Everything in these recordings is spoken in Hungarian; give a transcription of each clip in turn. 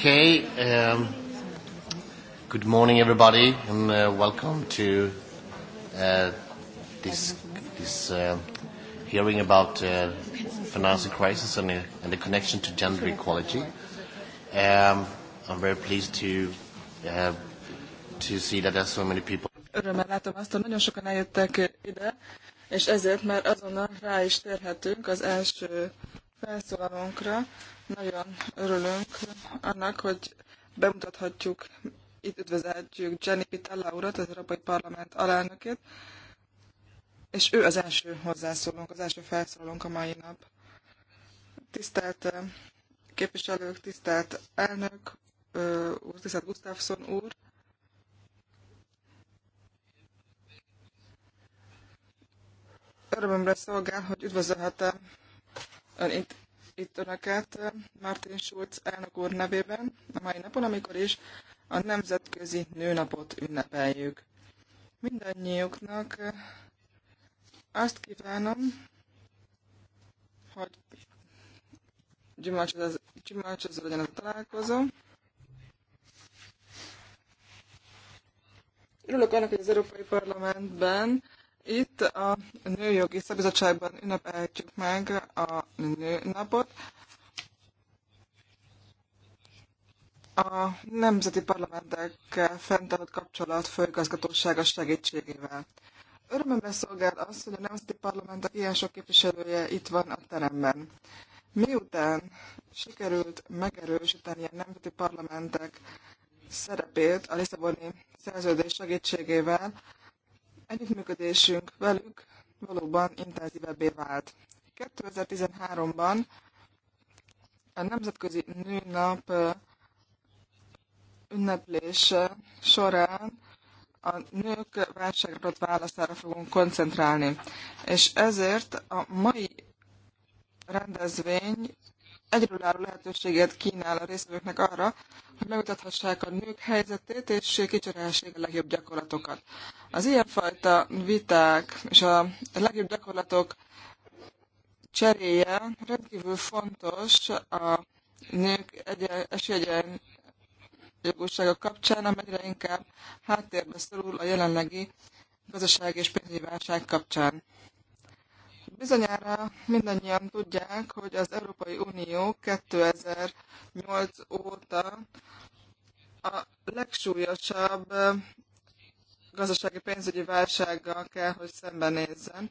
Okay. Um, good morning, everybody, and uh, welcome to uh, this this uh, hearing about uh, financial crisis and, uh, and the connection to gender equality. Um, I'm very pleased to uh, to see that there's so many people. Örömmel látom azt, hogy nagyon sokan eljöttek ide, és ezért már azonnal rá is térhetünk az első felszólalónkra. Nagyon örülünk annak, hogy bemutathatjuk, itt üdvözeltjük Jenny Pitella urat, az Európai Parlament alelnökét, és ő az első hozzászólónk, az első felszólalónk a mai nap. Tisztelt képviselők, tisztelt elnök úr, tisztelt Gustafsson úr, örömömre szolgál, hogy üdvözölhetem ön itt, itt önöket Martin Schulz elnök úr nevében a mai napon, amikor is a Nemzetközi Nőnapot ünnepeljük. Mindannyiuknak eh, azt kívánom, hogy gyümölcsöző legyen a találkozó. Örülök annak, hogy az Európai Parlamentben itt a Nőjogi Szabizottságban ünnepelhetjük meg a Nőnapot. A Nemzeti Parlamentekkel fenntartott kapcsolat főigazgatósága segítségével. Örömömre szolgál az, hogy a Nemzeti Parlamentek ilyen sok képviselője itt van a teremben. Miután sikerült megerősíteni a nemzeti parlamentek szerepét a Lisszaboni szerződés segítségével, Együttműködésünk velük valóban intenzívebbé vált. 2013-ban a Nemzetközi Nőnap ünneplése során a nők válságra adott válaszára fogunk koncentrálni. És ezért a mai rendezvény álló lehetőséget kínál a résztvevőknek arra, megmutathassák a nők helyzetét, és kicserélhessék a legjobb gyakorlatokat. Az ilyenfajta viták és a legjobb gyakorlatok cseréje rendkívül fontos a nők egyen, esélyegyen kapcsán, amelyre inkább háttérbe szorul a jelenlegi gazdasági és pénzügyi válság kapcsán. Bizonyára mindannyian tudják, hogy az Európai Unió 2008 óta a legsúlyosabb gazdasági pénzügyi válsággal kell, hogy szembenézzen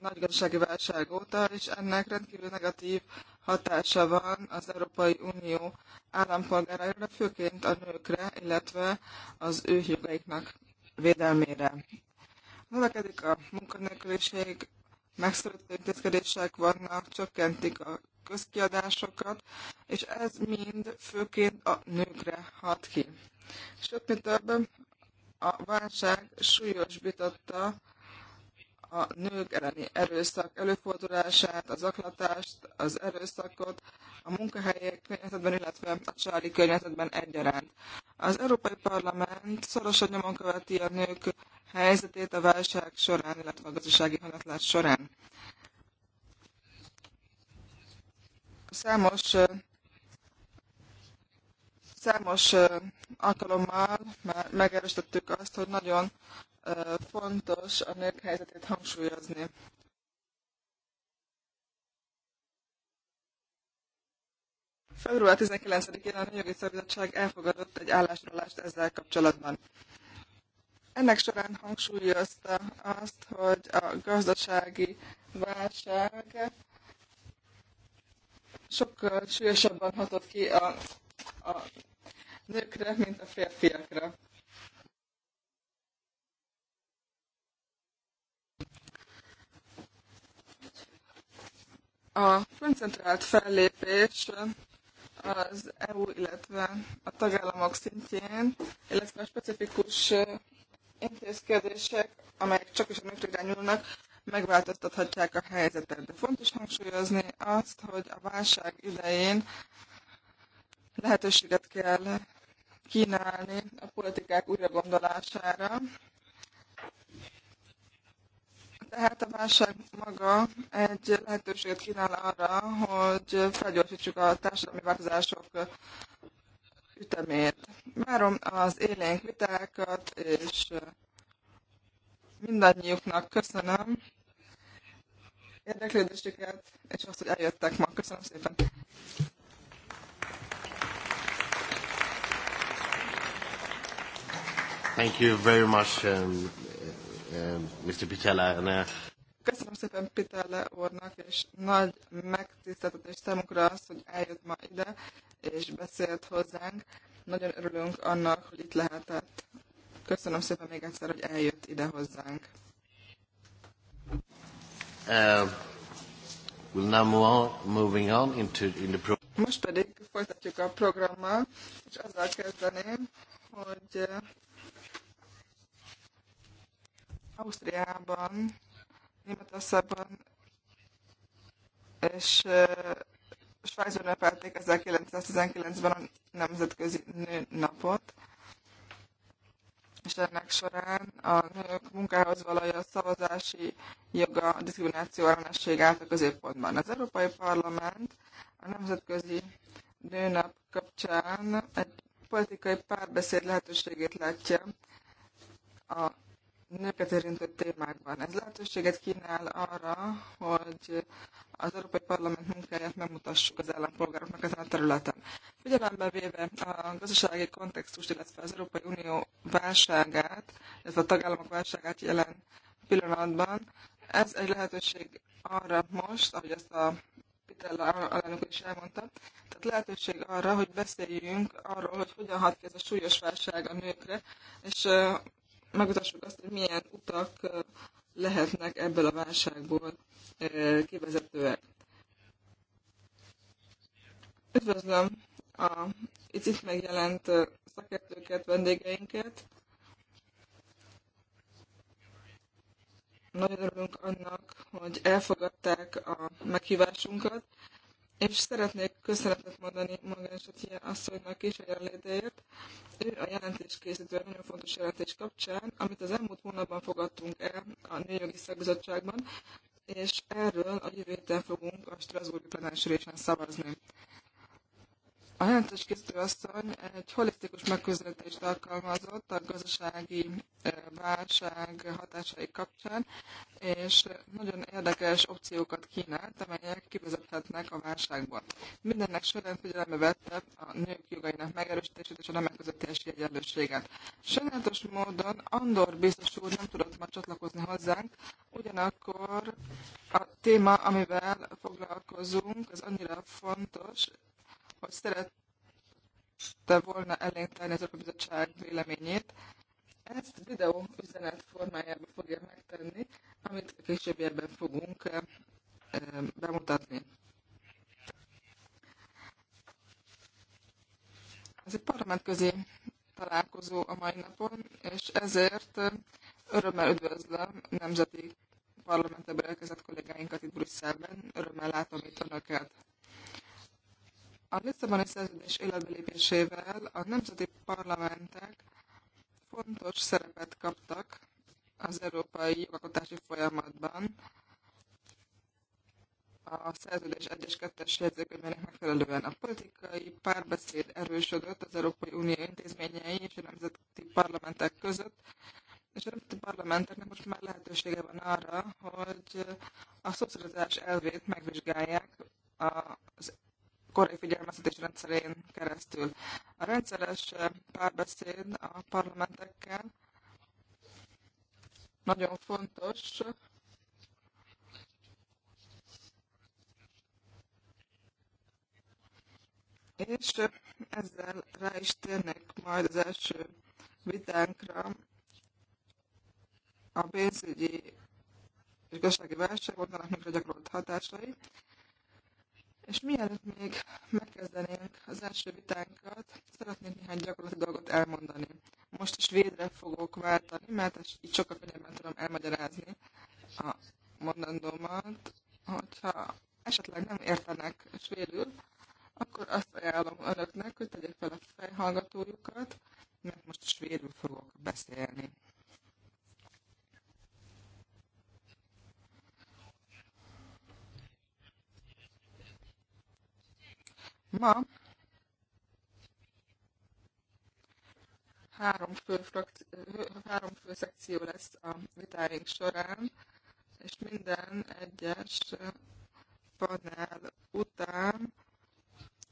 nagy gazdasági válság óta, és ennek rendkívül negatív hatása van az Európai Unió állampolgáraira, főként a nőkre, illetve az ő jogaiknak védelmére. Növekedik a munkanélküliség, megszorított intézkedések vannak, csökkentik a közkiadásokat, és ez mind főként a nőkre hat ki. Sőt, mi több, a válság súlyosbította a nők elleni erőszak előfordulását, az aklatást, az erőszakot a munkahelyek környezetben, illetve a családi környezetben egyaránt. Az Európai Parlament szorosan nyomon követi a nők helyzetét a válság során, illetve a gazdasági hanyatlás során. Számos számos alkalommal már megerősítettük azt, hogy nagyon fontos a nők helyzetét hangsúlyozni. Február 19-én a Nőjogi Szabadság elfogadott egy állásolást ezzel kapcsolatban. Ennek során hangsúlyozta azt, hogy a gazdasági válság sokkal súlyosabban hatott ki a, a nőkre, mint a férfiakra. A koncentrált fellépés az EU, illetve a tagállamok szintjén, illetve a specifikus intézkedések, amelyek csak is a nőkre irányulnak, megváltoztathatják a helyzetet. De fontos hangsúlyozni azt, hogy a válság idején lehetőséget kell kínálni a politikák gondolására. Tehát a válság maga egy lehetőséget kínál arra, hogy felgyorsítsuk a társadalmi változások ütemét. Várom az élénk vitákat, és mindannyiuknak köszönöm érdeklődésüket, és azt, hogy eljöttek ma. Köszönöm szépen! Thank you very much, um, uh, Mr. Pitella. And, uh... Köszönöm szépen Pitelle úrnak, és nagy megtiszteltetés számunkra az, hogy eljött ma ide, és beszélt hozzánk. Nagyon örülünk annak, hogy itt lehetett. Köszönöm szépen még egyszer, hogy eljött ide hozzánk. Uh, we'll now move on, moving on into in the pro- Most pedig folytatjuk a programmal, és azzal kezdeném, hogy uh, Ausztriában Németországban és Svájcban ünnepelték 1919-ben a Nemzetközi Nőnapot, és ennek során a nők munkához valaja szavazási joga, a diszkrimináció ellenesség állt a középpontban. Az Európai Parlament a Nemzetközi Nőnap kapcsán egy politikai párbeszéd lehetőségét látja a nőket érintő témákban. Ez lehetőséget kínál arra, hogy az Európai Parlament munkáját megmutassuk az állampolgároknak ezen a területen. Figyelembe véve a gazdasági kontextust, illetve az Európai Unió válságát, illetve a tagállamok válságát jelen pillanatban, ez egy lehetőség arra most, ahogy ezt a Pitella alelnök is elmondta, tehát lehetőség arra, hogy beszéljünk arról, hogy hogyan hat ki ez a súlyos válság a nőkre, és megmutassuk azt, hogy milyen utak lehetnek ebből a válságból kivezetőek. Üdvözlöm a itt, itt megjelent szakértőket, vendégeinket. Nagyon örülünk annak, hogy elfogadták a meghívásunkat, és szeretnék köszönetet mondani Magán Atya asszonynak is a jelenlétéért. Ő a jelentés készítő nagyon fontos jelentés kapcsán, amit az elmúlt hónapban fogadtunk el a Nőjogi Szakbizottságban, és erről a jövő héten fogunk a Strasbourg plenáris szavazni. A jelentős készítőasszony egy holisztikus megközelítést alkalmazott a gazdasági eh, válság hatásai kapcsán, és nagyon érdekes opciókat kínált, amelyek kivezethetnek a válságból. Mindennek során figyelembe vette a nők jogainak megerősítését és a nemek közötti egyenlőséget. Sajnálatos módon Andor biztos úr nem tudott ma csatlakozni hozzánk, ugyanakkor a téma, amivel foglalkozunk, az annyira fontos, hogy szerette volna elénk az Európai Bizottság véleményét. Ezt videó üzenet formájában fogja megtenni, amit későbbiekben fogunk eh, eh, bemutatni. Ez egy parlamentközi találkozó a mai napon, és ezért eh, örömmel üdvözlöm nemzeti parlamentekbe érkezett kollégáinkat itt Brüsszelben. Örömmel látom itt önöket. A Lisszaboni szerződés életbelépésével a nemzeti parlamentek fontos szerepet kaptak az európai jogalkotási folyamatban a szerződés 1 és 2-es jegyzőkönyvének megfelelően. A politikai párbeszéd erősödött az Európai Unió intézményei és a nemzeti parlamentek között, és a nemzeti parlamenteknek most már lehetősége van arra, hogy a szocializás elvét megvizsgálják az korai figyelmeztetés rendszerén keresztül. A rendszeres párbeszéd a parlamentekkel nagyon fontos, és ezzel rá is térnek majd az első vitánkra a pénzügyi és gazdasági válság oldalának gyakorolt hatásai. És mielőtt még megkezdenénk az első vitánkat, szeretnék néhány gyakorlati dolgot elmondani. Most is védre fogok váltani, mert így sokkal könnyebben tudom elmagyarázni a mondandómat. Hogyha esetleg nem értenek svédül, akkor azt ajánlom önöknek, hogy tegyék fel a fejhallgatójukat, mert most svédül fogok beszélni. Ma három fő, frakció, három fő szekció lesz a vitáink során, és minden egyes panel után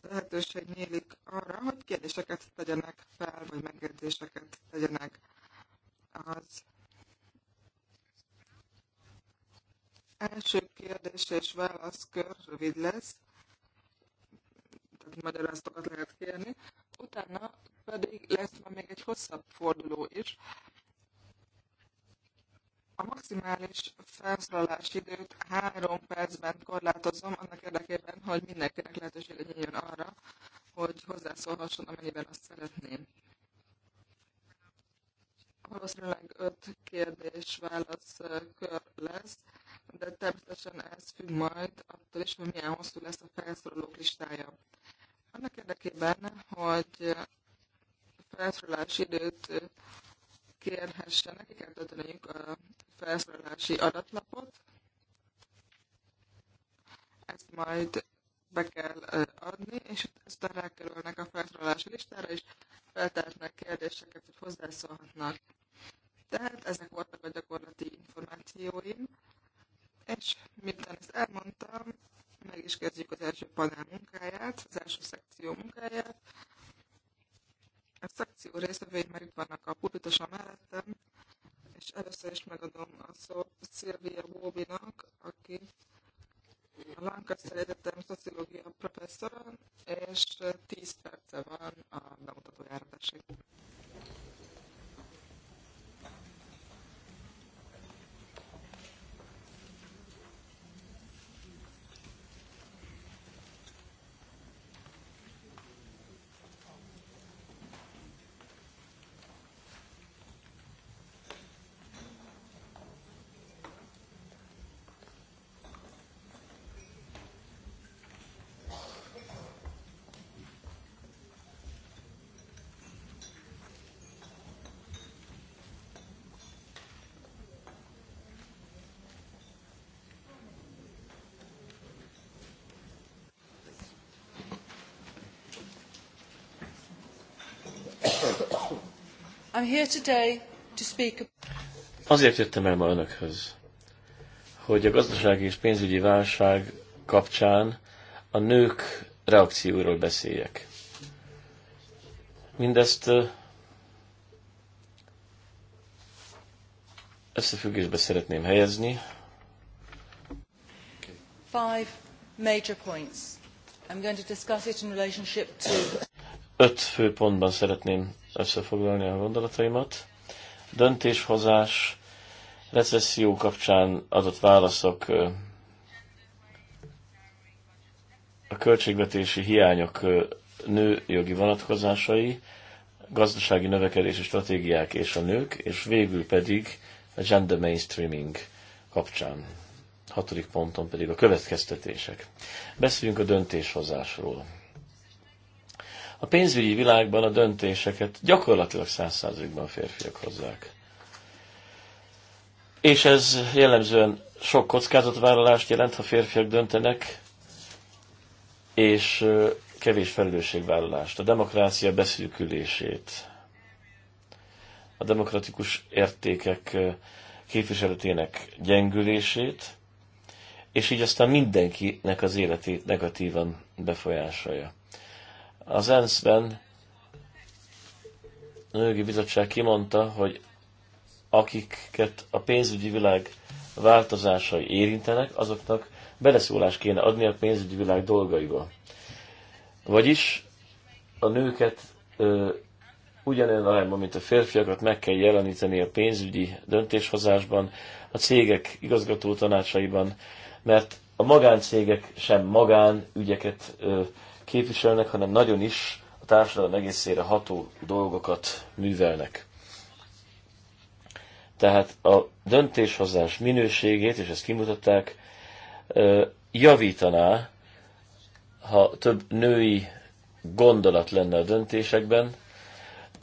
lehetőség nyílik arra, hogy kérdéseket tegyenek fel, vagy megjegyzéseket tegyenek az első kérdés és válaszkör rövid lesz, magyarázatokat lehet kérni. Utána pedig lesz még egy hosszabb forduló is. A maximális felszólalási időt három percben korlátozom, annak érdekében, hogy mindenkinek lehetőség legyen arra, hogy hozzászólhasson, amennyiben azt szeretném. Valószínűleg öt kérdés-válasz kör lesz de természetesen ez függ majd attól is, hogy milyen hosszú lesz a felszorolók listája. Annak érdekében, hogy felszorolási időt kérhessenek, ki kell tölteniük a felszorolási adatlapot, ezt majd be kell adni, és ezután rákerülnek a felszorolási listára, és feltehetnek kérdéseket, hogy hozzászólhatnak. Tehát ezek voltak a gyakorlati információim. És miután ezt elmondtam, meg is kezdjük az első panel munkáját, az első szekció munkáját. A szekció részvevői már itt vannak a pulpitosa mellettem, és először is megadom a szót Szilvia Bóbinak, aki a Lancaster Egyetem szociológia professzora, és 10 perce van a bemutatójára, tessék. Azért jöttem el ma önökhöz, hogy a gazdasági és pénzügyi válság kapcsán a nők reakcióról beszéljek. Mindezt összefüggésbe szeretném helyezni. Öt fő pontban szeretném összefoglalni a gondolataimat. Döntéshozás, recesszió kapcsán adott válaszok, a költségvetési hiányok nőjogi vonatkozásai, gazdasági növekedési stratégiák és a nők, és végül pedig a gender mainstreaming kapcsán. Hatodik ponton pedig a következtetések. Beszéljünk a döntéshozásról. A pénzügyi világban a döntéseket gyakorlatilag száz százalékban férfiak hozzák. És ez jellemzően sok kockázatvállalást jelent, ha férfiak döntenek, és kevés felelősségvállalást, a demokrácia beszűkülését, a demokratikus értékek képviseletének gyengülését, és így aztán mindenkinek az életét negatívan befolyásolja. Az ENSZ-ben a Nőgi Bizottság kimondta, hogy akiket a pénzügyi világ változásai érintenek, azoknak beleszólást kéne adni a pénzügyi világ dolgaiba. Vagyis a nőket ö, ugyanilyen arányban, mint a férfiakat meg kell jeleníteni a pénzügyi döntéshozásban, a cégek igazgató tanácsaiban, mert a magáncégek sem magán ügyeket ö, képviselnek, hanem nagyon is a társadalom egészére ható dolgokat művelnek. Tehát a döntéshozás minőségét, és ezt kimutatták, javítaná, ha több női gondolat lenne a döntésekben,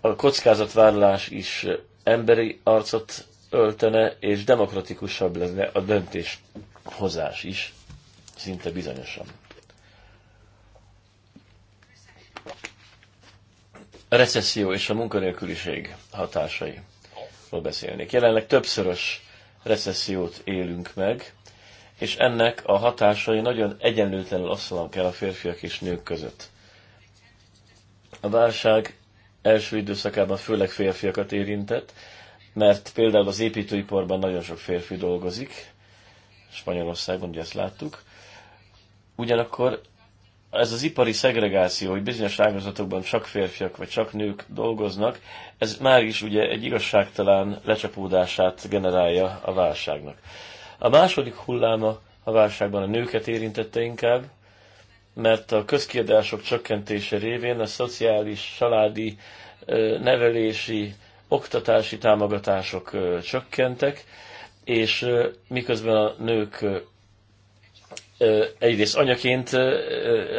a kockázatvállalás is emberi arcot öltene, és demokratikusabb lenne a döntéshozás is, szinte bizonyosan. recesszió és a munkanélküliség hatásai, beszélnék. Jelenleg többszörös recessziót élünk meg, és ennek a hatásai nagyon egyenlőtlenül oszlanak el a férfiak és nők között. A válság első időszakában főleg férfiakat érintett, mert például az építőiparban nagyon sok férfi dolgozik, Spanyolországban ugye ezt láttuk, ugyanakkor ez az ipari szegregáció, hogy bizonyos ágazatokban csak férfiak vagy csak nők dolgoznak, ez már is ugye egy igazságtalan lecsapódását generálja a válságnak. A második hulláma a válságban a nőket érintette inkább, mert a közkiadások csökkentése révén a szociális, családi, nevelési, oktatási támogatások csökkentek, és miközben a nők egyrészt anyaként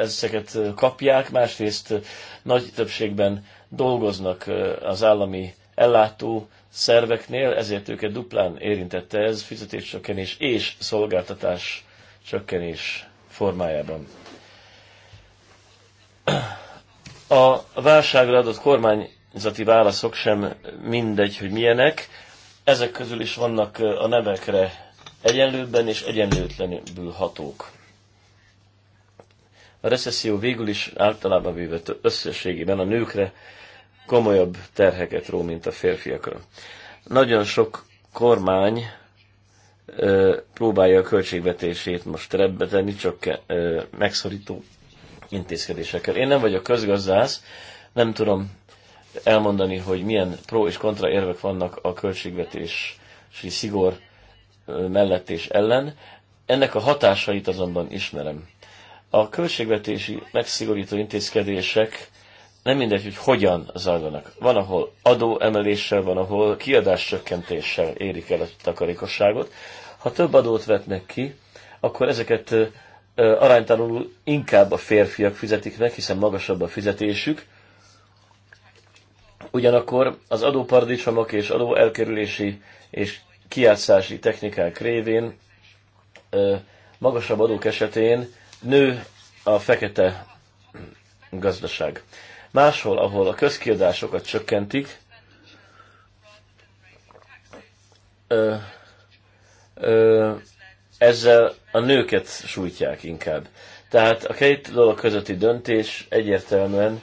ezeket kapják, másrészt nagy többségben dolgoznak az állami ellátó szerveknél, ezért őket duplán érintette ez fizetéscsökkenés és szolgáltatás csökkenés formájában. A válságra adott kormányzati válaszok sem mindegy, hogy milyenek. Ezek közül is vannak a nevekre egyenlőbben és egyenlőtlenül hatók. A recesszió végül is általában véve összességében a nőkre komolyabb terheket ró, mint a férfiakra. Nagyon sok kormány ö, próbálja a költségvetését most rebbe tenni, csak ö, megszorító intézkedésekkel. Én nem vagyok közgazdász, nem tudom elmondani, hogy milyen pro és kontra érvek vannak a költségvetési szigor mellett és ellen. Ennek a hatásait azonban ismerem. A költségvetési megszigorító intézkedések nem mindegy, hogy hogyan zajlanak. Van, ahol adóemeléssel, van, ahol kiadáscsökkentéssel érik el a takarékosságot. Ha több adót vetnek ki, akkor ezeket aránytalanul inkább a férfiak fizetik meg, hiszen magasabb a fizetésük. Ugyanakkor az adóparadicsomok és adóelkerülési és kiátszási technikák révén magasabb adók esetén nő a fekete gazdaság. Máshol, ahol a közkiadásokat csökkentik, ezzel a nőket sújtják inkább. Tehát a két dolog közötti döntés egyértelműen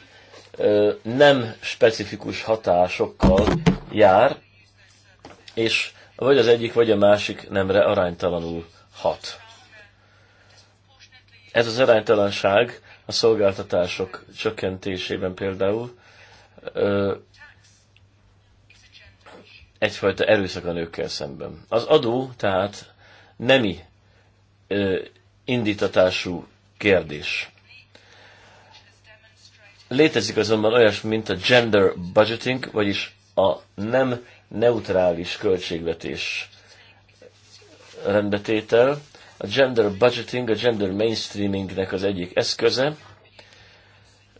nem specifikus hatásokkal jár, és vagy az egyik, vagy a másik nemre aránytalanul hat. Ez az aránytalanság a szolgáltatások csökkentésében például ö, egyfajta erőszak a nőkkel szemben. Az adó tehát nemi ö, indítatású kérdés. Létezik azonban olyasmi, mint a gender budgeting, vagyis a nem neutrális költségvetés rendbetétel. A gender budgeting, a gender mainstreamingnek az egyik eszköze.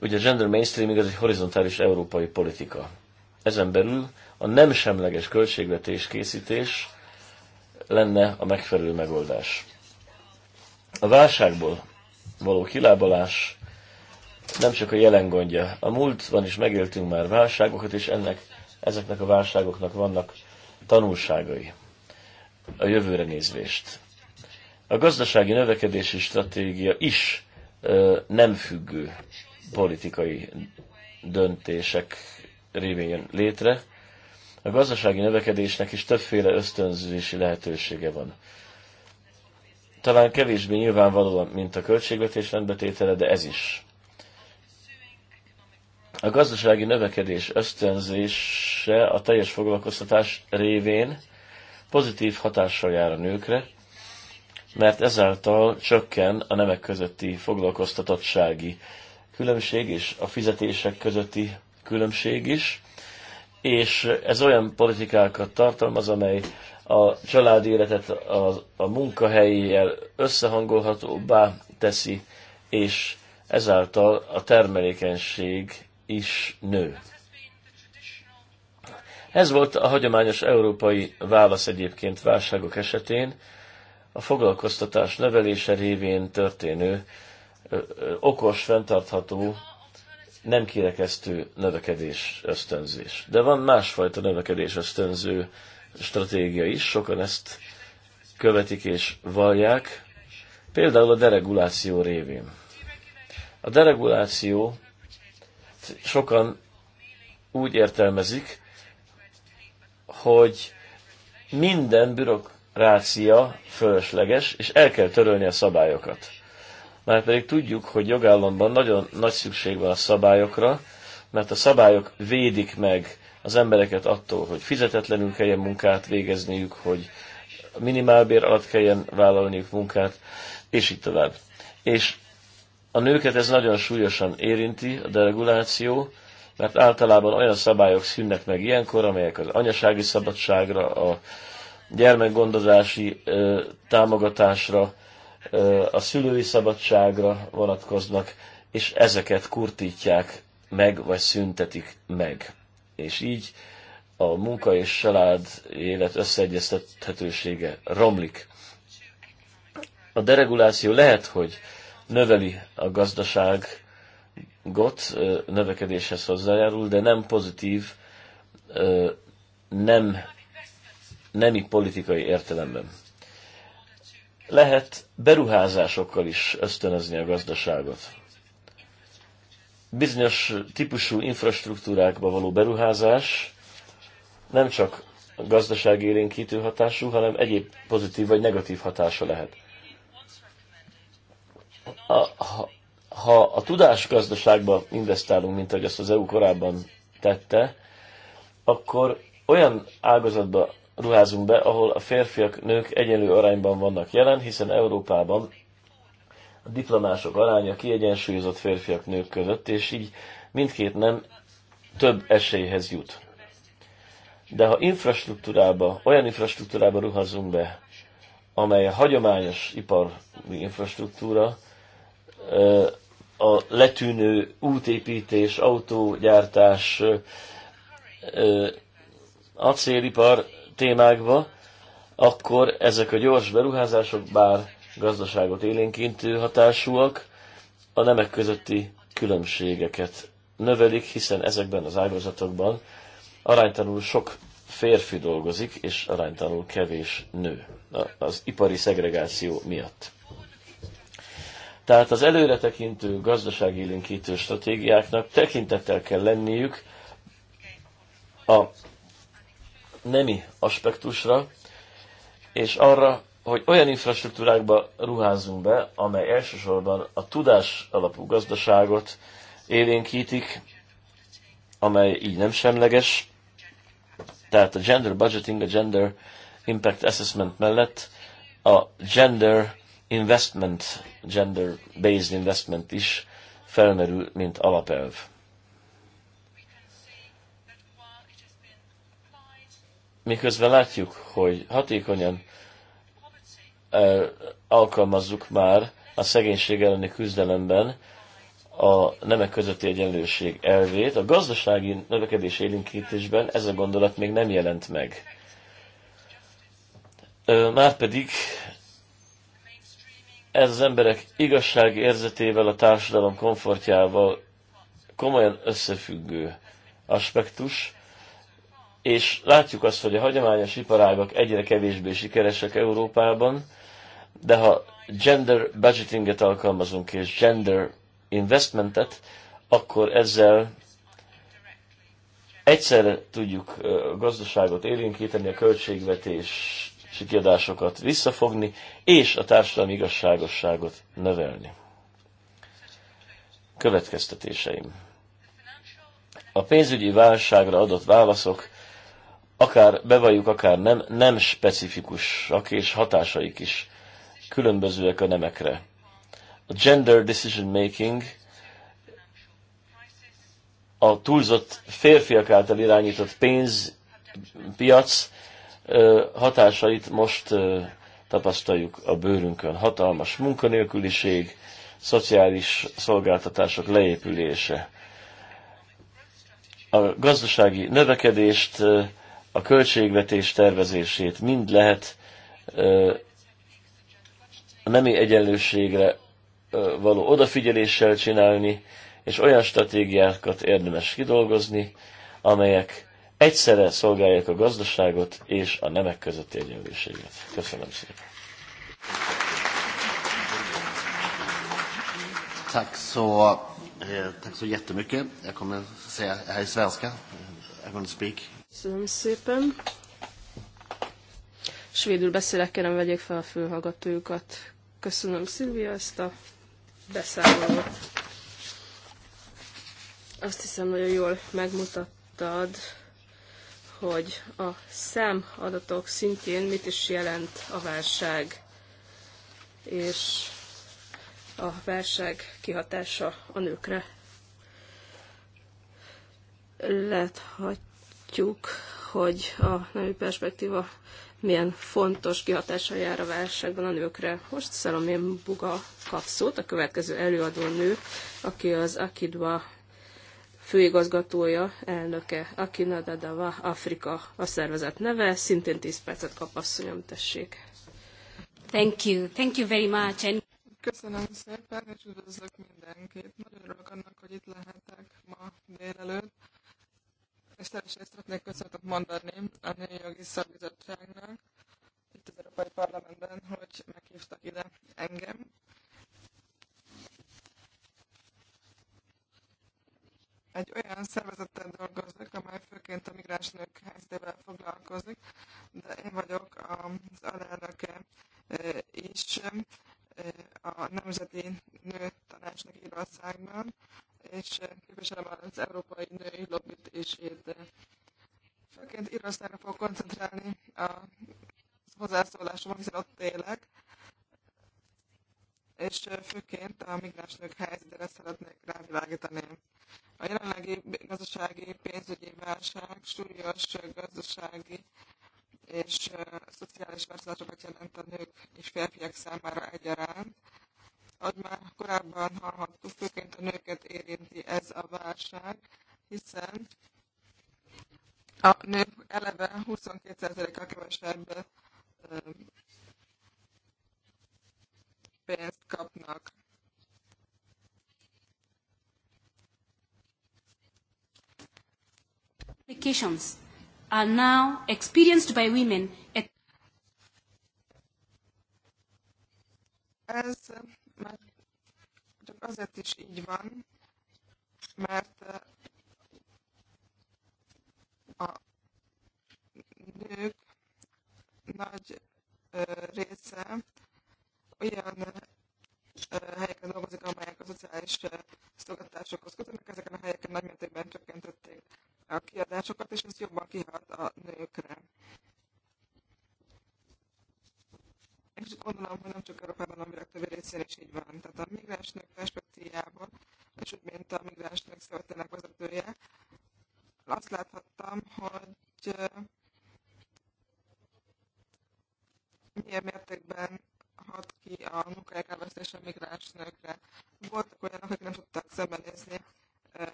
Ugye a gender mainstreaming az egy horizontális európai politika. Ezen belül a nem semleges költségvetés készítés lenne a megfelelő megoldás. A válságból való kilábalás nem csak a jelen gondja. A múltban is megéltünk már válságokat, és ennek ezeknek a válságoknak vannak tanulságai a jövőre nézvést. A gazdasági növekedési stratégia is ö, nem függő politikai döntések révén jön létre. A gazdasági növekedésnek is többféle ösztönzési lehetősége van. Talán kevésbé nyilvánvalóan, mint a költségvetés rendbetétele, de ez is a gazdasági növekedés ösztönzése a teljes foglalkoztatás révén pozitív hatással jár a nőkre, mert ezáltal csökken a nemek közötti foglalkoztatottsági különbség és a fizetések közötti különbség is, és ez olyan politikákat tartalmaz, amely a családi életet a, a munkahelyével összehangolhatóbbá teszi, és ezáltal a termelékenység is nő. Ez volt a hagyományos európai válasz egyébként válságok esetén, a foglalkoztatás növelése révén történő ö, ö, okos, fenntartható, nem kirekesztő növekedés ösztönzés. De van másfajta növekedés ösztönző stratégia is, sokan ezt követik és vallják, például a dereguláció révén. A dereguláció sokan úgy értelmezik, hogy minden bürokrácia fölösleges, és el kell törölni a szabályokat. pedig tudjuk, hogy jogállamban nagyon nagy szükség van a szabályokra, mert a szabályok védik meg az embereket attól, hogy fizetetlenül kelljen munkát végezniük, hogy minimálbér alatt kelljen vállalniuk munkát, és így tovább. És a nőket ez nagyon súlyosan érinti, a dereguláció, mert általában olyan szabályok szűnnek meg ilyenkor, amelyek az anyasági szabadságra, a gyermekgondozási ö, támogatásra, ö, a szülői szabadságra vonatkoznak, és ezeket kurtítják meg, vagy szüntetik meg. És így a munka és család élet összeegyeztethetősége romlik. A dereguláció lehet, hogy növeli a gazdaságot, növekedéshez hozzájárul, de nem pozitív, nem, nemi politikai értelemben. Lehet beruházásokkal is ösztönözni a gazdaságot. Bizonyos típusú infrastruktúrákba való beruházás nem csak gazdaságélénkítő hatású, hanem egyéb pozitív vagy negatív hatása lehet a, ha, ha a tudásgazdaságba investálunk, mint ahogy azt az EU korábban tette, akkor olyan ágazatba ruházunk be, ahol a férfiak, nők egyenlő arányban vannak jelen, hiszen Európában a diplomások aránya kiegyensúlyozott férfiak, nők között, és így mindkét nem több esélyhez jut. De ha infrastruktúrába, olyan infrastruktúrába ruházunk be, amely a hagyományos ipar infrastruktúra, a letűnő útépítés, autógyártás, acélipar témákba, akkor ezek a gyors beruházások bár gazdaságot élénkintő hatásúak, a nemek közötti különbségeket növelik, hiszen ezekben az ágazatokban aránytanul sok férfi dolgozik, és aránytanul kevés nő az ipari szegregáció miatt. Tehát az előretekintő gazdaságélénkítő stratégiáknak tekintettel kell lenniük a nemi aspektusra, és arra, hogy olyan infrastruktúrákba ruházunk be, amely elsősorban a tudás alapú gazdaságot élénkítik, amely így nem semleges, tehát a gender budgeting, a gender impact assessment mellett a gender investment, gender-based investment is felmerül, mint alapelv. Miközben látjuk, hogy hatékonyan alkalmazzuk már a szegénység elleni küzdelemben a nemek közötti egyenlőség elvét. A gazdasági növekedés élinkítésben ez a gondolat még nem jelent meg. Márpedig ez az emberek igazság érzetével, a társadalom komfortjával komolyan összefüggő aspektus, és látjuk azt, hogy a hagyományos iparágak egyre kevésbé sikeresek Európában, de ha gender budgetinget alkalmazunk és gender investmentet, akkor ezzel egyszerre tudjuk a gazdaságot élénkíteni, a költségvetés kiadásokat visszafogni, és a társadalmi igazságosságot növelni. Következtetéseim. A pénzügyi válságra adott válaszok, akár bevalljuk, akár nem, nem specifikusak, és hatásaik is különbözőek a nemekre. A gender decision making a túlzott férfiak által irányított pénzpiac hatásait most tapasztaljuk a bőrünkön. Hatalmas munkanélküliség, szociális szolgáltatások leépülése. A gazdasági növekedést, a költségvetés tervezését mind lehet a nemi egyenlőségre való odafigyeléssel csinálni, és olyan stratégiákat érdemes kidolgozni, amelyek egyszerre szolgálják a gazdaságot és a nemek közötti egyenlőséget. Köszönöm szépen. Tack så, eh, tack så jättemycket. Jag kommer säga här i svenska. I'm going to speak. Köszönöm szépen. Svédül beszélek, kérem vegyék fel a Köszönöm Szilvia ezt a beszámolót. Azt hiszem, nagyon jól megmutattad hogy a számadatok szintjén mit is jelent a válság, és a válság kihatása a nőkre. Láthatjuk, hogy a női perspektíva milyen fontos kihatása jár a válságban a nőkre. Most Szalomén Buga kap szót, a következő előadó nő, aki az Akidwa főigazgatója, elnöke Akina Dadava Afrika a szervezet neve, szintén 10 percet kap asszonyom, tessék. Thank you, thank you very much. And... Köszönöm szépen, és üdvözlök mindenkit. Nagyon örülök annak, hogy itt lehetek ma délelőtt. És teljesen szeretnék köszönetet mondani a Női Jogi Szabizottságnak, itt az Európai Parlamentben, hogy meghívtak ide engem. egy olyan szervezettel dolgozok, amely főként a migráns nők helyzetével foglalkozik, de én vagyok az alelnöke is a Nemzeti Nő Tanácsnak Írországban, és képviselem az Európai Női Lobbit is itt. Főként Írországra fog koncentrálni a hozzászólásom, hiszen ott élek, és főként a migráns nők helyzetére szeretnék rávilágítani. A jelenlegi gazdasági pénzügyi válság súlyos gazdasági és szociális változásokat jelent a nők és férfiak számára egyaránt. Ahogy már korábban hallhattuk, főként a nőket érinti ez a válság, hiszen a nők eleve 22%-kal kevesebb pénzt kapnak. Applications are now experienced by women at Ez már csak azért is így van, mert eh, a nők nagy eh, része olyan helyeken dolgozik, amelyek a szociális szolgáltatásokhoz kötődnek, ezeken a helyeken nagymértékben csökkentették a kiadásokat, és ez jobban kihat a nőkre. És gondolom, hogy nem csak Európában, a világ többi részén is így van. Tehát a migráns nők perspektívából, és úgy, mint a migráns nők szövetének vezetője, azt láthattam, hogy milyen mértékben hat ki a munkáják elvesztése migráns nőkre. Voltak olyanok, akik nem tudtak szembenézni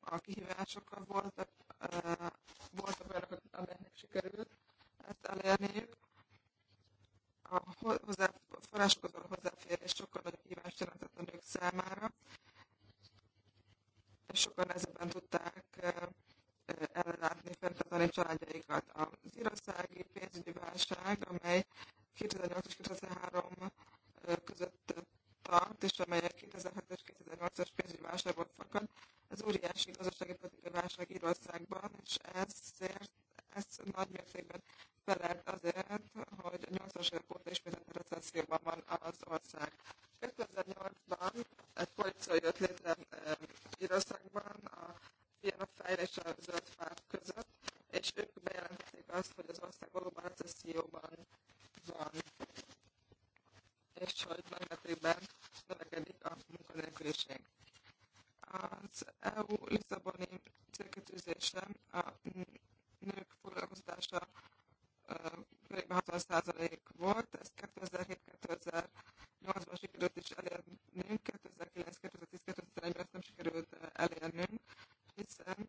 a kihívásokkal, voltak, voltak olyanok, amelyeknek sikerült ezt elérniük. A, hozzá, a forrásokhoz való hozzáférés sokkal nagyobb kihívást jelentett a nők számára, és sokkal nehezebben tudták ellátni, fenntartani családjaikat. Az irországi pénzügyi válság, amely 2008 és 2013 között tart, és amelyek a 2007-es 2008-as pénzügyi válságból fakad. Ez óriási gazdasági politikai válság Írországban, és ezért ez nagy mértékben felelt azért, hogy a 80-as évek óta ismételt recesszióban van az ország. 2008-ban egy koalíció jött létre Írországban, a fiatal fejl és a zöld párt között, és ők bejelentették azt, hogy az ország valóban recesszióban van, és hogy nagy mértékben növekedik a munkanélküliség. Az EU Lisszaboni célkötőzése a nők foglalkoztatása kb. 60% volt, ezt 2007-2008-ban sikerült is elérnünk, 2009-2010-2011-ben ezt nem sikerült elérnünk, hiszen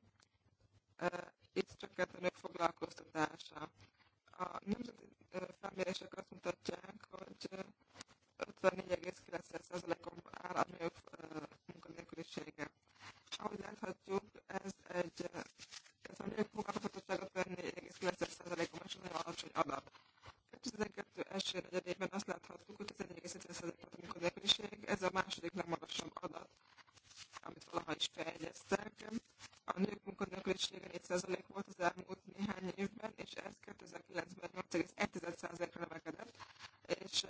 itt csökkent a nők foglalkoztatása. A nemzeti felmérések azt mutatják, hogy 54,9%-on áll a nők munkanélkülisége. Ahogy láthatjuk, ez egy ez a nők foglalkoztatottsága 54,9%-on, és nagyon alacsony adat. 2012 első negyedében azt láthattuk, hogy 11,7% a munkanélküliség, ez a második legmagasabb adat amit valaha is fejlesztek. A nők munkanélkülisége 4% volt az elmúlt néhány évben, és ez 2009-ben 8,1%-ra növekedett, és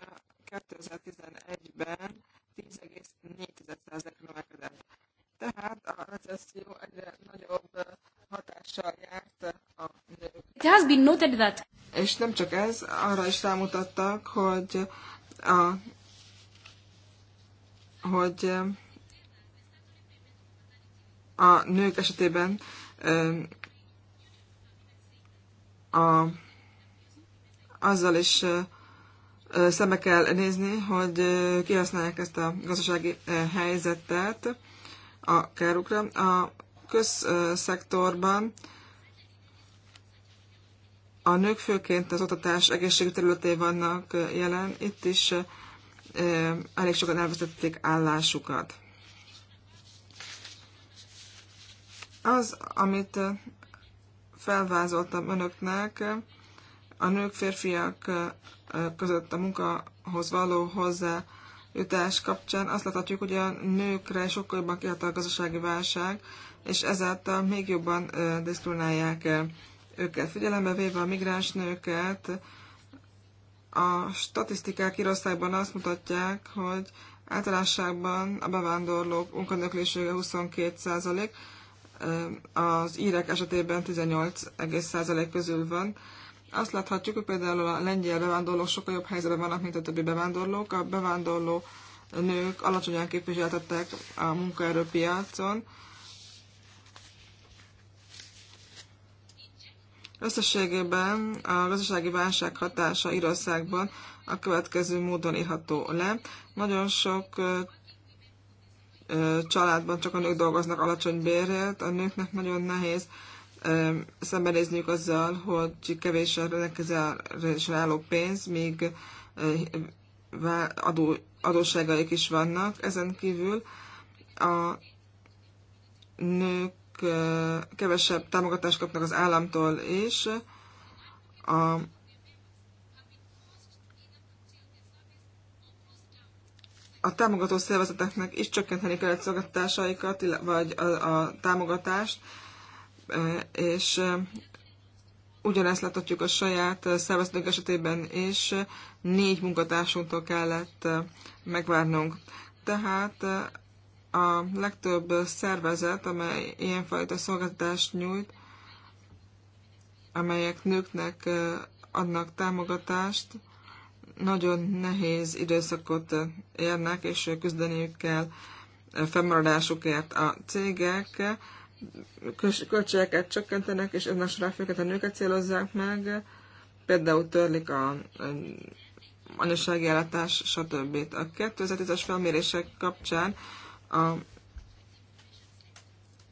2011-ben 10,4%-ra növekedett. Tehát a recesszió egyre nagyobb hatással járt a nők. It has been noted that... És nem csak ez, arra is rámutattak, hogy a hogy a nők esetében a, azzal is szembe kell nézni, hogy kihasználják ezt a gazdasági helyzetet a kárukra. A közszektorban a nők főként az oktatás egészségügy területén vannak jelen, itt is elég sokan elvesztették állásukat. Az, amit felvázoltam önöknek, a nők férfiak között a munkahoz való hozzájutás kapcsán azt láthatjuk, hogy a nőkre sokkal jobban kihat a gazdasági válság, és ezáltal még jobban diszkriminálják őket. Figyelembe véve a migráns nőket, a statisztikák Irországban azt mutatják, hogy általánosságban a bevándorlók munkanöklésége 22 százalék, az írek esetében 18,1% közül van. Azt láthatjuk, hogy például a lengyel bevándorlók sokkal jobb helyzetben vannak, mint a többi bevándorlók. A bevándorló nők alacsonyan képviseltettek a munkaerőpiacon. Összességében a gazdasági válság hatása Írországban a következő módon írható le. Nagyon sok családban csak a nők dolgoznak alacsony bérért, a nőknek nagyon nehéz szembenézniük azzal, hogy kevés a rendelkezésre álló pénz, míg adó, adósságaik is vannak. Ezen kívül a nők kevesebb támogatást kapnak az államtól, és a a támogató szervezeteknek is csökkenteni kell a szolgáltatásaikat, vagy a, a támogatást, e, és e, ugyanezt láthatjuk a saját szervezetünk esetében is, négy munkatársunktól kellett e, megvárnunk. Tehát a legtöbb szervezet, amely ilyenfajta szolgáltatást nyújt, amelyek nőknek adnak támogatást, nagyon nehéz időszakot érnek, és küzdeniük kell fennmaradásukért a cégek, költségeket csökkentenek, és ennek során főket a nőket célozzák meg, például törlik a anyasági ellátás, stb. A 2010-es felmérések kapcsán a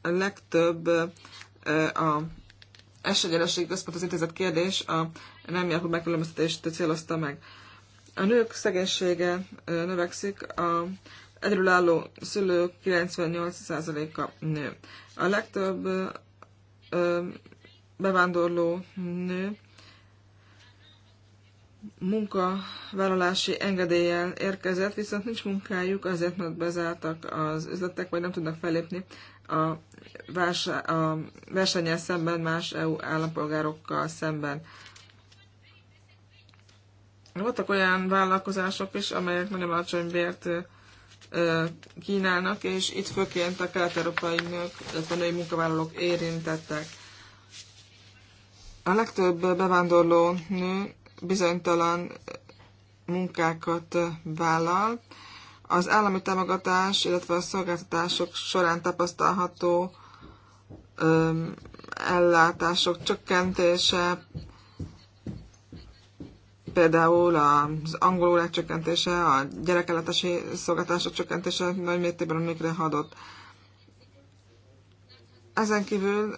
legtöbb a esélyegyenlőség központ az intézet kérdés a nem járható megkülönböztetést célozta meg. A nők szegénysége növekszik, a egyedülálló szülők 98%-a nő. A legtöbb bevándorló nő munkavállalási engedéllyel érkezett, viszont nincs munkájuk, azért mert bezártak az üzletek, vagy nem tudnak felépni a, vers- a versenyen szemben, más EU állampolgárokkal szemben. Voltak olyan vállalkozások is, amelyek nagyon alacsony bért kínálnak, és itt főként a kelet-európai nők, illetve női munkavállalók érintettek. A legtöbb bevándorló nő bizonytalan munkákat vállal. Az állami támogatás, illetve a szolgáltatások során tapasztalható öm, ellátások csökkentése, Például az angol órák csökkentése, a gyerekeletesi szolgáltatások csökkentése nagy mértékben a nőkre hadott. Ezen kívül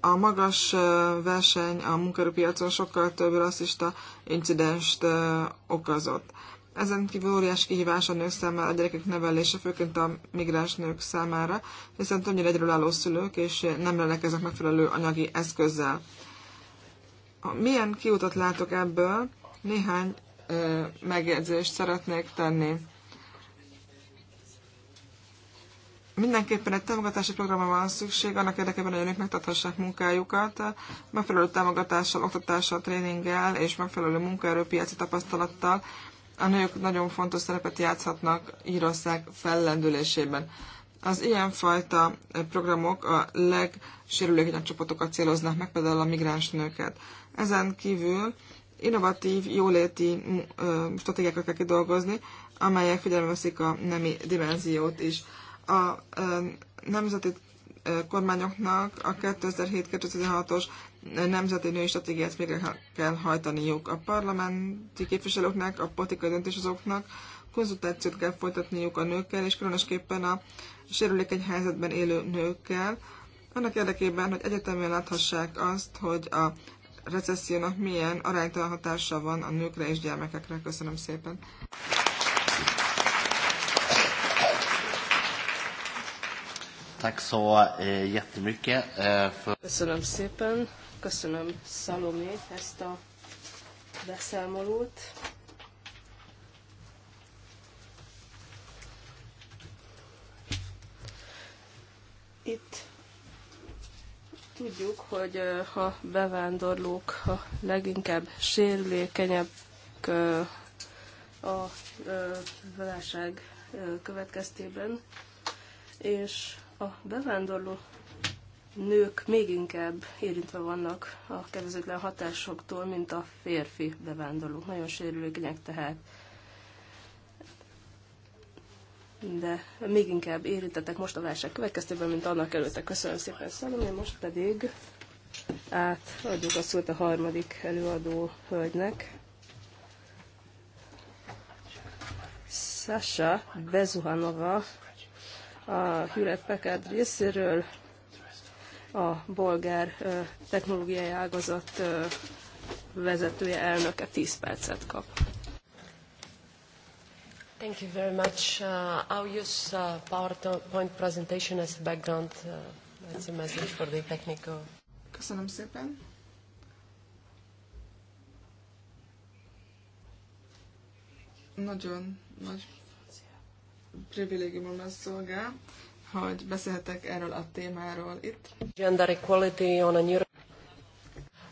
a magas verseny a munkaerőpiacon sokkal több rasszista incidenst okozott. Ezen kívül óriás kihívás a nők számára, a gyerekek nevelése, főként a migráns nők számára, hiszen többnyire álló szülők, és nem rendelkeznek megfelelő anyagi eszközzel. Milyen kiutat látok ebből? Néhány ö, megjegyzést szeretnék tenni. Mindenképpen egy támogatási programra van szükség, annak érdekében, hogy önök megtarthassák munkájukat, megfelelő támogatással, oktatással, tréninggel és megfelelő munkaerőpiaci tapasztalattal a nők nagyon fontos szerepet játszhatnak Írország fellendülésében. Az ilyenfajta programok a legsérülékenyebb csoportokat céloznak meg, például a migráns nőket. Ezen kívül innovatív, jóléti mm, stratégiákat kell kidolgozni, amelyek figyelembe veszik a nemi dimenziót is. A nemzeti kormányoknak a 2007-2016-os nemzeti női stratégiát végre kell hajtaniuk. A parlamenti képviselőknek, a politikai döntéshozóknak konzultációt kell folytatniuk a nőkkel, és különösképpen a sérülékeny helyzetben élő nőkkel, annak érdekében, hogy egyetemben láthassák azt, hogy a recessziónak milyen aránytalan hatása van a nőkre és gyermekekre. Köszönöm szépen. Eh, eh, Köszönöm szépen. Köszönöm Szalomé ezt a beszámolót. Itt Tudjuk, hogy a bevándorlók a leginkább sérülékenyek a válság következtében, és a bevándorló nők még inkább érintve vannak a kedvezőtlen hatásoktól, mint a férfi bevándorlók. Nagyon sérülékenyek tehát de még inkább érintettek most a válság következtében, mint annak előtte. Köszönöm szépen, Szalomé, most pedig átadjuk a szót a harmadik előadó hölgynek. Sasha Bezuhanova a Hewlett Pekád részéről a bolgár technológiai ágazat vezetője elnöke 10 percet kap. Thank you very much. Uh, I'll use uh, PowerPoint presentation as a background. Uh, that's a message for the technical. Köszönöm szépen. Nagyon nagy privilégiumom ez szolgál, hogy beszélhetek erről a témáról itt. Gender equality on a new...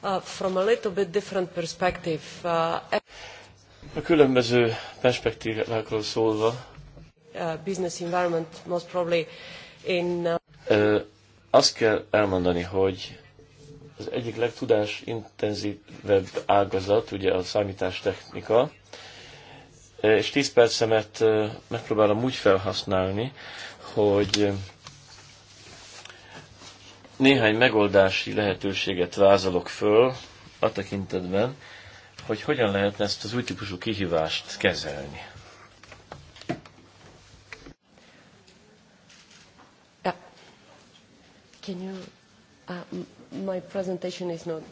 Uh, from a little bit different perspective. Uh, a különböző perspektívákról szólva. business environment most probably in, uh, azt kell elmondani, hogy az egyik legtudás intenzívebb ágazat, ugye a számítástechnika, és 10 percemet megpróbálom úgy felhasználni, hogy néhány megoldási lehetőséget vázolok föl a tekintetben, hogy hogyan lehet ezt az új típusú kihívást kezelni. Yeah. Can you, uh, my presentation is not...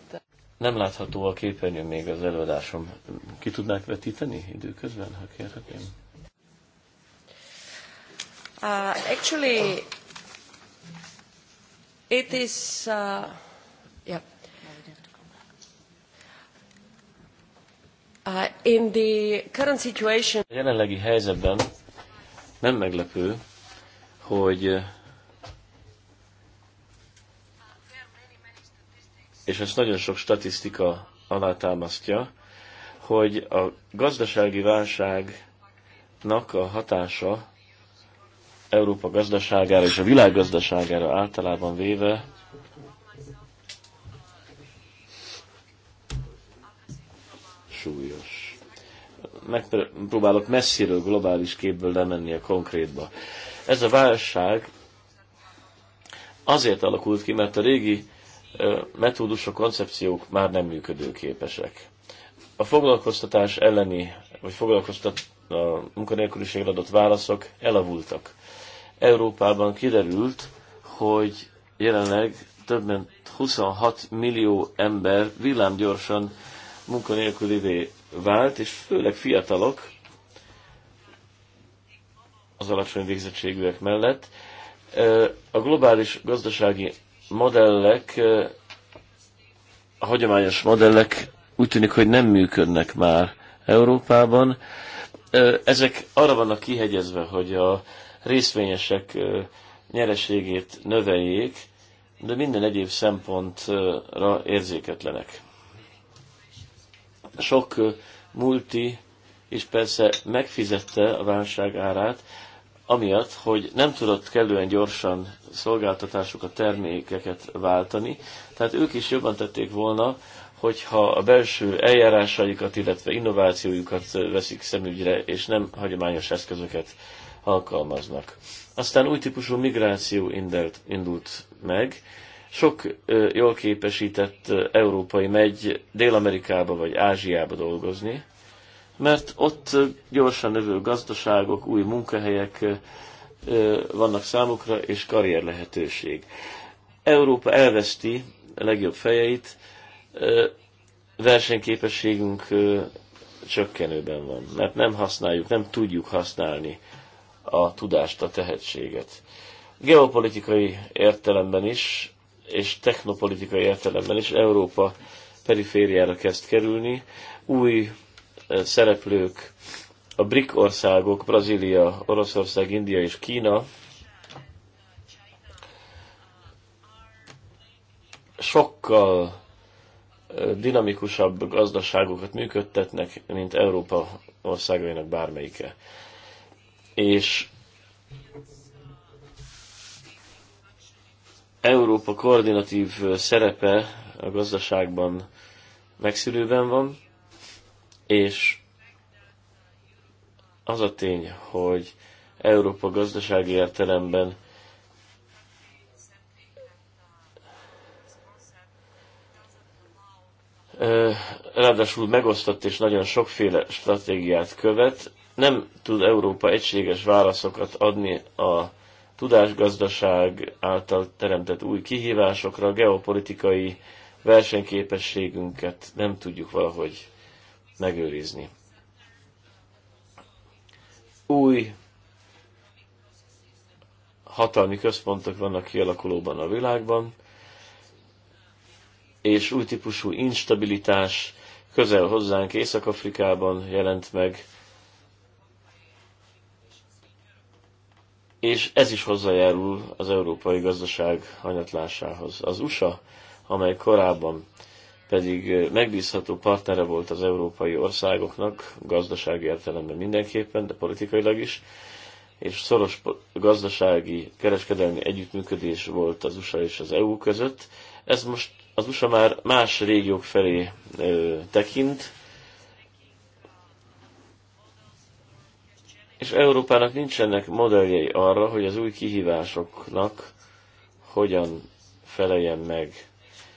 Nem látható a képernyő még az előadásom. Ki tudnák vetíteni időközben, ha kérhetném? Uh, actually, it is... Uh, yeah. Uh, a jelenlegi helyzetben nem meglepő, hogy eh, és ezt nagyon sok statisztika alátámasztja, hogy a gazdasági válságnak a hatása Európa gazdaságára és a világ gazdaságára általában véve súlyos. Megpróbálok messziről, globális képből lemenni a konkrétba. Ez a válság azért alakult ki, mert a régi metódusok, koncepciók már nem működőképesek. A foglalkoztatás elleni, vagy foglalkoztat a munkanélküliségre adott válaszok elavultak. Európában kiderült, hogy jelenleg több mint 26 millió ember villámgyorsan munkanélkülivé vált, és főleg fiatalok az alacsony végzettségűek mellett. A globális gazdasági modellek, a hagyományos modellek úgy tűnik, hogy nem működnek már Európában. Ezek arra vannak kihegyezve, hogy a részvényesek nyereségét növeljék, de minden egyéb szempontra érzéketlenek sok multi is persze megfizette a válság árát, amiatt, hogy nem tudott kellően gyorsan szolgáltatásuk a termékeket váltani, tehát ők is jobban tették volna, hogyha a belső eljárásaikat, illetve innovációjukat veszik szemügyre, és nem hagyományos eszközöket alkalmaznak. Aztán új típusú migráció indult meg, sok jól képesített európai megy Dél-Amerikába vagy Ázsiába dolgozni, mert ott gyorsan növő gazdaságok, új munkahelyek vannak számukra, és karrier lehetőség. Európa elveszti a legjobb fejeit, versenyképességünk csökkenőben van, mert nem használjuk, nem tudjuk használni a tudást, a tehetséget. Geopolitikai értelemben is és technopolitikai értelemben is Európa perifériára kezd kerülni. Új eh, szereplők, a BRIC országok, Brazília, Oroszország, India és Kína sokkal eh, dinamikusabb gazdaságokat működtetnek, mint Európa országainak bármelyike. És Európa koordinatív szerepe a gazdaságban megszülőben van, és az a tény, hogy Európa gazdasági értelemben ráadásul megosztott és nagyon sokféle stratégiát követ, nem tud Európa egységes válaszokat adni a tudásgazdaság által teremtett új kihívásokra, a geopolitikai versenyképességünket nem tudjuk valahogy megőrizni. Új hatalmi központok vannak kialakulóban a világban, és új típusú instabilitás közel hozzánk Észak-Afrikában jelent meg, és ez is hozzájárul az európai gazdaság hanyatlásához. Az USA, amely korábban pedig megbízható partnere volt az európai országoknak, gazdasági értelemben mindenképpen, de politikailag is, és szoros gazdasági, kereskedelmi együttműködés volt az USA és az EU között. Ez most az USA már más régiók felé ö, tekint, És Európának nincsenek modelljei arra, hogy az új kihívásoknak hogyan feleljen meg.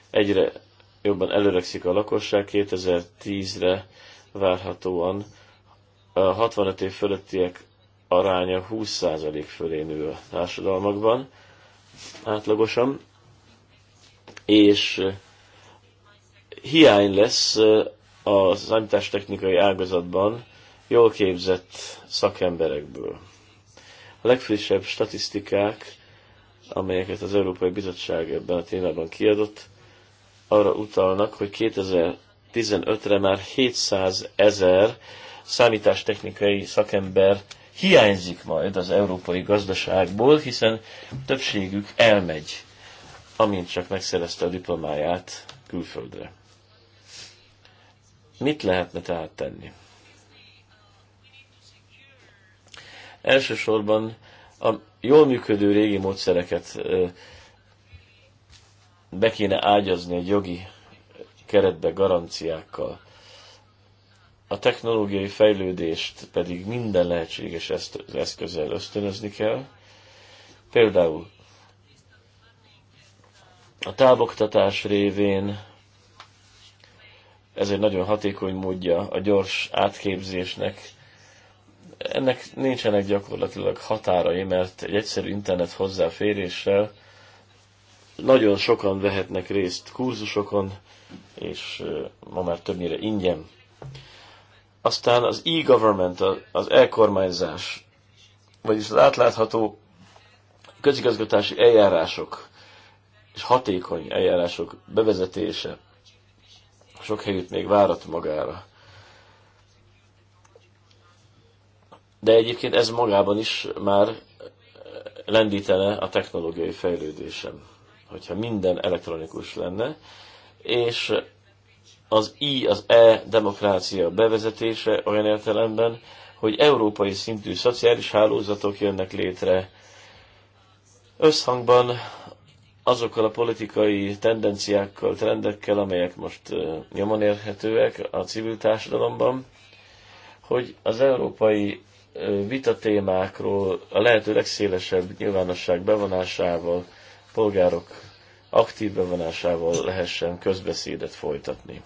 Egyre jobban előrekszik a lakosság, 2010-re várhatóan a 65 év fölöttiek aránya 20% fölé nő a társadalmakban átlagosan, és eh, hiány lesz eh, a számítástechnikai ágazatban jól képzett szakemberekből. A legfrissebb statisztikák, amelyeket az Európai Bizottság ebben a témában kiadott, arra utalnak, hogy 2015-re már 700 ezer számítástechnikai szakember hiányzik majd az európai gazdaságból, hiszen többségük elmegy, amint csak megszerezte a diplomáját külföldre. Mit lehetne tehát tenni? elsősorban a jól működő régi módszereket be kéne ágyazni egy jogi keretbe garanciákkal. A technológiai fejlődést pedig minden lehetséges eszközzel ösztönözni kell. Például a távoktatás révén ez egy nagyon hatékony módja a gyors átképzésnek, ennek nincsenek gyakorlatilag határai, mert egy egyszerű internet hozzáféréssel nagyon sokan vehetnek részt kurzusokon, és ma már többnyire ingyen. Aztán az e-government, az e-kormányzás, vagyis az átlátható közigazgatási eljárások és hatékony eljárások bevezetése sok helyütt még várat magára. De egyébként ez magában is már lendítene a technológiai fejlődésem, hogyha minden elektronikus lenne, és az I, az E demokrácia bevezetése olyan értelemben, hogy európai szintű szociális hálózatok jönnek létre összhangban azokkal a politikai tendenciákkal, trendekkel, amelyek most nyomon érhetőek a civil társadalomban, hogy az európai vitatémákról a lehető legszélesebb nyilvánosság bevonásával, polgárok aktív bevonásával lehessen közbeszédet folytatni.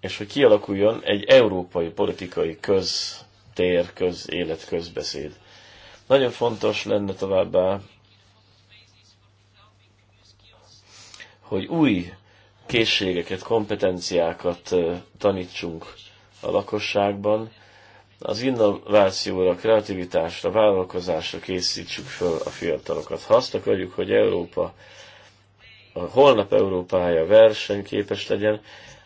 És hogy kialakuljon egy európai politikai köztér, közélet, közbeszéd. Nagyon fontos lenne továbbá, hogy új készségeket, kompetenciákat tanítsunk a lakosságban, az innovációra, kreativitásra, vállalkozásra készítsük föl a fiatalokat. Ha azt akarjuk, hogy Európa, a holnap Európája versenyképes legyen,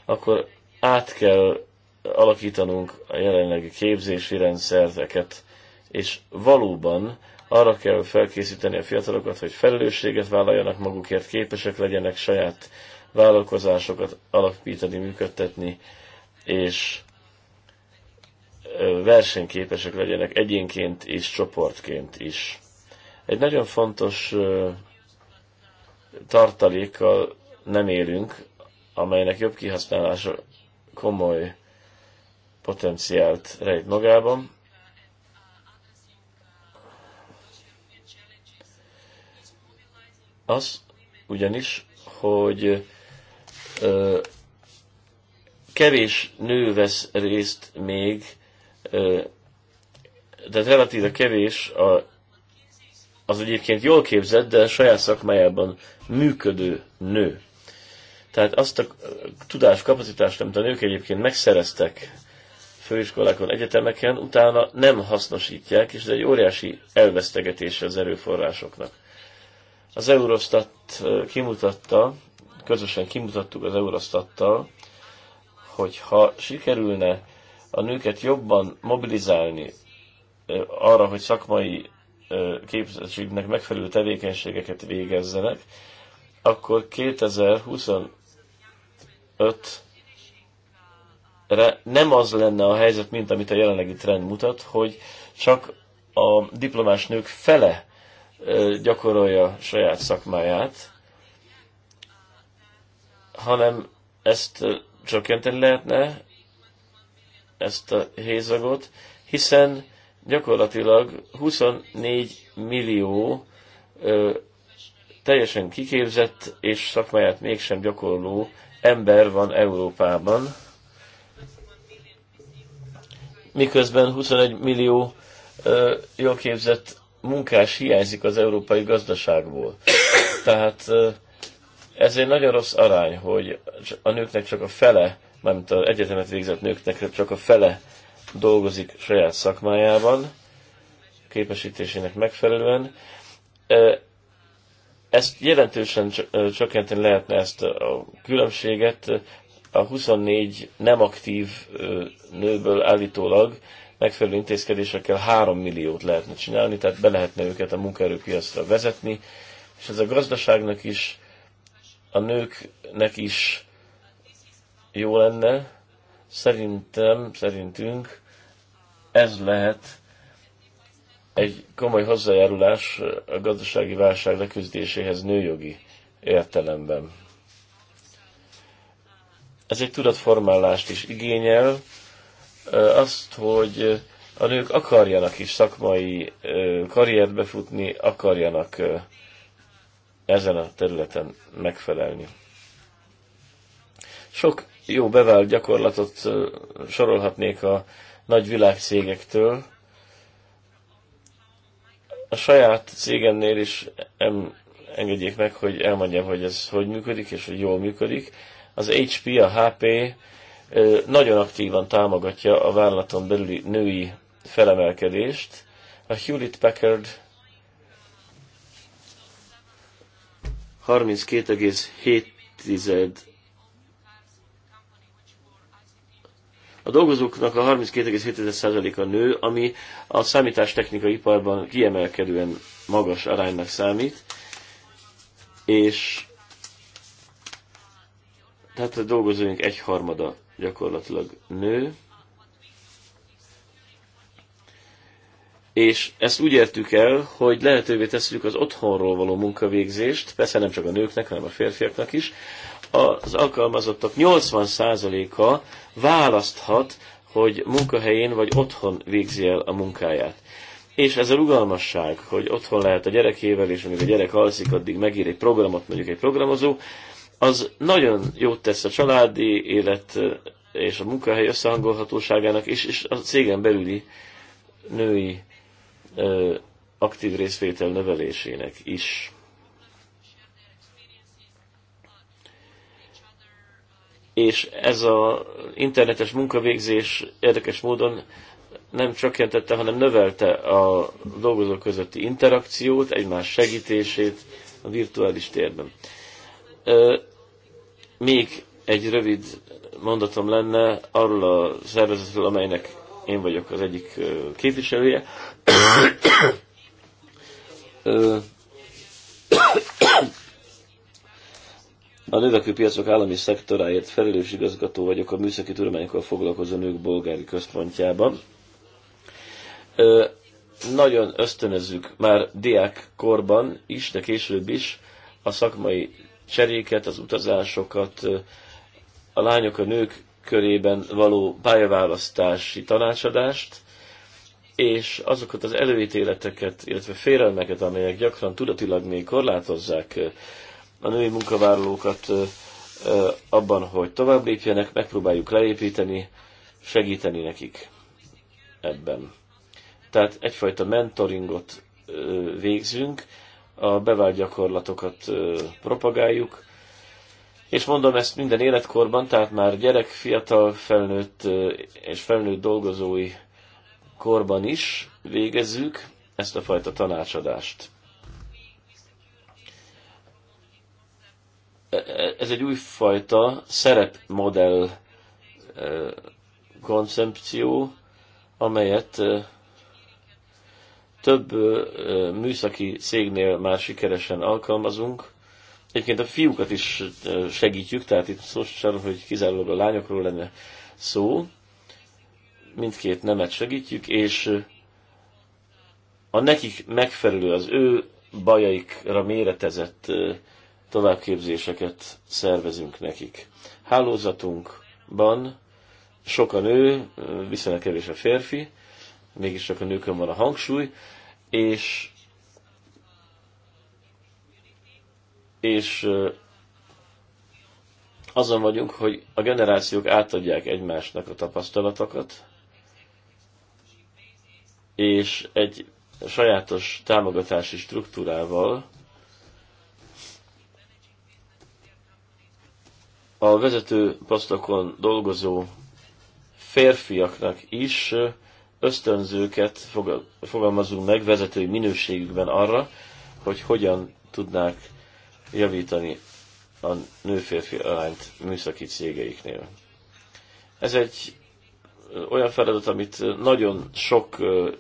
akkor át kell alakítanunk a jelenlegi képzési rendszereket, és valóban arra kell felkészíteni a fiatalokat, hogy felelősséget vállaljanak magukért, képesek legyenek saját vállalkozásokat alapítani, működtetni, és versenyképesek legyenek egyénként és csoportként is. Egy nagyon fontos tartalékkal nem élünk, amelynek jobb kihasználása komoly potenciált rejt magában. Az ugyanis, hogy ö, kevés nő vesz részt még de relatíve kevés a, az egyébként jól képzett, de a saját szakmájában működő nő. Tehát azt a tudás, kapacitást, amit a nők egyébként megszereztek főiskolákon, egyetemeken, utána nem hasznosítják, és ez egy óriási elvesztegetése az erőforrásoknak. Az Eurostat kimutatta, közösen kimutattuk az Eurostattal, hogy ha sikerülne a nőket jobban mobilizálni arra, hogy szakmai képzettségnek megfelelő tevékenységeket végezzenek, akkor 2025-re nem az lenne a helyzet, mint amit a jelenlegi trend mutat, hogy csak a diplomás nők fele gyakorolja saját szakmáját, hanem ezt csökkenteni lehetne, ezt a hézagot, hiszen gyakorlatilag 24 millió ö, teljesen kiképzett és szakmáját mégsem gyakorló ember van Európában, miközben 21 millió ö, jól képzett munkás hiányzik az európai gazdaságból. Tehát ö, ez egy nagyon rossz arány, hogy a nőknek csak a fele mármint az egyetemet végzett nőknek csak a fele dolgozik saját szakmájában, képesítésének megfelelően. Ezt jelentősen csökkenteni lehetne ezt a különbséget. A 24 nem aktív nőből állítólag megfelelő intézkedésekkel 3 milliót lehetne csinálni, tehát be lehetne őket a munkaerőpiacra vezetni, és ez a gazdaságnak is, a nőknek is jó lenne. Szerintem, szerintünk ez lehet egy komoly hozzájárulás a gazdasági válság leküzdéséhez nőjogi értelemben. Ez egy tudatformálást is igényel, azt, hogy a nők akarjanak is szakmai karrierbe futni, akarjanak ezen a területen megfelelni. Sok jó bevált gyakorlatot sorolhatnék a nagy világcégektől. A saját cégennél is em, engedjék meg, hogy elmondjam, hogy ez hogy működik, és hogy jól működik. Az HP, a HP nagyon aktívan támogatja a vállalaton belüli női felemelkedést. A Hewlett Packard A dolgozóknak a 32,7%-a nő, ami a számítástechnikai iparban kiemelkedően magas aránynak számít, és tehát a dolgozóink egyharmada gyakorlatilag nő, és ezt úgy értük el, hogy lehetővé tesszük az otthonról való munkavégzést, persze nem csak a nőknek, hanem a férfiaknak is, az alkalmazottak 80%-a választhat, hogy munkahelyén vagy otthon végzi el a munkáját. És ez a rugalmasság, hogy otthon lehet a gyerekével, és amíg a gyerek alszik, addig megír egy programot, mondjuk egy programozó, az nagyon jót tesz a családi élet és a munkahely összehangolhatóságának, és, és a cégen belüli női ö, aktív részvétel növelésének is. és ez az internetes munkavégzés érdekes módon nem csökkentette, hanem növelte a dolgozók közötti interakciót, egymás segítését a virtuális térben. Még egy rövid mondatom lenne arról a szervezetről, amelynek én vagyok az egyik képviselője. A piacok állami szektoráért felelős igazgató vagyok a műszaki tudományokkal foglalkozó nők bolgári központjában. Ö, nagyon ösztönözzük már diák korban is, de később is a szakmai cseréket, az utazásokat, a lányok, a nők körében való pályaválasztási tanácsadást, és azokat az előítéleteket, illetve félelmeket, amelyek gyakran tudatilag még korlátozzák a női munkavállalókat abban, hogy tovább lépjenek, megpróbáljuk leépíteni, segíteni nekik ebben. Tehát egyfajta mentoringot végzünk, a bevált gyakorlatokat propagáljuk, és mondom ezt minden életkorban, tehát már gyerek, fiatal, felnőtt és felnőtt dolgozói korban is végezzük ezt a fajta tanácsadást. ez egy újfajta szerepmodell koncepció, amelyet több műszaki cégnél már sikeresen alkalmazunk. Egyébként a fiúkat is segítjük, tehát itt szó hogy kizárólag a lányokról lenne szó. Mindkét nemet segítjük, és a nekik megfelelő, az ő bajaikra méretezett továbbképzéseket szervezünk nekik. Hálózatunkban sok a nő, viszonylag kevés a férfi, mégis csak a nőkön van a hangsúly, és és azon vagyunk, hogy a generációk átadják egymásnak a tapasztalatokat, és egy sajátos támogatási struktúrával a vezető posztokon dolgozó férfiaknak is ösztönzőket fogalmazunk meg vezetői minőségükben arra, hogy hogyan tudnák javítani a nő-férfi arányt műszaki cégeiknél. Ez egy olyan feladat, amit nagyon sok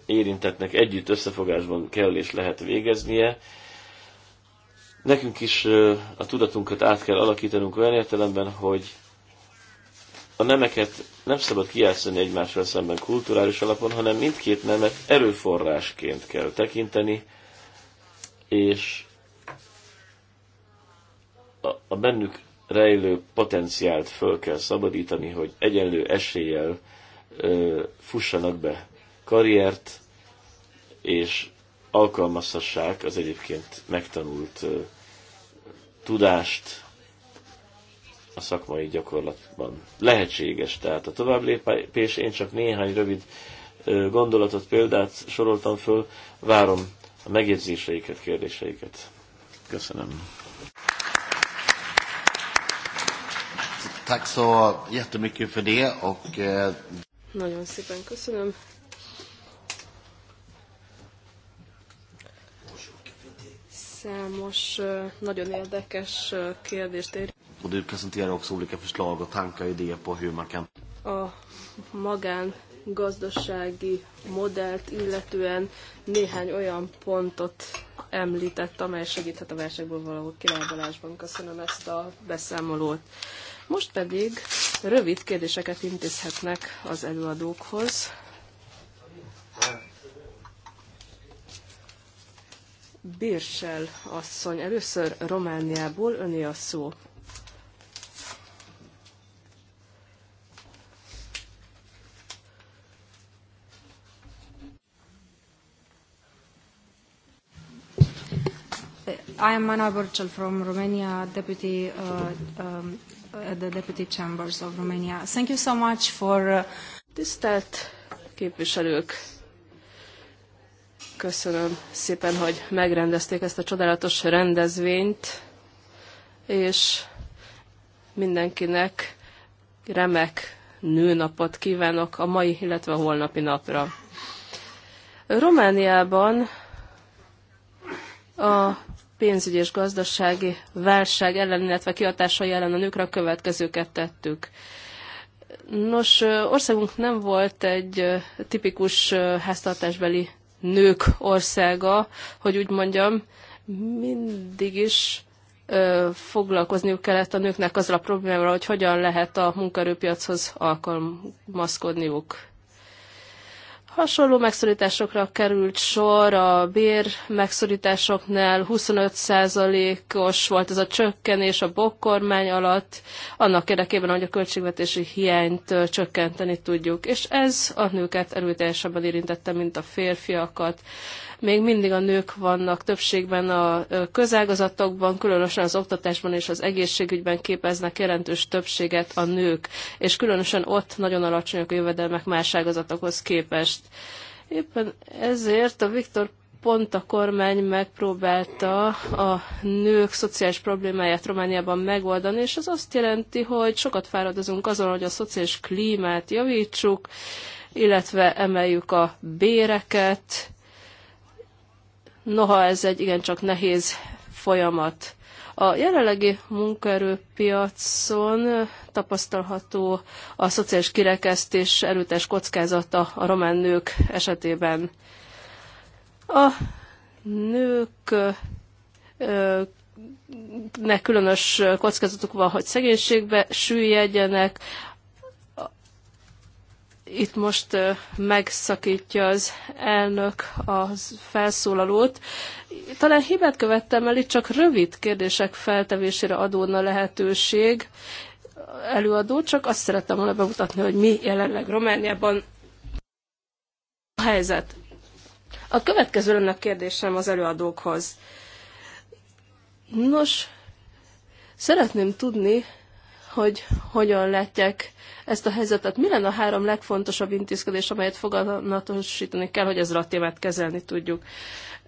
érintetnek együtt összefogásban kell és lehet végeznie, Nekünk is a tudatunkat át kell alakítanunk olyan értelemben, hogy a nemeket nem szabad kijátszani egymással szemben kulturális alapon, hanem mindkét nemet erőforrásként kell tekinteni, és a bennük rejlő potenciált föl kell szabadítani, hogy egyenlő eséllyel ö, fussanak be karriert, és alkalmazhassák az egyébként megtanult ö, tudást a szakmai gyakorlatban. Lehetséges tehát a továbblépés, én csak néhány rövid gondolatot, példát soroltam föl, várom a megjegyzéseiket, kérdéseiket. Köszönöm. Tack så jättemycket för det. Och, eh, Nagyon szépen köszönöm számos nagyon érdekes kérdést ér. Och du presenterar också olika förslag och tankar och idéer på hur man kan... A magán gazdasági modellt illetően néhány olyan pontot említett, amely segíthet a versekből való kilábalásban. Köszönöm ezt a beszámolót. Most pedig rövid kérdéseket intézhetnek az előadókhoz. Birsel asszony, először Romániából öné a szó. I am Ana Burcel from Romania, deputy uh, um, at the deputy chambers of Romania. Thank you so much for uh... tisztelt képviselők. Köszönöm szépen, hogy megrendezték ezt a csodálatos rendezvényt, és mindenkinek remek nőnapot kívánok a mai, illetve a holnapi napra. Romániában a pénzügyi és gazdasági válság ellen, illetve kiadásai ellen a nőkre a következőket tettük. Nos, országunk nem volt egy tipikus háztartásbeli nők országa, hogy úgy mondjam, mindig is ö, foglalkozniuk kellett a nőknek azzal a problémával, hogy hogyan lehet a munkaerőpiachoz alkalmazkodniuk. Hasonló megszorításokra került sor a bér megszorításoknál, 25%-os volt ez a csökkenés a bokkormány alatt, annak érdekében, hogy a költségvetési hiányt csökkenteni tudjuk. És ez a nőket erőteljesebben érintette, mint a férfiakat. Még mindig a nők vannak többségben a közágazatokban, különösen az oktatásban és az egészségügyben képeznek jelentős többséget a nők, és különösen ott nagyon alacsonyak a jövedelmek más ágazatokhoz képest. Éppen ezért a Viktor pont a kormány megpróbálta a nők szociális problémáját Romániában megoldani, és ez azt jelenti, hogy sokat fáradozunk azon, hogy a szociális klímát javítsuk, illetve emeljük a béreket, Noha ez egy igencsak nehéz folyamat. A jelenlegi munkaerőpiacon tapasztalható a szociális kirekesztés erőtes kockázata a román nők esetében. A nők nek különös kockázatuk van, hogy szegénységbe süllyedjenek, itt most megszakítja az elnök a felszólalót. Talán hibát követtem el, itt csak rövid kérdések feltevésére adódna lehetőség előadó, csak azt szerettem volna bemutatni, hogy mi jelenleg Romániában a helyzet. A következő lenne a kérdésem az előadókhoz. Nos, szeretném tudni, hogy hogyan látják ezt a helyzetet. Mi lenne a három legfontosabb intézkedés, amelyet fogadatosítani kell, hogy ez a témát kezelni tudjuk?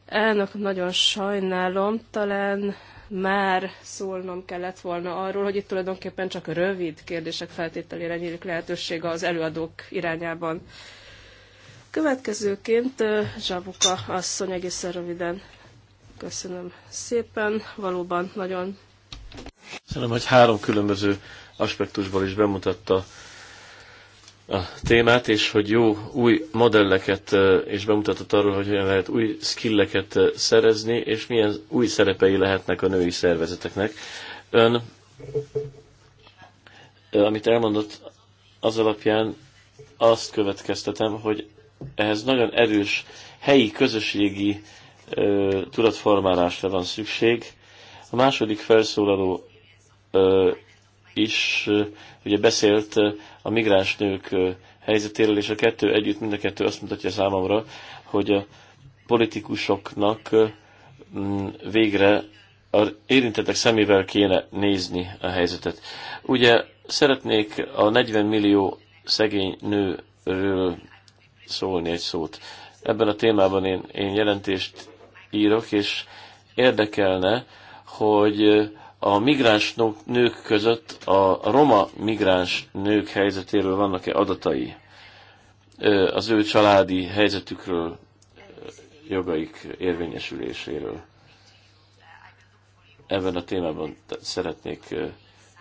Elnök, nagyon sajnálom, talán már szólnom kellett volna arról, hogy itt tulajdonképpen csak a rövid kérdések feltételére nyílik lehetőség az előadók irányában. Következőként Zsabuka asszony egészen röviden. Köszönöm szépen, valóban nagyon Szerintem, hogy három különböző aspektusból is bemutatta a témát, és hogy jó új modelleket, és bemutatott arról, hogy hogyan lehet új skilleket szerezni, és milyen új szerepei lehetnek a női szervezeteknek. Ön, amit elmondott, az alapján azt következtetem, hogy ehhez nagyon erős helyi közösségi ö, tudatformálásra van szükség. A második felszólaló is ugye beszélt a migráns nők helyzetéről, és a kettő együtt, mind a kettő azt mutatja számomra, hogy a politikusoknak végre az érintetek szemével kéne nézni a helyzetet. Ugye szeretnék a 40 millió szegény nőről szólni egy szót. Ebben a témában én, én jelentést írok, és érdekelne, hogy a migráns nők között a roma migráns nők helyzetéről vannak-e adatai? Az ő családi helyzetükről, jogaik érvényesüléséről. Ebben a témában szeretnék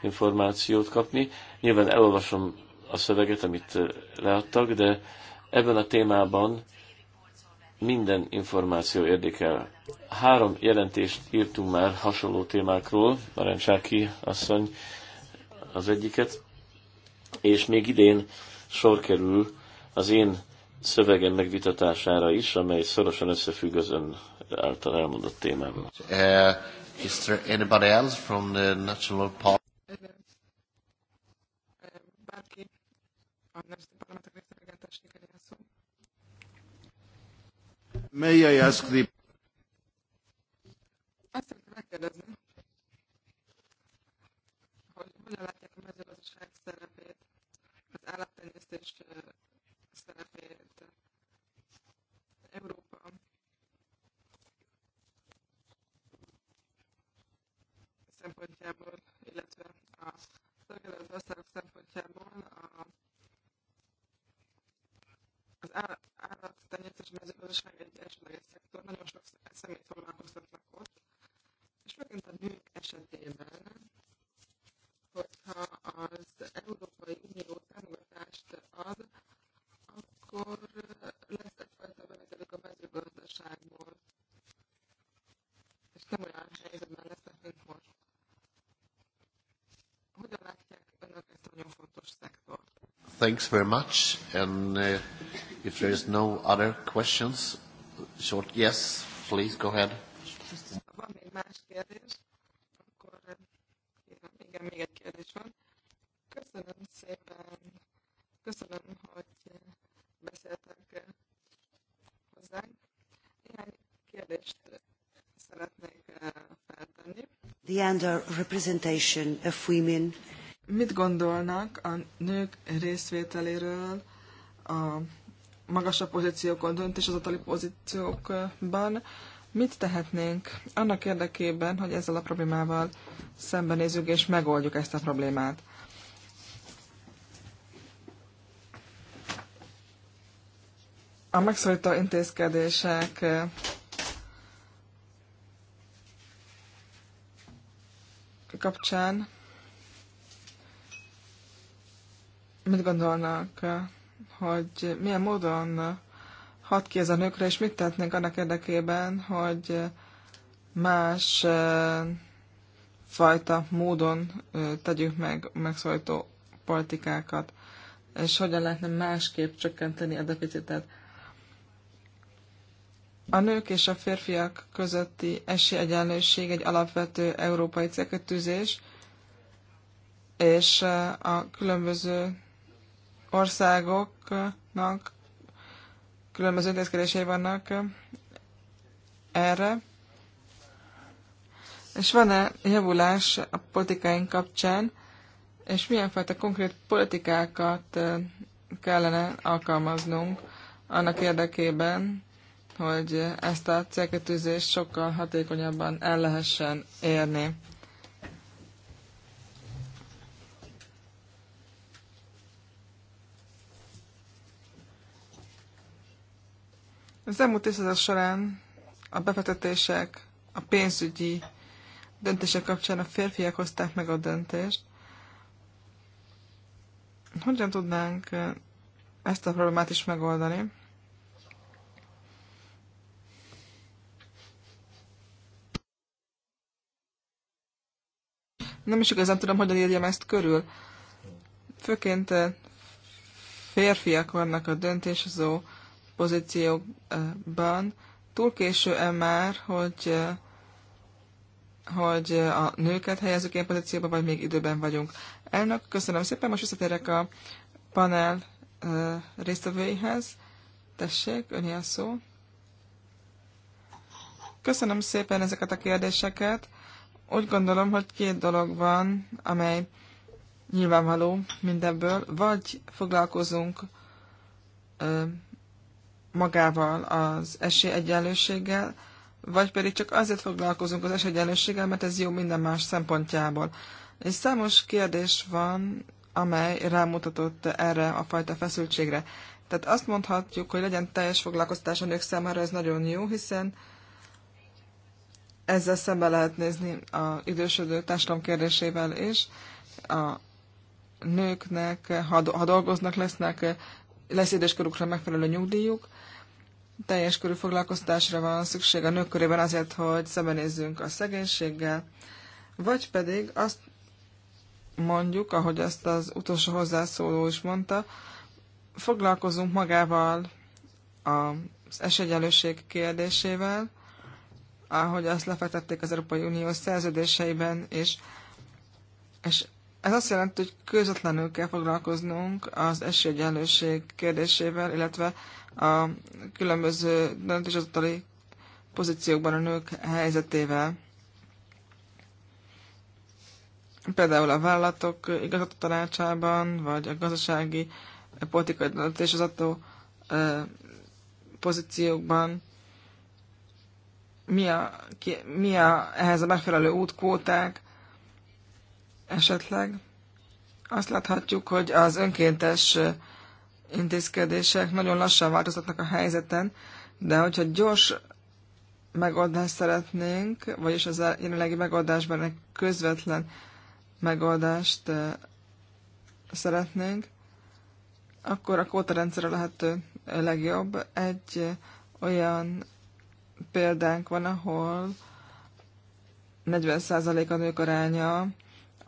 információt kapni. Nyilván elolvasom a szöveget, amit leadtak, de ebben a témában minden információ érdekel. Három jelentést írtunk már hasonló témákról, Narancsáki asszony az egyiket, és még idén sor kerül az én szövegem megvitatására is, amely szorosan összefügg az ön által elmondott témával. Uh, is there anybody else from the National Park? May I ask the... Azt szeretném megkérdezni, hogy hogyan látják a mezőgazdaság szerepét, az állattenyésztés szerepét Európa szempontjából, illetve a szövegelező országok szempontjából a az állattenyésztés mezőgazdaság egy elsődleges szektor, nagyon sok személyt foglalkoztatnak ott, és főként a nők esetében, hogyha az Európai Unió támogatást ad, akkor lesz egyfajta bevételük a mezőgazdaságból, és nem olyan helyzetben lesznek, mint most. Hogyan látják önök ezt a nagyon fontos szektort? Thanks very much. And uh, if there is no other questions, short yes, please go ahead. még más kérdés? Köszönöm szépen, köszönöm, hogy beszéltek hozzánk. Néhány kérdést szeretnék feltenni. The underrepresentation of women mit gondolnak a nők részvételéről a magasabb pozíciókon, döntéshozatali pozíciókban? Mit tehetnénk annak érdekében, hogy ezzel a problémával szembenézzük és megoldjuk ezt a problémát? A megszólító intézkedések eh, kapcsán mit gondolnak, hogy milyen módon hat ki ez a nőkre, és mit tehetnénk annak érdekében, hogy más fajta módon tegyük meg megszólító politikákat, és hogyan lehetne másképp csökkenteni a deficitet. A nők és a férfiak közötti esélyegyenlőség egy alapvető európai célkötőzés, és a különböző országoknak különböző intézkedései vannak erre. És van-e javulás a politikáink kapcsán, és milyen fajta konkrét politikákat kellene alkalmaznunk annak érdekében, hogy ezt a célkötőzést sokkal hatékonyabban el lehessen érni. Az elmúlt évszázad során a befektetések, a pénzügyi döntések kapcsán a férfiak hozták meg a döntést. Hogyan tudnánk ezt a problémát is megoldani? Nem is igazán tudom, hogyan írjam ezt körül. Főként férfiak vannak a döntéshozó pozíciókban. Túl késő-e már, hogy, hogy a nőket helyezzük ilyen pozícióba, vagy még időben vagyunk? Elnök, köszönöm szépen, most visszatérek a panel résztvevőihez. Tessék, öné a szó. Köszönöm szépen ezeket a kérdéseket. Úgy gondolom, hogy két dolog van, amely nyilvánvaló mindebből. Vagy foglalkozunk magával az esélyegyenlőséggel, vagy pedig csak azért foglalkozunk az esélyegyenlőséggel, mert ez jó minden más szempontjából. És számos kérdés van, amely rámutatott erre a fajta feszültségre. Tehát azt mondhatjuk, hogy legyen teljes foglalkoztatás a nők számára, ez nagyon jó, hiszen ezzel szembe lehet nézni az idősödő társadalom kérdésével is. A nőknek, ha dolgoznak, lesznek, lesz időskorukra megfelelő nyugdíjuk, teljes körű foglalkoztatásra van szükség a nők körében azért, hogy szembenézzünk a szegénységgel, vagy pedig azt mondjuk, ahogy azt az utolsó hozzászóló is mondta, foglalkozunk magával az esélyegyenlőség kérdésével, ahogy azt lefektették az Európai Unió szerződéseiben, és, és ez azt jelenti, hogy közvetlenül kell foglalkoznunk az esélyegyenlőség kérdésével, illetve a különböző döntéshozatali pozíciókban a nők helyzetével. Például a vállalatok igazgató tanácsában, vagy a gazdasági politikai döntéshozató pozíciókban. Mi a, ki, mi a ehhez a megfelelő útkvóták, esetleg. Azt láthatjuk, hogy az önkéntes intézkedések nagyon lassan változtatnak a helyzeten, de hogyha gyors megoldást szeretnénk, vagyis az jelenlegi megoldásban egy közvetlen megoldást szeretnénk, akkor a kóta a lehető legjobb. Egy olyan példánk van, ahol 40% a nők aránya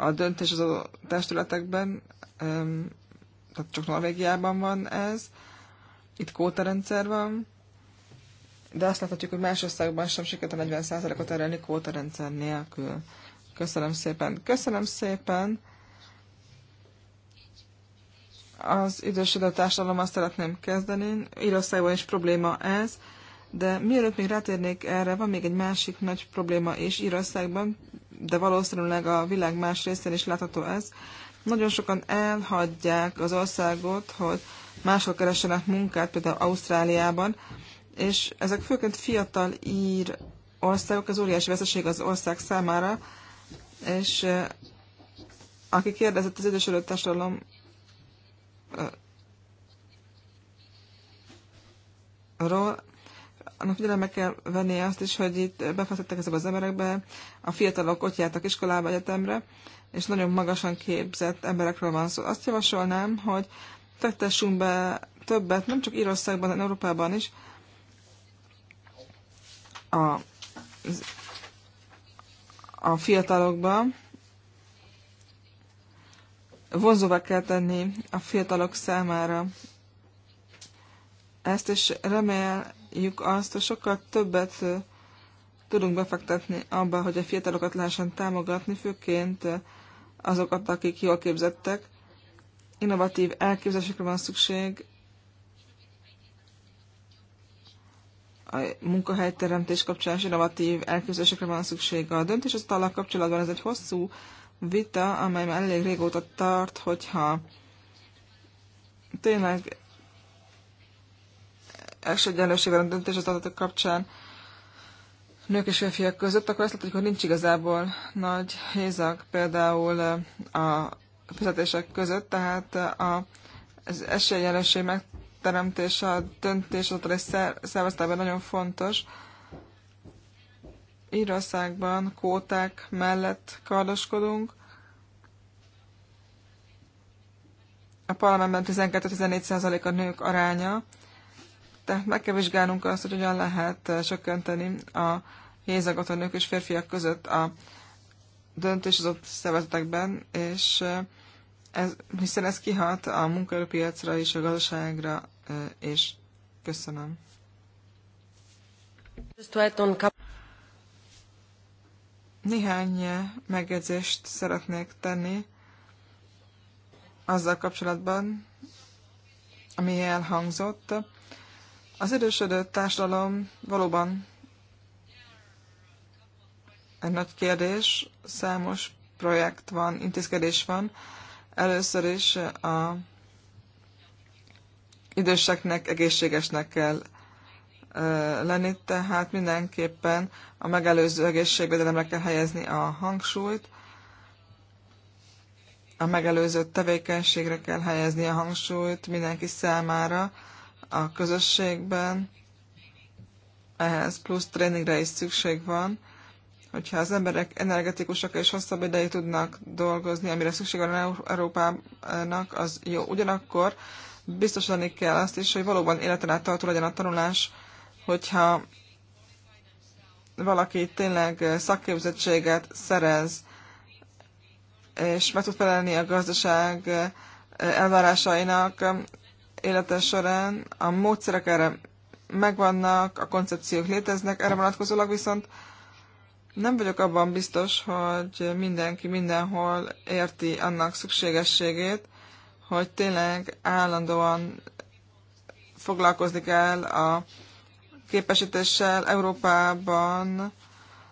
a döntés az a testületekben, tehát csak Norvégiában van ez, itt kótarendszer van, de azt láthatjuk, hogy más országban sem sikert a 40%-ot elérni kótarendszer nélkül. Köszönöm szépen. Köszönöm szépen. Az idősödő társadalom azt szeretném kezdeni. Írországban is probléma ez, de mielőtt még rátérnék erre, van még egy másik nagy probléma is Írországban, de valószínűleg a világ más részén is látható ez. Nagyon sokan elhagyják az országot, hogy máshol keressenek munkát, például Ausztráliában, és ezek főként fiatal ír országok, az óriási veszeség az ország számára, és eh, aki kérdezett az idősödött társadalom eh, ról, annak figyelembe kell venni azt is, hogy itt befektettek ezek az emberekbe, a fiatalok ott jártak iskolába, egyetemre, és nagyon magasan képzett emberekről van szó. Azt javasolnám, hogy fektessünk be többet, nem csak Írországban, hanem Európában is, a, a fiatalokba. Vonzóvá kell tenni a fiatalok számára ezt, és remél, látjuk azt, hogy sokkal többet tudunk befektetni abba, hogy a fiatalokat lehessen támogatni, főként azokat, akik jól képzettek. Innovatív elképzelésekre van szükség, a munkahelyteremtés kapcsán és innovatív elképzelésekre van szükség. A döntés talak kapcsolatban ez egy hosszú vita, amely már elég régóta tart, hogyha tényleg egyenlőségben a döntés az adatok kapcsán nők és férfiak között, akkor azt látjuk, hogy nincs igazából nagy hézag például a fizetések között, tehát a, az esélyegyenlőség megteremtése, a döntés az egy szervezetben nagyon fontos. Írországban kóták mellett kardoskodunk, a parlamentben 12-14% a nők aránya, tehát meg kell vizsgálnunk azt, hogy hogyan lehet eh, csökkenteni a hézagot a nők és férfiak között a döntéshozott szervezetekben, és eh, ez, hiszen ez kihat a munkaerőpiacra és a gazdaságra, eh, és köszönöm. Néhány megjegyzést szeretnék tenni azzal kapcsolatban, ami elhangzott. Az idősödő társadalom valóban egy nagy kérdés, számos projekt van, intézkedés van. Először is a időseknek egészségesnek kell lenni, tehát mindenképpen a megelőző egészségvédelemre kell helyezni a hangsúlyt, a megelőző tevékenységre kell helyezni a hangsúlyt mindenki számára, a közösségben, ehhez plusz tréningre is szükség van, hogyha az emberek energetikusak és hosszabb ideig tudnak dolgozni, amire szükség van Európának, az jó. Ugyanakkor biztosítani kell azt is, hogy valóban életen át tartó legyen a tanulás, hogyha valaki tényleg szakképzettséget szerez, és meg tud felelni a gazdaság eh, elvárásainak, élete során a módszerek erre megvannak, a koncepciók léteznek, erre vonatkozólag viszont nem vagyok abban biztos, hogy mindenki mindenhol érti annak szükségességét, hogy tényleg állandóan foglalkozni kell a képesítéssel Európában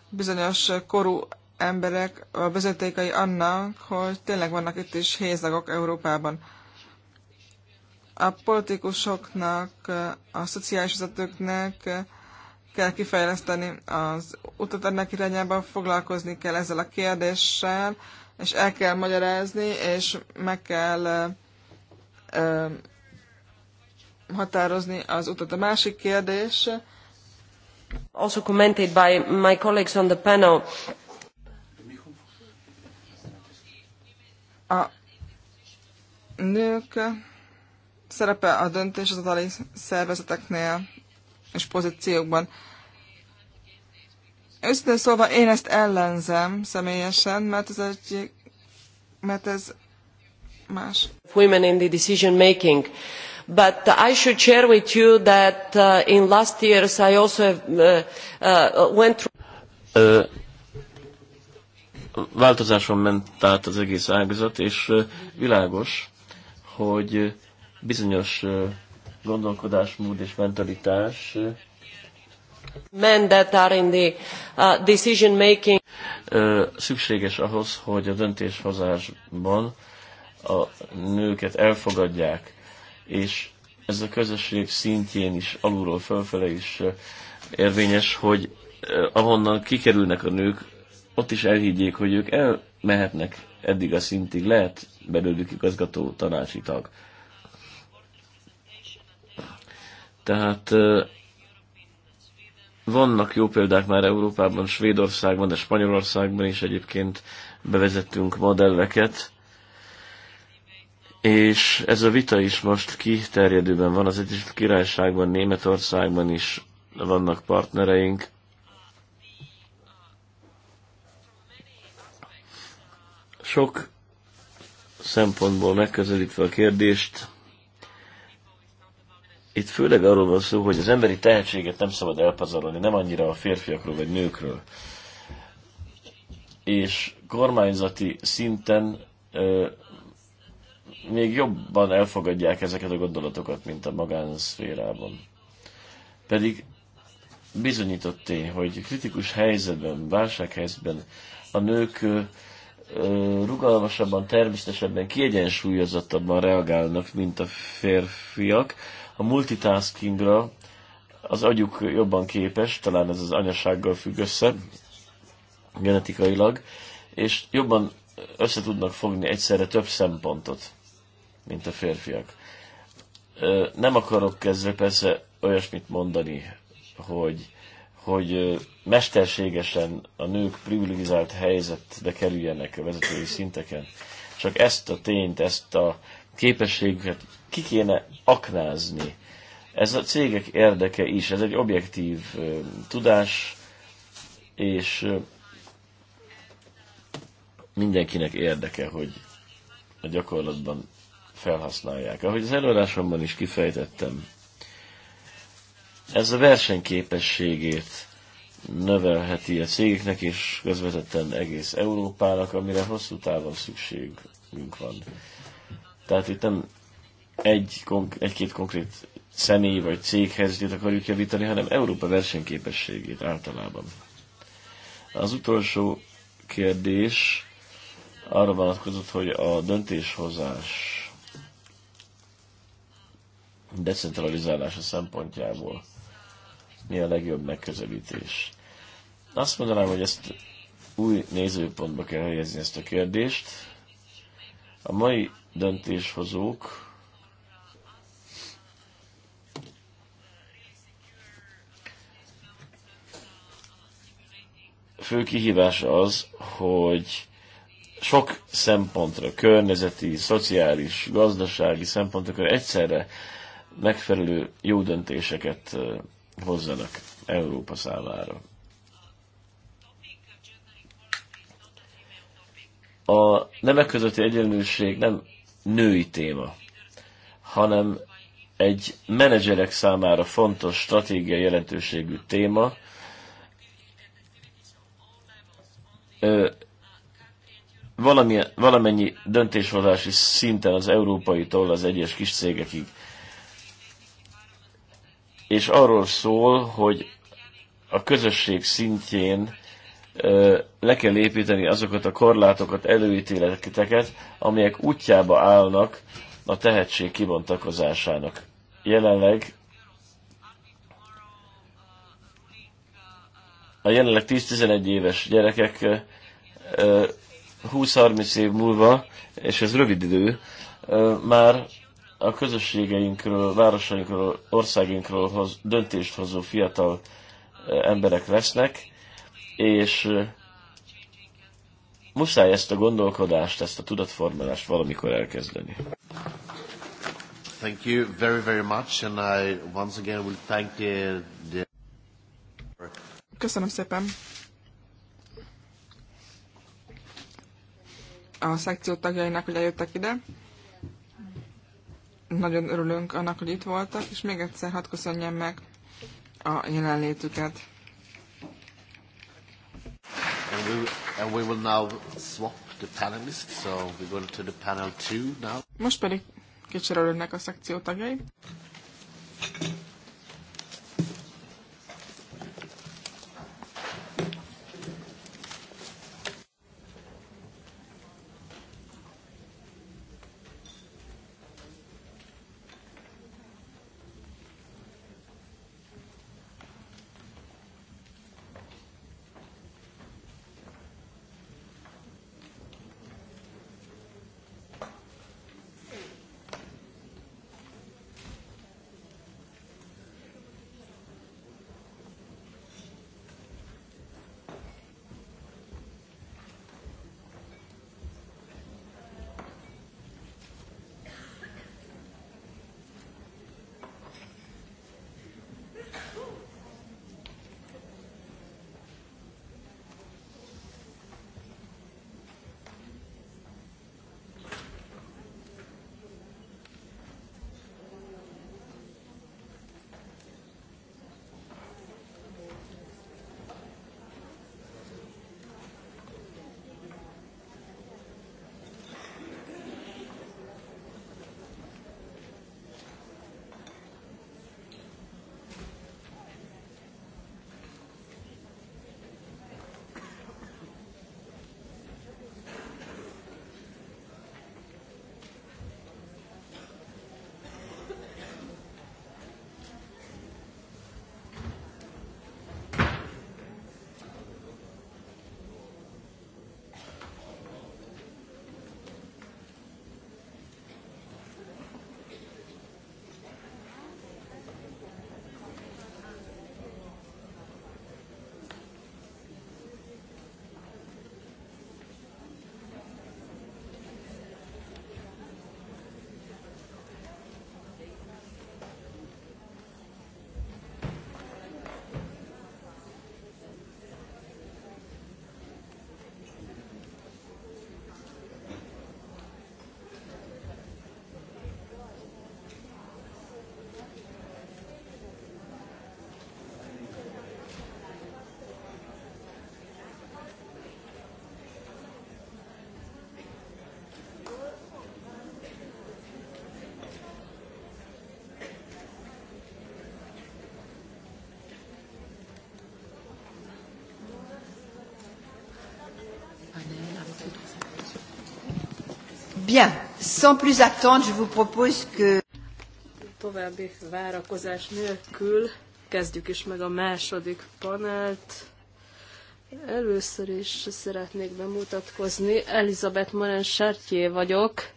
bizonyos korú emberek a vezetékei annak, hogy tényleg vannak itt is hézagok Európában. A politikusoknak, a szociális vezetőknek kell kifejleszteni az utat ennek irányába, foglalkozni kell ezzel a kérdéssel, és el kell magyarázni, és meg kell ö, határozni az utat. A másik kérdés, also commented by my colleagues on the panel. A nők szerepe a döntés az adali szervezeteknél és pozíciókban. Őszintén szólva én ezt ellenzem személyesen, mert ez egy mert ez más. Women in the decision making. But I should share with you that uh, in last years I also have, uh, uh, went through... Uh, változáson ment át az egész ágazat, és világos, hogy bizonyos gondolkodásmód és mentalitás men that are in the uh, decision making szükséges ahhoz, hogy a döntéshozásban a nőket elfogadják, és ez a közösség szintjén is, alulról fölfele is érvényes, hogy ahonnan kikerülnek a nők, ott is elhiggyék, hogy ők elmehetnek eddig a szintig, lehet belőlük igazgató tanácsi tag. Tehát vannak jó példák már Európában, Svédországban, de Spanyolországban is egyébként bevezettünk modelleket, és ez a vita is most kiterjedőben van, az Egyesült Királyságban, Németországban is vannak partnereink. Sok szempontból megközelítve a kérdést, itt főleg arról van szó, hogy az emberi tehetséget nem szabad elpazarolni, nem annyira a férfiakról vagy nőkről. És kormányzati szinten ö, még jobban elfogadják ezeket a gondolatokat, mint a magánszférában. Pedig bizonyított tény, hogy kritikus helyzetben, válsághelyzetben a nők ö, rugalmasabban, természetesebben, kiegyensúlyozottabban reagálnak, mint a férfiak a multitaskingra az agyuk jobban képes, talán ez az anyasággal függ össze, genetikailag, és jobban össze tudnak fogni egyszerre több szempontot, mint a férfiak. Nem akarok kezdve persze olyasmit mondani, hogy, hogy mesterségesen a nők privilegizált helyzetbe kerüljenek a vezetői szinteken. Csak ezt a tényt, ezt a Képességüket, ki kéne aknázni. Ez a cégek érdeke is, ez egy objektív tudás, és mindenkinek érdeke, hogy a gyakorlatban felhasználják. Ahogy az előadásomban is kifejtettem, ez a versenyképességét növelheti a cégeknek, és közvetetten egész Európának, amire hosszú távon szükségünk van. Tehát itt nem egy, egy-két konkrét személy vagy céghez, helyzetét akarjuk javítani, hanem Európa versenyképességét általában. Az utolsó kérdés arra vonatkozott, hogy a döntéshozás decentralizálása szempontjából mi a legjobb megközelítés. Azt mondanám, hogy ezt új nézőpontba kell helyezni ezt a kérdést, a mai döntéshozók fő kihívása az, hogy sok szempontra, környezeti, szociális, gazdasági szempontokra egyszerre megfelelő jó döntéseket hozzanak Európa számára. a nemek közötti egyenlőség nem női téma, hanem egy menedzserek számára fontos stratégiai jelentőségű téma. Ö, valami, valamennyi döntéshozási szinten az európai európaitól az egyes kis cégekig. És arról szól, hogy a közösség szintjén le kell építeni azokat a korlátokat, előítéleteket, amelyek útjába állnak a tehetség kibontakozásának. Jelenleg a jelenleg 10-11 éves gyerekek 20-30 év múlva, és ez rövid idő, már a közösségeinkről, városainkról, országunkról hoz, döntést hozó fiatal emberek lesznek, és muszáj ezt a gondolkodást, ezt a tudatformálást valamikor elkezdeni. Thank you very, very much, and I once again will thank the, uh, the... Köszönöm szépen. A szekció tagjainak, hogy eljöttek ide. Nagyon örülünk annak, hogy itt voltak, és még egyszer hadd köszönjem meg a jelenlétüket. And we, and we will now swap the panelists, so we go to the panel two now. Most pedig kicserélődnek a szekció tagjai. Bien, sans plus attendre, je vous propose que... További várakozás nélkül kezdjük is meg a második panelt. Először is szeretnék bemutatkozni. Elizabeth Maren Sertjé vagyok,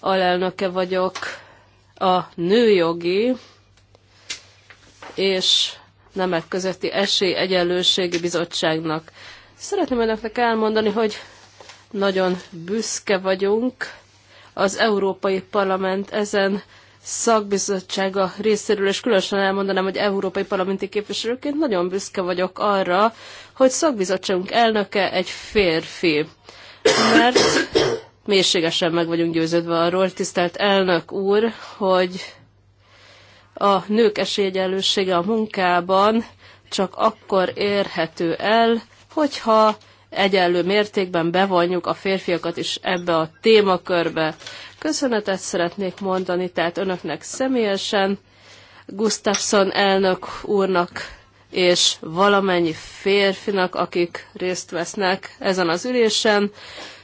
alelnöke vagyok a nőjogi és nemek közötti esélyegyenlőségi bizottságnak. Szeretném önöknek elmondani, hogy nagyon büszke vagyunk az Európai Parlament ezen szakbizottsága részéről, és különösen elmondanám, hogy európai parlamenti képviselőként nagyon büszke vagyok arra, hogy szakbizottságunk elnöke egy férfi. Mert mélységesen meg vagyunk győződve arról, tisztelt elnök úr, hogy a nők esélyegyenlősége a munkában csak akkor érhető el, hogyha egyenlő mértékben bevonjuk a férfiakat is ebbe a témakörbe. Köszönetet szeretnék mondani, tehát önöknek személyesen, Gustafsson elnök úrnak és valamennyi férfinak, akik részt vesznek ezen az ülésen.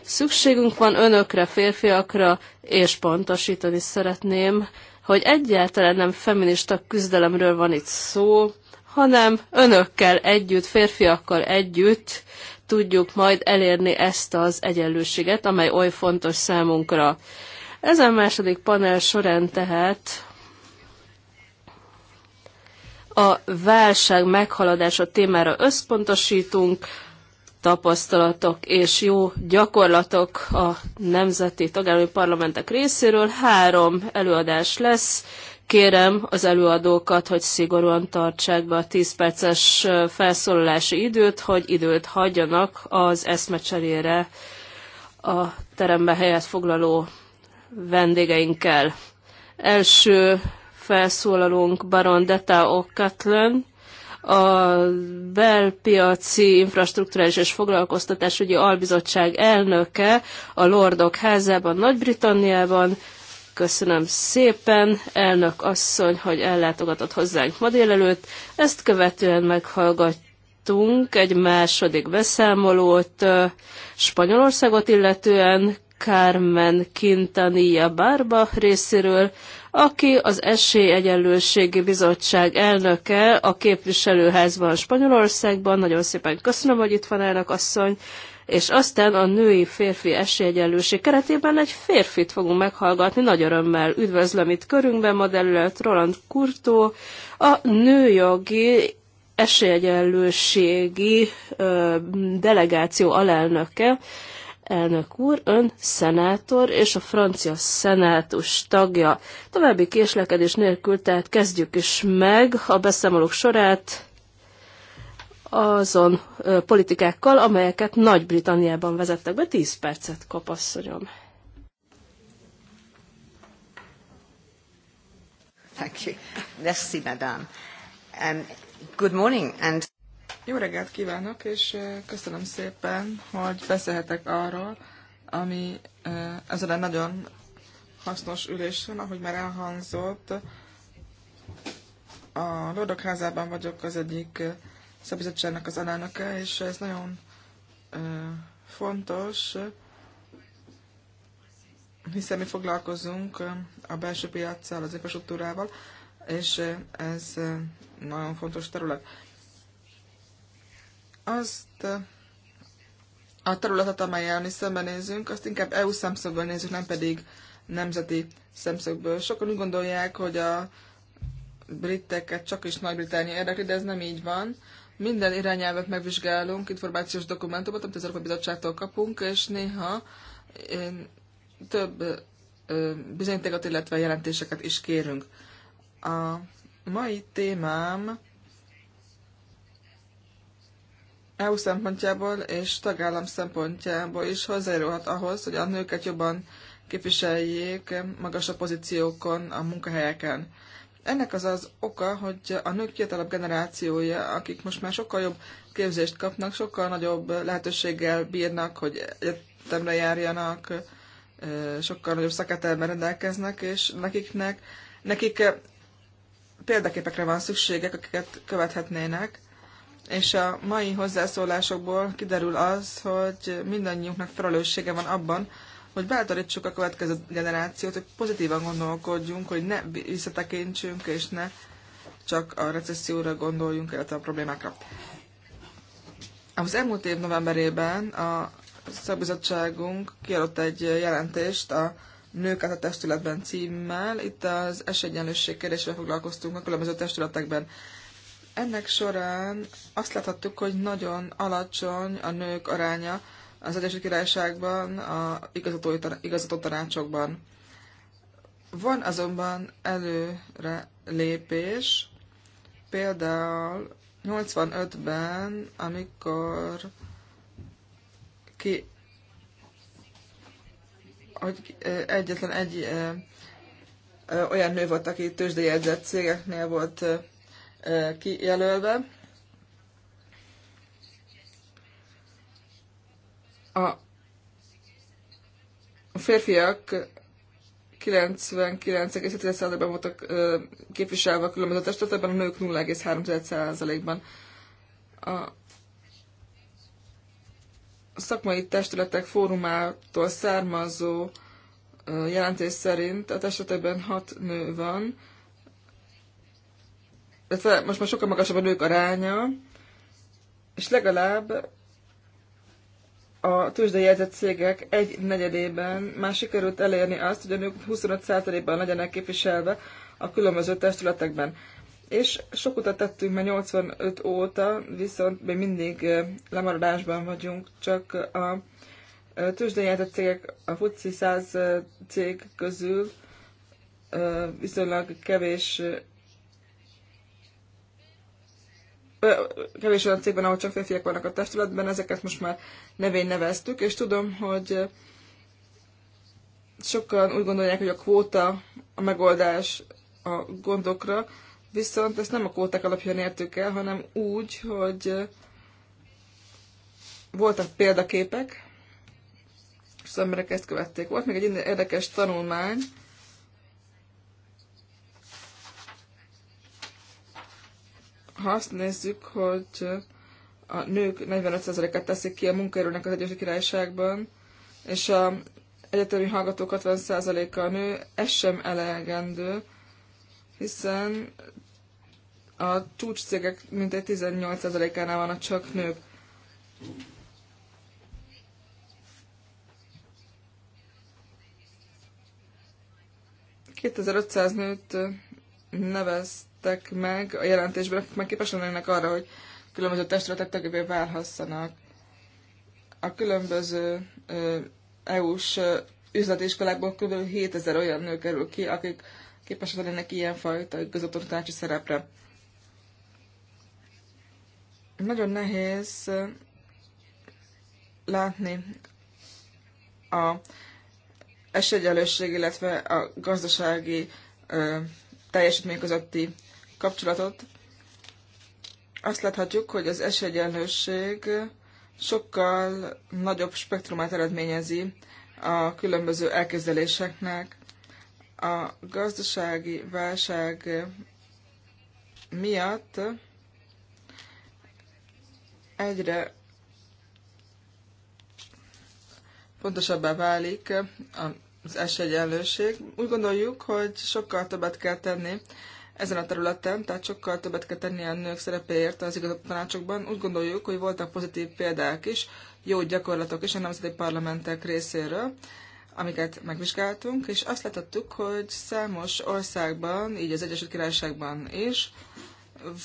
Szükségünk van önökre, férfiakra, és pontosítani szeretném, hogy egyáltalán nem feminista küzdelemről van itt szó, hanem önökkel együtt, férfiakkal együtt tudjuk majd elérni ezt az egyenlőséget, amely oly fontos számunkra. Ezen második panel során tehát a válság meghaladása témára összpontosítunk, tapasztalatok és jó gyakorlatok a nemzeti tagállami parlamentek részéről. Három előadás lesz, Kérem az előadókat, hogy szigorúan tartsák be a 10 perces felszólalási időt, hogy időt hagyjanak az eszmecserére a terembe helyet foglaló vendégeinkkel. Első felszólalónk Baron Deta O'Cutlan, a belpiaci infrastruktúrális és foglalkoztatásügyi albizottság elnöke a Lordok házában Nagy-Britanniában, Köszönöm szépen, elnök asszony, hogy ellátogatott hozzánk ma délelőtt. Ezt követően meghallgattunk egy második beszámolót Spanyolországot illetően Carmen Quintanilla Barba részéről, aki az Esélyegyenlőségi Bizottság elnöke a képviselőházban Spanyolországban. Nagyon szépen köszönöm, hogy itt van elnök asszony, és aztán a női-férfi esélyegyenlőség keretében egy férfit fogunk meghallgatni. Nagy örömmel üdvözlöm itt körünkben ma Roland Kurtó, a nőjogi esélyegyenlőségi ö, delegáció alelnöke, elnök úr, ön szenátor és a francia szenátus tagja. További késlekedés nélkül, tehát kezdjük is meg a beszámolók sorát azon politikákkal, amelyeket Nagy-Britanniában vezettek be. 10 percet kap asszonyom. Thank you. Merci, madame. Um, good morning and... Jó reggelt kívánok, és köszönöm szépen, hogy beszélhetek arról, ami ezen a nagyon hasznos ülésen, ahogy már elhangzott, a Lordok házában vagyok az egyik szabizottságnak az alelnöke, és ez nagyon fontos, hiszen mi foglalkozunk a belső piaccal, az infrastruktúrával, és ez nagyon fontos terület. Azt a területet, amelyel mi szembenézünk, azt inkább EU szemszögből nézzük, nem pedig nemzeti szemszögből. Sokan úgy gondolják, hogy a briteket csak is Nagy-Britannia érdekli, de ez nem így van minden irányelvet megvizsgálunk, információs dokumentumot, amit az Európai Bizottságtól kapunk, és néha több bizonyítékot, illetve jelentéseket is kérünk. A mai témám EU szempontjából és tagállam szempontjából is hozzájárulhat ahhoz, hogy a nőket jobban képviseljék magasabb pozíciókon, a munkahelyeken. Ennek az az oka, hogy a nők fiatalabb generációja, akik most már sokkal jobb képzést kapnak, sokkal nagyobb lehetőséggel bírnak, hogy egyetemre járjanak, sokkal nagyobb szakértelemmel rendelkeznek, és nekiknek, nekik példaképekre van szükségek, akiket követhetnének, és a mai hozzászólásokból kiderül az, hogy mindannyiunknak felelőssége van abban, hogy bátorítsuk a következő generációt, hogy pozitívan gondolkodjunk, hogy ne visszatekintsünk, és ne csak a recesszióra gondoljunk, illetve a problémákra. Az elmúlt év novemberében a szakbizottságunk kiadott egy jelentést a Nők át a testületben címmel. Itt az esélyegyenlőség kérdésével foglalkoztunk a különböző testületekben. Ennek során azt láthattuk, hogy nagyon alacsony a nők aránya az Egyesült Királyságban, a igazgató tanácsokban. Van azonban előre lépés, például 85-ben, amikor ki, hogy egyetlen egy olyan nő volt, aki tőzsdejegyzett cégeknél volt kijelölve, a férfiak 99,7%-ban voltak képviselve a különböző testületekben, a nők 0,3%-ban. A szakmai testületek fórumától származó jelentés szerint a testületekben hat nő van, illetve most már sokkal magasabb a nők aránya, és legalább a tőzsdejegyzett cégek egy negyedében már sikerült elérni azt, hogy a 25%-ban legyenek képviselve a különböző testületekben. És sok utat tettünk mert 85 óta, viszont még mindig lemaradásban vagyunk, csak a tőzsdejegyzett cégek, a FUCI 100 cég közül viszonylag kevés kevés olyan cégben, ahol csak férfiak vannak a testületben, ezeket most már nevén neveztük, és tudom, hogy sokan úgy gondolják, hogy a kvóta a megoldás a gondokra, viszont ezt nem a kvóták alapján értük el, hanem úgy, hogy voltak példaképek, és az emberek ezt követték. Volt még egy érdekes tanulmány, Ha azt nézzük, hogy a nők 45%-át teszik ki a munkaerőnek az Egyesült Királyságban, és a egyetemi hallgatók 60 a a nő, ez sem elegendő, hiszen a csúcscégek mintegy 18%-ánál vannak csak nők. ...2500 nőt nevezt tettek meg a jelentésben, akik már képesek lennének arra, hogy különböző testületek tagjabbé válhassanak. A különböző EU-s üzleti iskolákból kb. 7000 olyan nő kerül ki, akik képesek lennének ilyenfajta igazgatótanácsi szerepre. Nagyon nehéz látni a esélyegyenlőség, illetve a gazdasági ö, teljesítmény közötti kapcsolatot, azt láthatjuk, hogy az esélyegyenlőség sokkal nagyobb spektrumát eredményezi a különböző elképzeléseknek. A gazdasági válság miatt egyre pontosabbá válik az esélyegyenlőség. Úgy gondoljuk, hogy sokkal többet kell tenni ezen a területen, tehát sokkal többet kell tenni a nők szerepéért az igazgató tanácsokban. Úgy gondoljuk, hogy voltak pozitív példák is, jó gyakorlatok is a nemzeti parlamentek részéről, amiket megvizsgáltunk, és azt látottuk, hogy számos országban, így az Egyesült Királyságban is,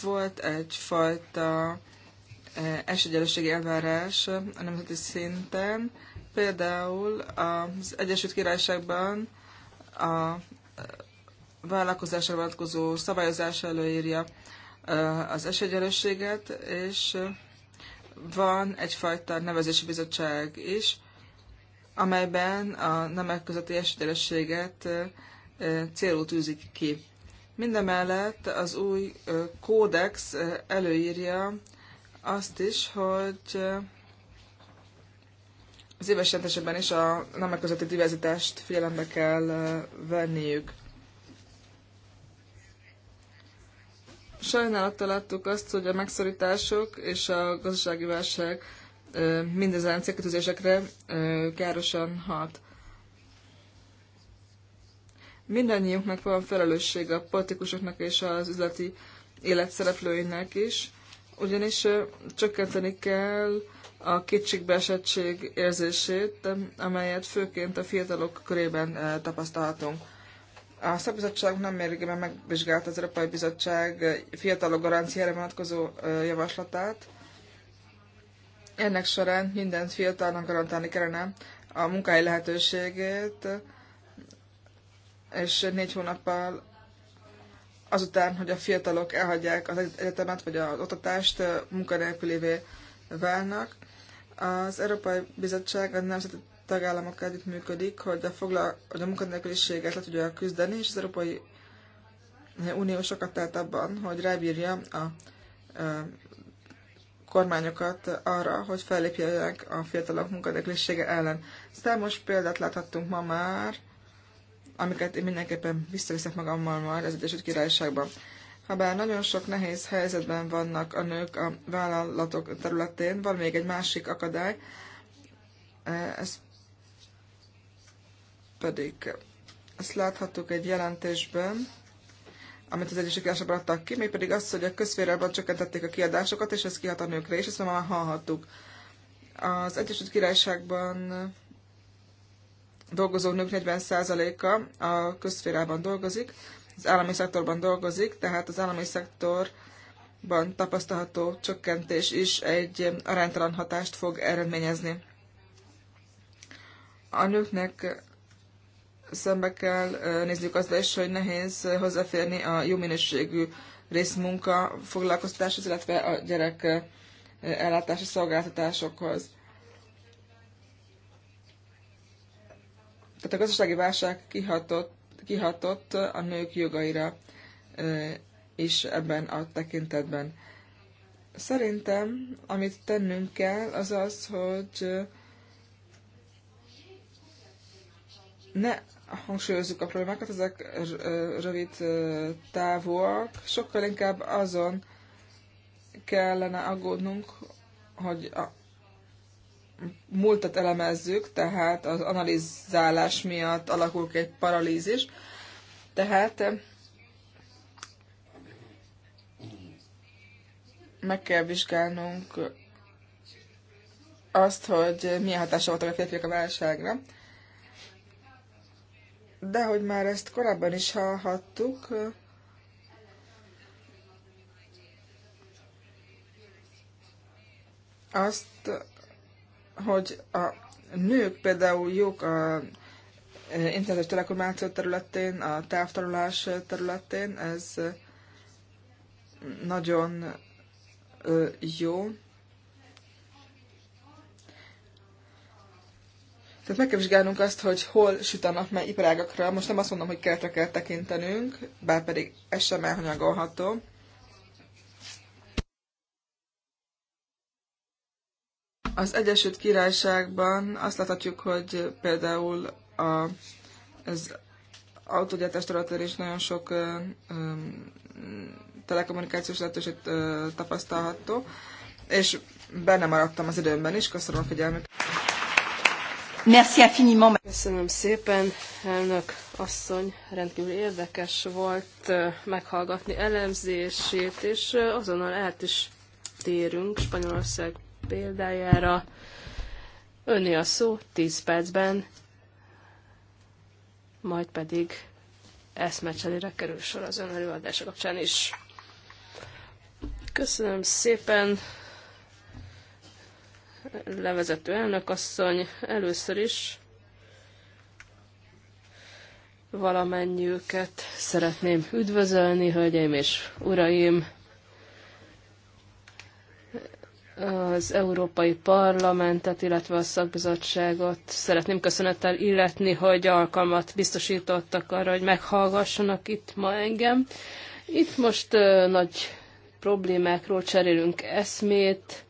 volt egyfajta eh, esélyegyenlőségi elvárás a nemzeti szinten. Például az Egyesült Királyságban a vállalkozásra vonatkozó szabályozás előírja az esélyegyenlőséget, és van egyfajta nevezési bizottság is, amelyben a nemek közötti esélyegyenlőséget célul tűzik ki. Mindemellett az új kódex előírja azt is, hogy az éves jelentésében is a nemek közötti diverzitást figyelembe kell venniük. Sajnálattal láttuk azt, hogy a megszorítások és a gazdasági válság mindezen célkötözésekre károsan hat. Mindannyiunknak van felelősség a politikusoknak és az üzleti élet szereplőinek is, ugyanis csökkenteni kell a kétségbeesettség érzését, amelyet főként a fiatalok körében tapasztalhatunk. A szabizottság nem megvizsgálta az Európai Bizottság fiatalok garanciára vonatkozó javaslatát. Ennek során minden fiatalnak garantálni kellene a munkai lehetőségét, és négy hónappal azután, hogy a fiatalok elhagyják az egyetemet vagy az oktatást, munkanélkülévé válnak. Az Európai Bizottság a nemzeti együtt működik, hogy a, foglal, hogy a munkanélküliséget le tudja küzdeni, és az Európai Unió sokat telt abban, hogy rábírja a, a kormányokat arra, hogy fellépjenek a fiatalok munkanélkülisége ellen. Számos példát láthattunk ma már, amiket én mindenképpen visszaviszek magammal már az Egyesült Királyságban. Habár nagyon sok nehéz helyzetben vannak a nők a vállalatok területén, van még egy másik akadály, ez pedig ezt láthattuk egy jelentésben, amit az egyesek Királyságban adtak ki, mégpedig azt hogy a közférában csökkentették a kiadásokat, és ez kihat a nőkre is, ezt már hallhattuk. Az Egyesült Királyságban dolgozó nők 40%-a a közférában dolgozik, az állami szektorban dolgozik, tehát az állami szektorban tapasztalható csökkentés is egy aránytalan hatást fog eredményezni. A nőknek szembe kell nézzük azt is, hogy nehéz hozzáférni a jó minőségű részmunka foglalkoztatáshoz, illetve a gyerek ellátási szolgáltatásokhoz. Tehát a gazdasági válság kihatott, kihatott a nők jogaira is ebben a tekintetben. Szerintem, amit tennünk kell, az az, hogy ne hangsúlyozzuk a problémákat, ezek rövid távúak. Sokkal inkább azon kellene aggódnunk, hogy a múltat elemezzük, tehát az analizálás miatt alakul ki egy paralízis. Tehát meg kell vizsgálnunk azt, hogy milyen hatása voltak a férfiak a válságra de hogy már ezt korábban is hallhattuk, azt, hogy a nők például jók a eh, internetes telekomáció területén, a távtanulás területén, ez nagyon eh, jó. Tehát meg kell vizsgálnunk azt, hogy hol süt a nap, mely iparágakra. Most nem azt mondom, hogy keletre kell tekintenünk, bár pedig ez sem elhanyagolható. Az Egyesült Királyságban azt láthatjuk, hogy például a, az autógyártás területén is nagyon sok ö, ö, telekommunikációs lehetőség tapasztalható, és benne maradtam az időmben is. Köszönöm a figyelmet! Merci infiniment. Köszönöm szépen, elnök asszony, rendkívül érdekes volt meghallgatni elemzését, és azonnal át is térünk Spanyolország példájára. Önni a szó 10 percben, majd pedig eszmecserére kerül sor az ön előadása kapcsán is. Köszönöm szépen, levezető elnökasszony, először is valamennyiüket szeretném üdvözölni, hölgyeim és uraim, az Európai Parlamentet, illetve a szakbizottságot szeretném köszönettel illetni, hogy alkalmat biztosítottak arra, hogy meghallgassanak itt ma engem. Itt most nagy problémákról cserélünk eszmét,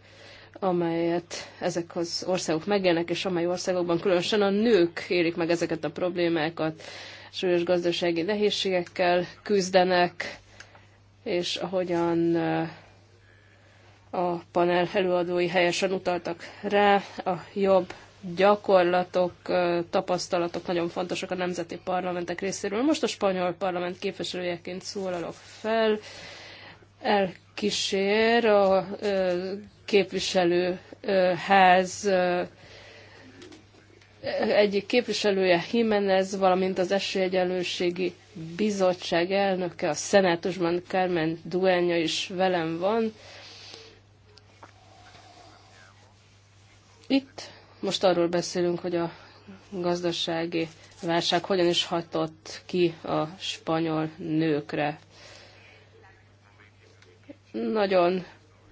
amelyet ezek az országok megélnek, és amely országokban különösen a nők érik meg ezeket a problémákat, súlyos gazdasági nehézségekkel küzdenek, és ahogyan eh, a panel előadói helyesen utaltak rá, a jobb gyakorlatok, eh, tapasztalatok nagyon fontosak a nemzeti parlamentek részéről. Most a spanyol parlament képviselőjeként szólalok fel, elkísér a eh, képviselőház egyik képviselője Jimenez, valamint az Esélyegyenlőségi Bizottság elnöke, a szenátusban Carmen Duenya is velem van. Itt most arról beszélünk, hogy a gazdasági válság hogyan is hatott ki a spanyol nőkre. Nagyon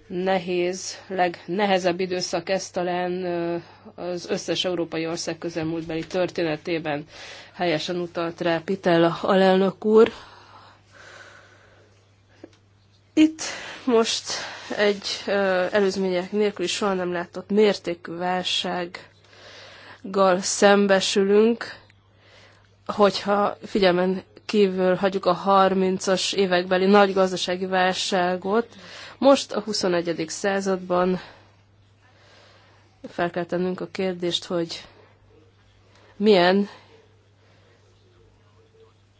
nehéz, legnehezebb időszak ez talán az összes európai ország közelmúltbeli történetében helyesen utalt rá Pitel alelnök úr. Itt most egy előzmények nélkül is soha nem látott mértékű válsággal szembesülünk, hogyha figyelmen kívül hagyjuk a 30-as évekbeli nagy gazdasági válságot, most a 21. században fel kell tennünk a kérdést, hogy milyen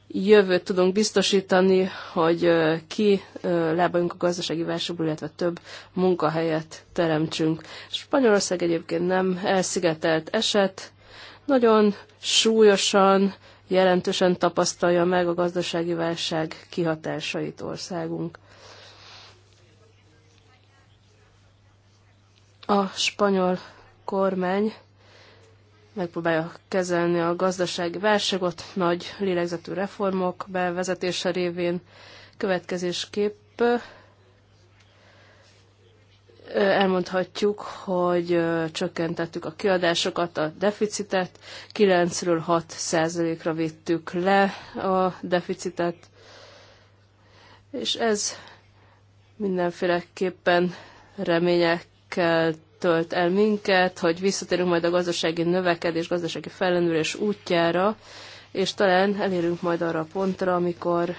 jövőt tudunk biztosítani, hogy ki lábajunk a gazdasági válságból, illetve több munkahelyet teremtsünk. Spanyolország egyébként nem elszigetelt eset, nagyon súlyosan, jelentősen tapasztalja meg a gazdasági válság kihatásait országunk. A spanyol kormány megpróbálja kezelni a gazdasági válságot nagy lélegzetű reformok bevezetése révén. Következésképp elmondhatjuk, hogy csökkentettük a kiadásokat, a deficitet, 9-ről 6 százalékra vittük le a deficitet, és ez mindenféleképpen remények reményekkel tölt el minket, hogy visszatérünk majd a gazdasági növekedés, gazdasági fellendülés útjára, és talán elérünk majd arra a pontra, amikor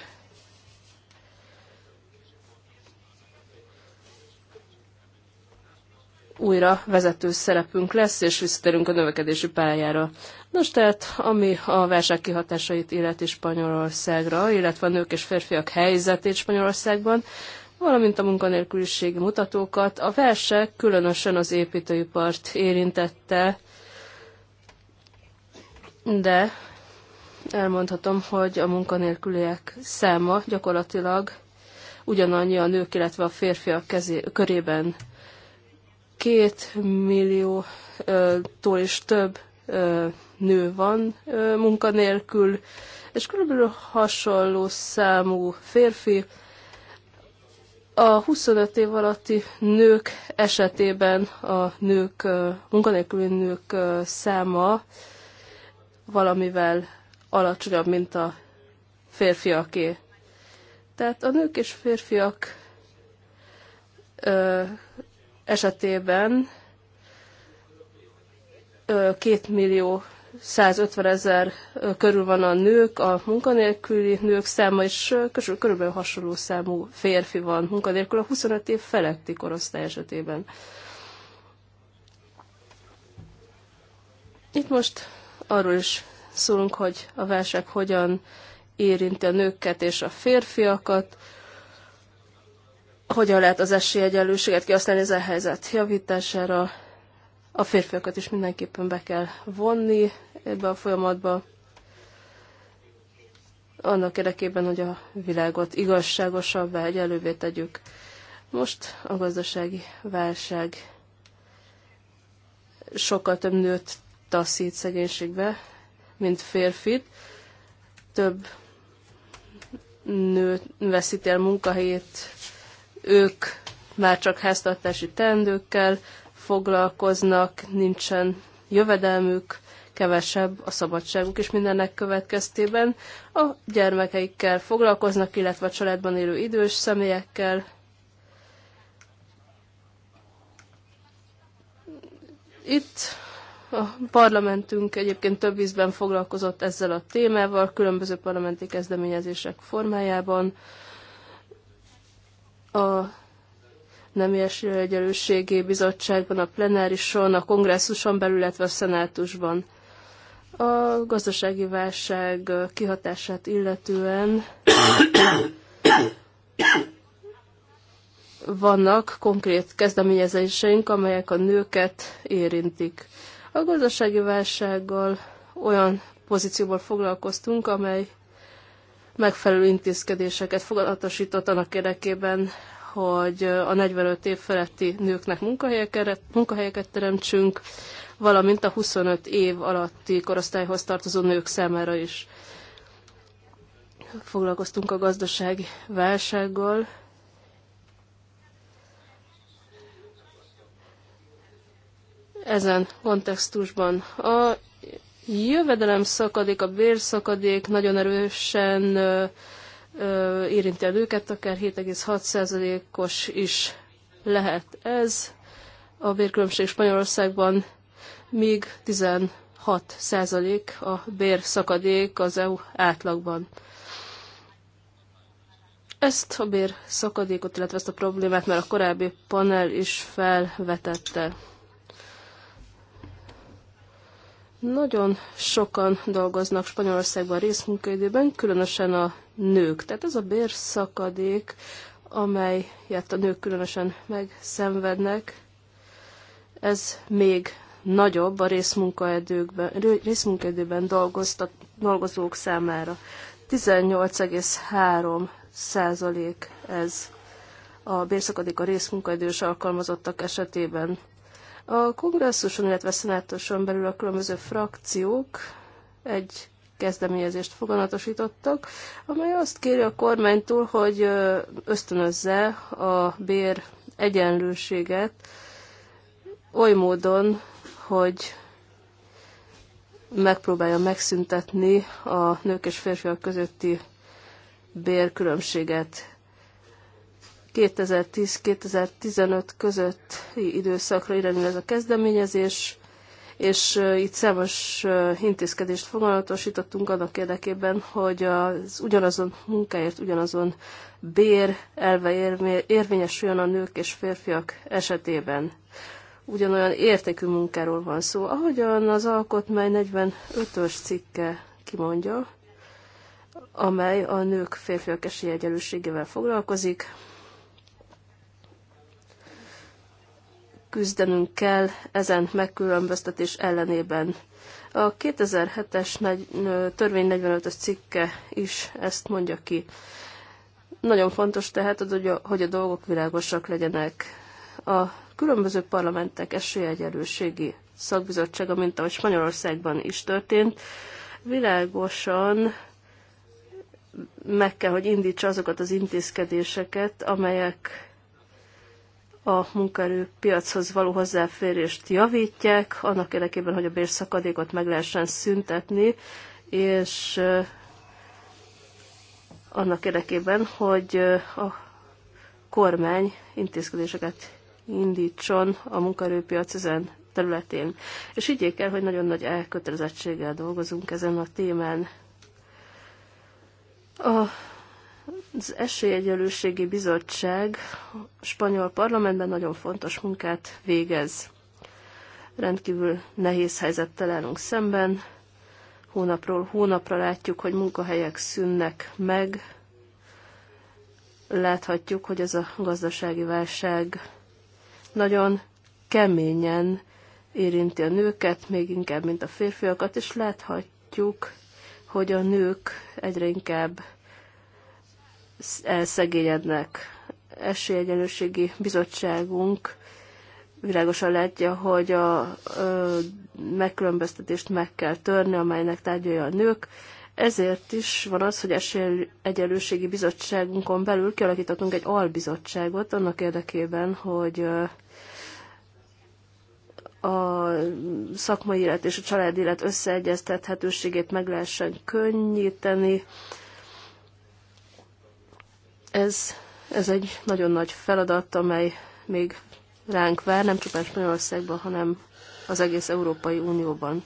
újra vezető szerepünk lesz, és visszatérünk a növekedési pályára. Nos, tehát ami a válság kihatásait illeti Spanyolországra, illetve a nők és férfiak helyzetét Spanyolországban, valamint a munkanélküliségi mutatókat. A versek különösen az építőipart érintette, de elmondhatom, hogy a munkanélküliek száma gyakorlatilag ugyanannyi a nők, illetve a férfiak kezé, körében. Két tól is több nő van munkanélkül, és körülbelül hasonló számú férfi, a 25 év alatti nők esetében a nők, munkanélküli nők száma valamivel alacsonyabb, mint a férfiaké. Tehát a nők és férfiak esetében ö, két millió 150 ezer körül van a nők, a munkanélküli nők száma, és körülbelül hasonló számú férfi van munkanélkül a 25 év feletti korosztály esetében. Itt most arról is szólunk, hogy a válság hogyan érinti a nőket és a férfiakat, hogyan lehet az esélyegyenlőséget kihasználni ezen helyzet javítására, a férfiakat is mindenképpen be kell vonni ebbe a folyamatba, annak érdekében, hogy a világot igazságosabbá, egyelővé tegyük. Most a gazdasági válság sokkal több nőt taszít szegénységbe, mint férfit. Több nő veszít el munkahelyét, ők már csak háztartási teendőkkel foglalkoznak, nincsen jövedelmük, kevesebb a szabadságuk is mindennek következtében. A gyermekeikkel foglalkoznak, illetve a családban élő idős személyekkel. Itt a parlamentünk egyébként több ízben foglalkozott ezzel a témával, különböző parlamenti kezdeményezések formájában. A Nemies Egyenlőségi Bizottságban, a plenárison, a kongresszuson belül, illetve a szenátusban. A gazdasági válság kihatását illetően vannak konkrét kezdeményezéseink, amelyek a nőket érintik. A gazdasági válsággal olyan pozícióból foglalkoztunk, amely megfelelő intézkedéseket fogadatosított annak érdekében, hogy a 45 év feletti nőknek munkahelyeket, munkahelyeket teremtsünk, valamint a 25 év alatti korosztályhoz tartozó nők számára is. Foglalkoztunk a gazdasági válsággal, ezen kontextusban. A jövedelem szakadék, a bérszakadék nagyon erősen érinti el őket, akár 7,6%-os is lehet ez. A bérkülönbség Spanyolországban míg 16% a bérszakadék az EU átlagban. Ezt a bérszakadékot, illetve ezt a problémát már a korábbi panel is felvetette. Nagyon sokan dolgoznak Spanyolországban részmunkaidőben, különösen a nők. Tehát ez a bérszakadék, amelyet a nők különösen megszenvednek, ez még nagyobb a részmunkaidőben, részmunkaidőben dolgoztat, dolgozók számára. 18,3 százalék ez a bérszakadék a részmunkaidős alkalmazottak esetében. A kongresszuson, illetve szenátuson belül a különböző frakciók egy kezdeményezést foganatosítottak, amely azt kéri a kormánytól, hogy ösztönözze a bér egyenlőséget oly módon, hogy megpróbálja megszüntetni a nők és férfiak közötti bérkülönbséget. 2010-2015 közötti időszakra irányul ez a kezdeményezés, és itt számos intézkedést fogalmatosítottunk annak érdekében, hogy az ugyanazon munkáért, ugyanazon bér elve érvényesüljön a nők és férfiak esetében. Ugyanolyan értékű munkáról van szó. Ahogyan az alkotmány 45-ös cikke kimondja, amely a nők férfiak esélyegyelőségével foglalkozik, küzdenünk kell ezen megkülönböztetés ellenében. A 2007-es törvény 45-ös cikke is ezt mondja ki. Nagyon fontos tehát, hogy a dolgok világosak legyenek. A különböző parlamentek esélyegyenlőségi szakbizottsága, mint ahogy Spanyolországban is történt, világosan meg kell, hogy indítsa azokat az intézkedéseket, amelyek a munkaerőpiachoz való hozzáférést javítják, annak érdekében, hogy a bérszakadékot meg lehessen szüntetni, és eh, annak érdekében, hogy eh, a kormány intézkedéseket indítson a munkaerőpiac ezen területén. És így el, hogy nagyon nagy elkötelezettséggel dolgozunk ezen a témán. A az Esélyegyelőségi Bizottság a spanyol parlamentben nagyon fontos munkát végez. Rendkívül nehéz helyzettel állunk szemben. Hónapról hónapra látjuk, hogy munkahelyek szűnnek meg. Láthatjuk, hogy ez a gazdasági válság nagyon keményen érinti a nőket, még inkább, mint a férfiakat, és láthatjuk, hogy a nők egyre inkább elszegényednek. Esélyegyenlőségi bizottságunk világosan látja, hogy a megkülönböztetést meg kell törni, amelynek tárgyalja a nők. Ezért is van az, hogy Esélyegyenlőségi Bizottságunkon belül kialakítottunk egy albizottságot annak érdekében, hogy a szakmai élet és a család élet összeegyeztethetőségét meg lehessen könnyíteni, ez, ez egy nagyon nagy feladat, amely még ránk vár, nem csupán Spanyolországban, hanem az egész Európai Unióban.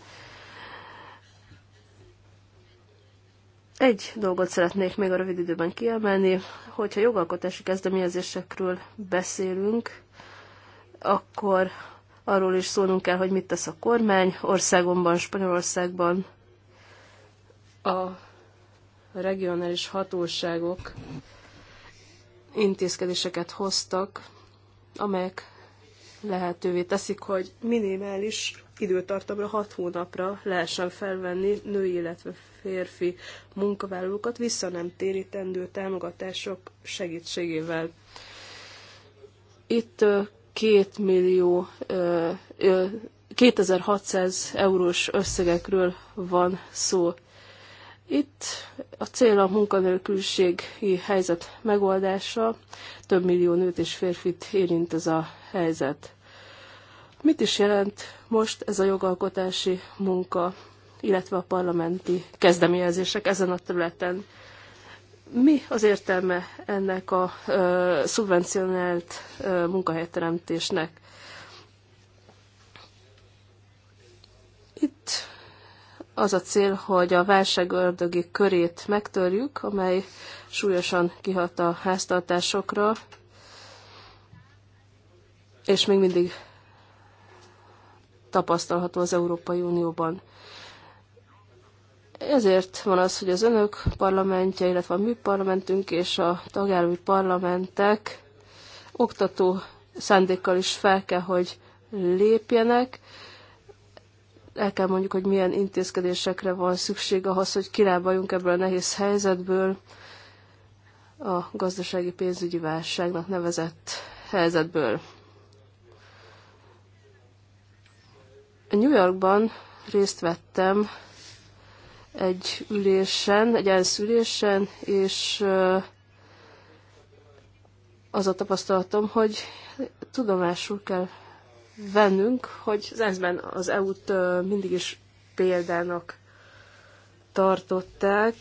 Egy dolgot szeretnék még a rövid időben kiemelni, hogyha jogalkotási kezdeményezésekről beszélünk, akkor arról is szólnunk kell, hogy mit tesz a kormány országomban, Spanyolországban. A regionális hatóságok intézkedéseket hoztak, amelyek lehetővé teszik, hogy minimális időtartamra, hat hónapra lehessen felvenni női, illetve férfi munkavállalókat vissza nem térítendő támogatások segítségével. Itt 2 millió, 2600 eurós összegekről van szó. Itt a cél a munkanélküliségi helyzet megoldása, több millió nőt és férfit érint ez a helyzet. Mit is jelent most ez a jogalkotási munka, illetve a parlamenti kezdeményezések ezen a területen? Mi az értelme ennek a ö, szubvencionált ö, munkahelyteremtésnek? Itt az a cél, hogy a válság ördögi körét megtörjük, amely súlyosan kihat a háztartásokra, és még mindig tapasztalható az Európai Unióban. Ezért van az, hogy az önök parlamentje, illetve a mi parlamentünk és a tagállami parlamentek oktató szándékkal is fel kell, hogy lépjenek, el kell mondjuk, hogy milyen intézkedésekre van szükség ahhoz, hogy kirábaljunk ebből a nehéz helyzetből, a gazdasági pénzügyi válságnak nevezett helyzetből. New Yorkban részt vettem egy ülésen, egy ENSZ ülésen, és az a tapasztalatom, hogy tudomásul kell vennünk, hogy az ensz az EU-t mindig is példának tartották.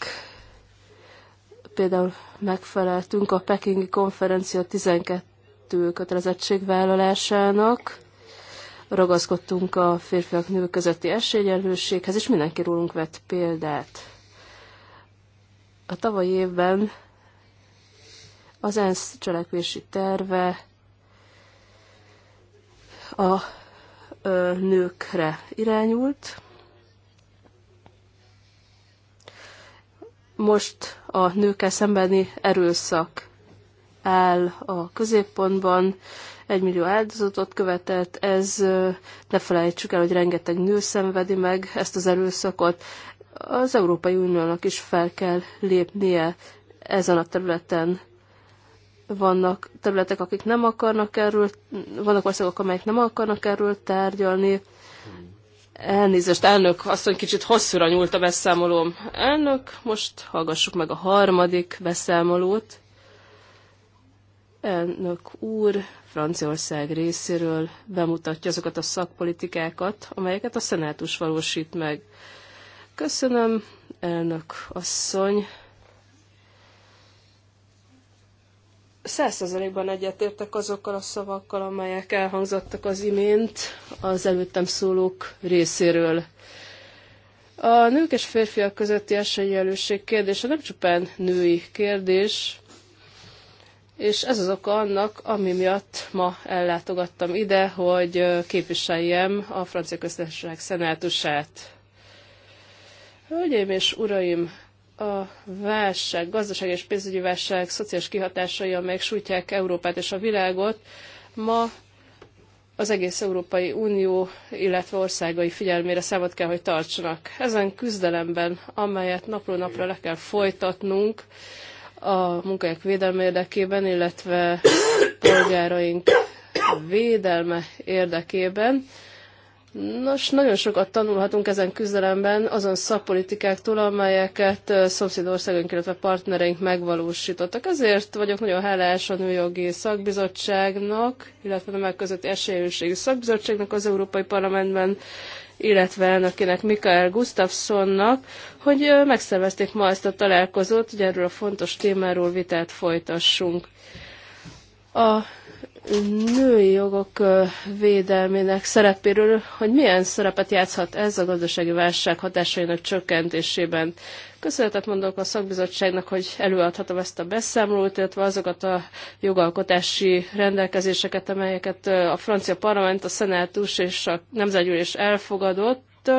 Például megfeleltünk a Pekingi konferencia 12 kötelezettségvállalásának, ragaszkodtunk a férfiak nők közötti esélyenlőséghez, és mindenki rólunk vett példát. A tavalyi évben az ENSZ cselekvési terve a nőkre irányult. Most a nőkkel szembeni erőszak áll a középpontban, egy millió áldozatot követett, ez ne felejtsük el, hogy rengeteg nő szenvedi meg ezt az erőszakot. Az Európai Uniónak is fel kell lépnie ezen a területen vannak területek, akik nem akarnak erről, vannak országok, amelyek nem akarnak erről tárgyalni. Elnézést, elnök, mondja, kicsit hosszúra nyúlt a beszámolóm. Elnök, most hallgassuk meg a harmadik beszámolót. Elnök úr Franciaország részéről bemutatja azokat a szakpolitikákat, amelyeket a szenátus valósít meg. Köszönöm, elnök asszony, százszerzalékban egyetértek azokkal a szavakkal, amelyek elhangzottak az imént az előttem szólók részéről. A nők és férfiak közötti esélyelőség kérdése nem csupán női kérdés, és ez az oka annak, ami miatt ma ellátogattam ide, hogy képviseljem a francia köztársaság szenátusát. Hölgyeim és uraim, a válság, gazdaság és pénzügyi válság szociális kihatásai, amelyek sújtják Európát és a világot, ma az egész Európai Unió, illetve országai figyelmére számot kell, hogy tartsanak. Ezen küzdelemben, amelyet napról napra le kell folytatnunk a munkahelyek védelme érdekében, illetve polgáraink védelme érdekében, Nos, nagyon sokat tanulhatunk ezen küzdelemben azon szakpolitikáktól, amelyeket szomszédországunk, illetve partnereink megvalósítottak. Ezért vagyok nagyon hálás a Nőjogi Szakbizottságnak, illetve a megközötti esélyőségi szakbizottságnak az Európai Parlamentben, illetve elnökének Mikael Gustafssonnak, hogy megszervezték ma ezt a találkozót, hogy erről a fontos témáról vitát folytassunk. A női jogok védelmének szerepéről, hogy milyen szerepet játszhat ez a gazdasági válság hatásainak csökkentésében. Köszönetet mondok a szakbizottságnak, hogy előadhatom ezt a beszámolót, illetve azokat a jogalkotási rendelkezéseket, amelyeket a francia parlament, a szenátus és a nemzetgyűlés elfogadott,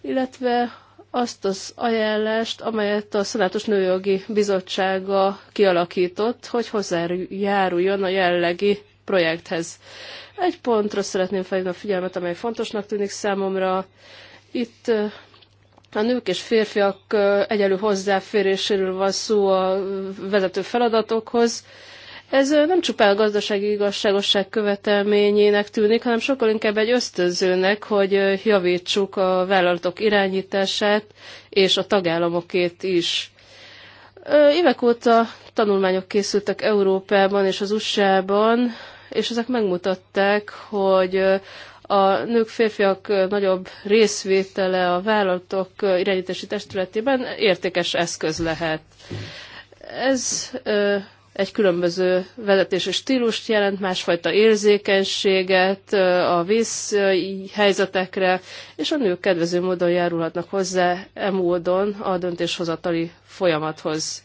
illetve azt az ajánlást, amelyet a Szenátus Nőjogi Bizottsága kialakított, hogy hozzájáruljon a jellegi projekthez. Egy pontra szeretném felhívni a figyelmet, amely fontosnak tűnik számomra. Itt uh, a nők és férfiak uh, egyenlő hozzáféréséről van szó a vezető feladatokhoz, ez nem csupán a gazdasági igazságosság követelményének tűnik, hanem sokkal inkább egy ösztönzőnek, hogy javítsuk a vállalatok irányítását és a tagállamokét is. Évek óta tanulmányok készültek Európában és az USA-ban, és ezek megmutatták, hogy a nők, férfiak nagyobb részvétele a vállalatok irányítási testületében értékes eszköz lehet. Ez egy különböző vezetési stílust jelent, másfajta érzékenységet a vészhelyzetekre, és a nők kedvező módon járulhatnak hozzá e módon a döntéshozatali folyamathoz.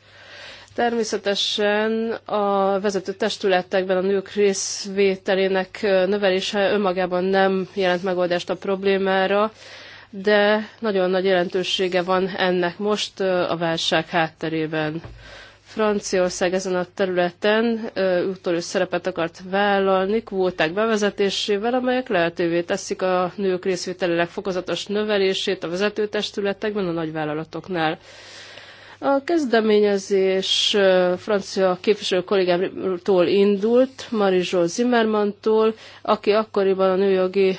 Természetesen a vezető testületekben a nők részvételének növelése önmagában nem jelent megoldást a problémára, de nagyon nagy jelentősége van ennek most a válság hátterében. Franciaország ezen a területen úttörős szerepet akart vállalni kvóták bevezetésével, amelyek lehetővé teszik a nők részvételének fokozatos növelését a vezetőtestületekben, a nagyvállalatoknál. A kezdeményezés francia képviselő kollégámtól indult, Marizsó Zimmermantól, aki akkoriban a nőjogi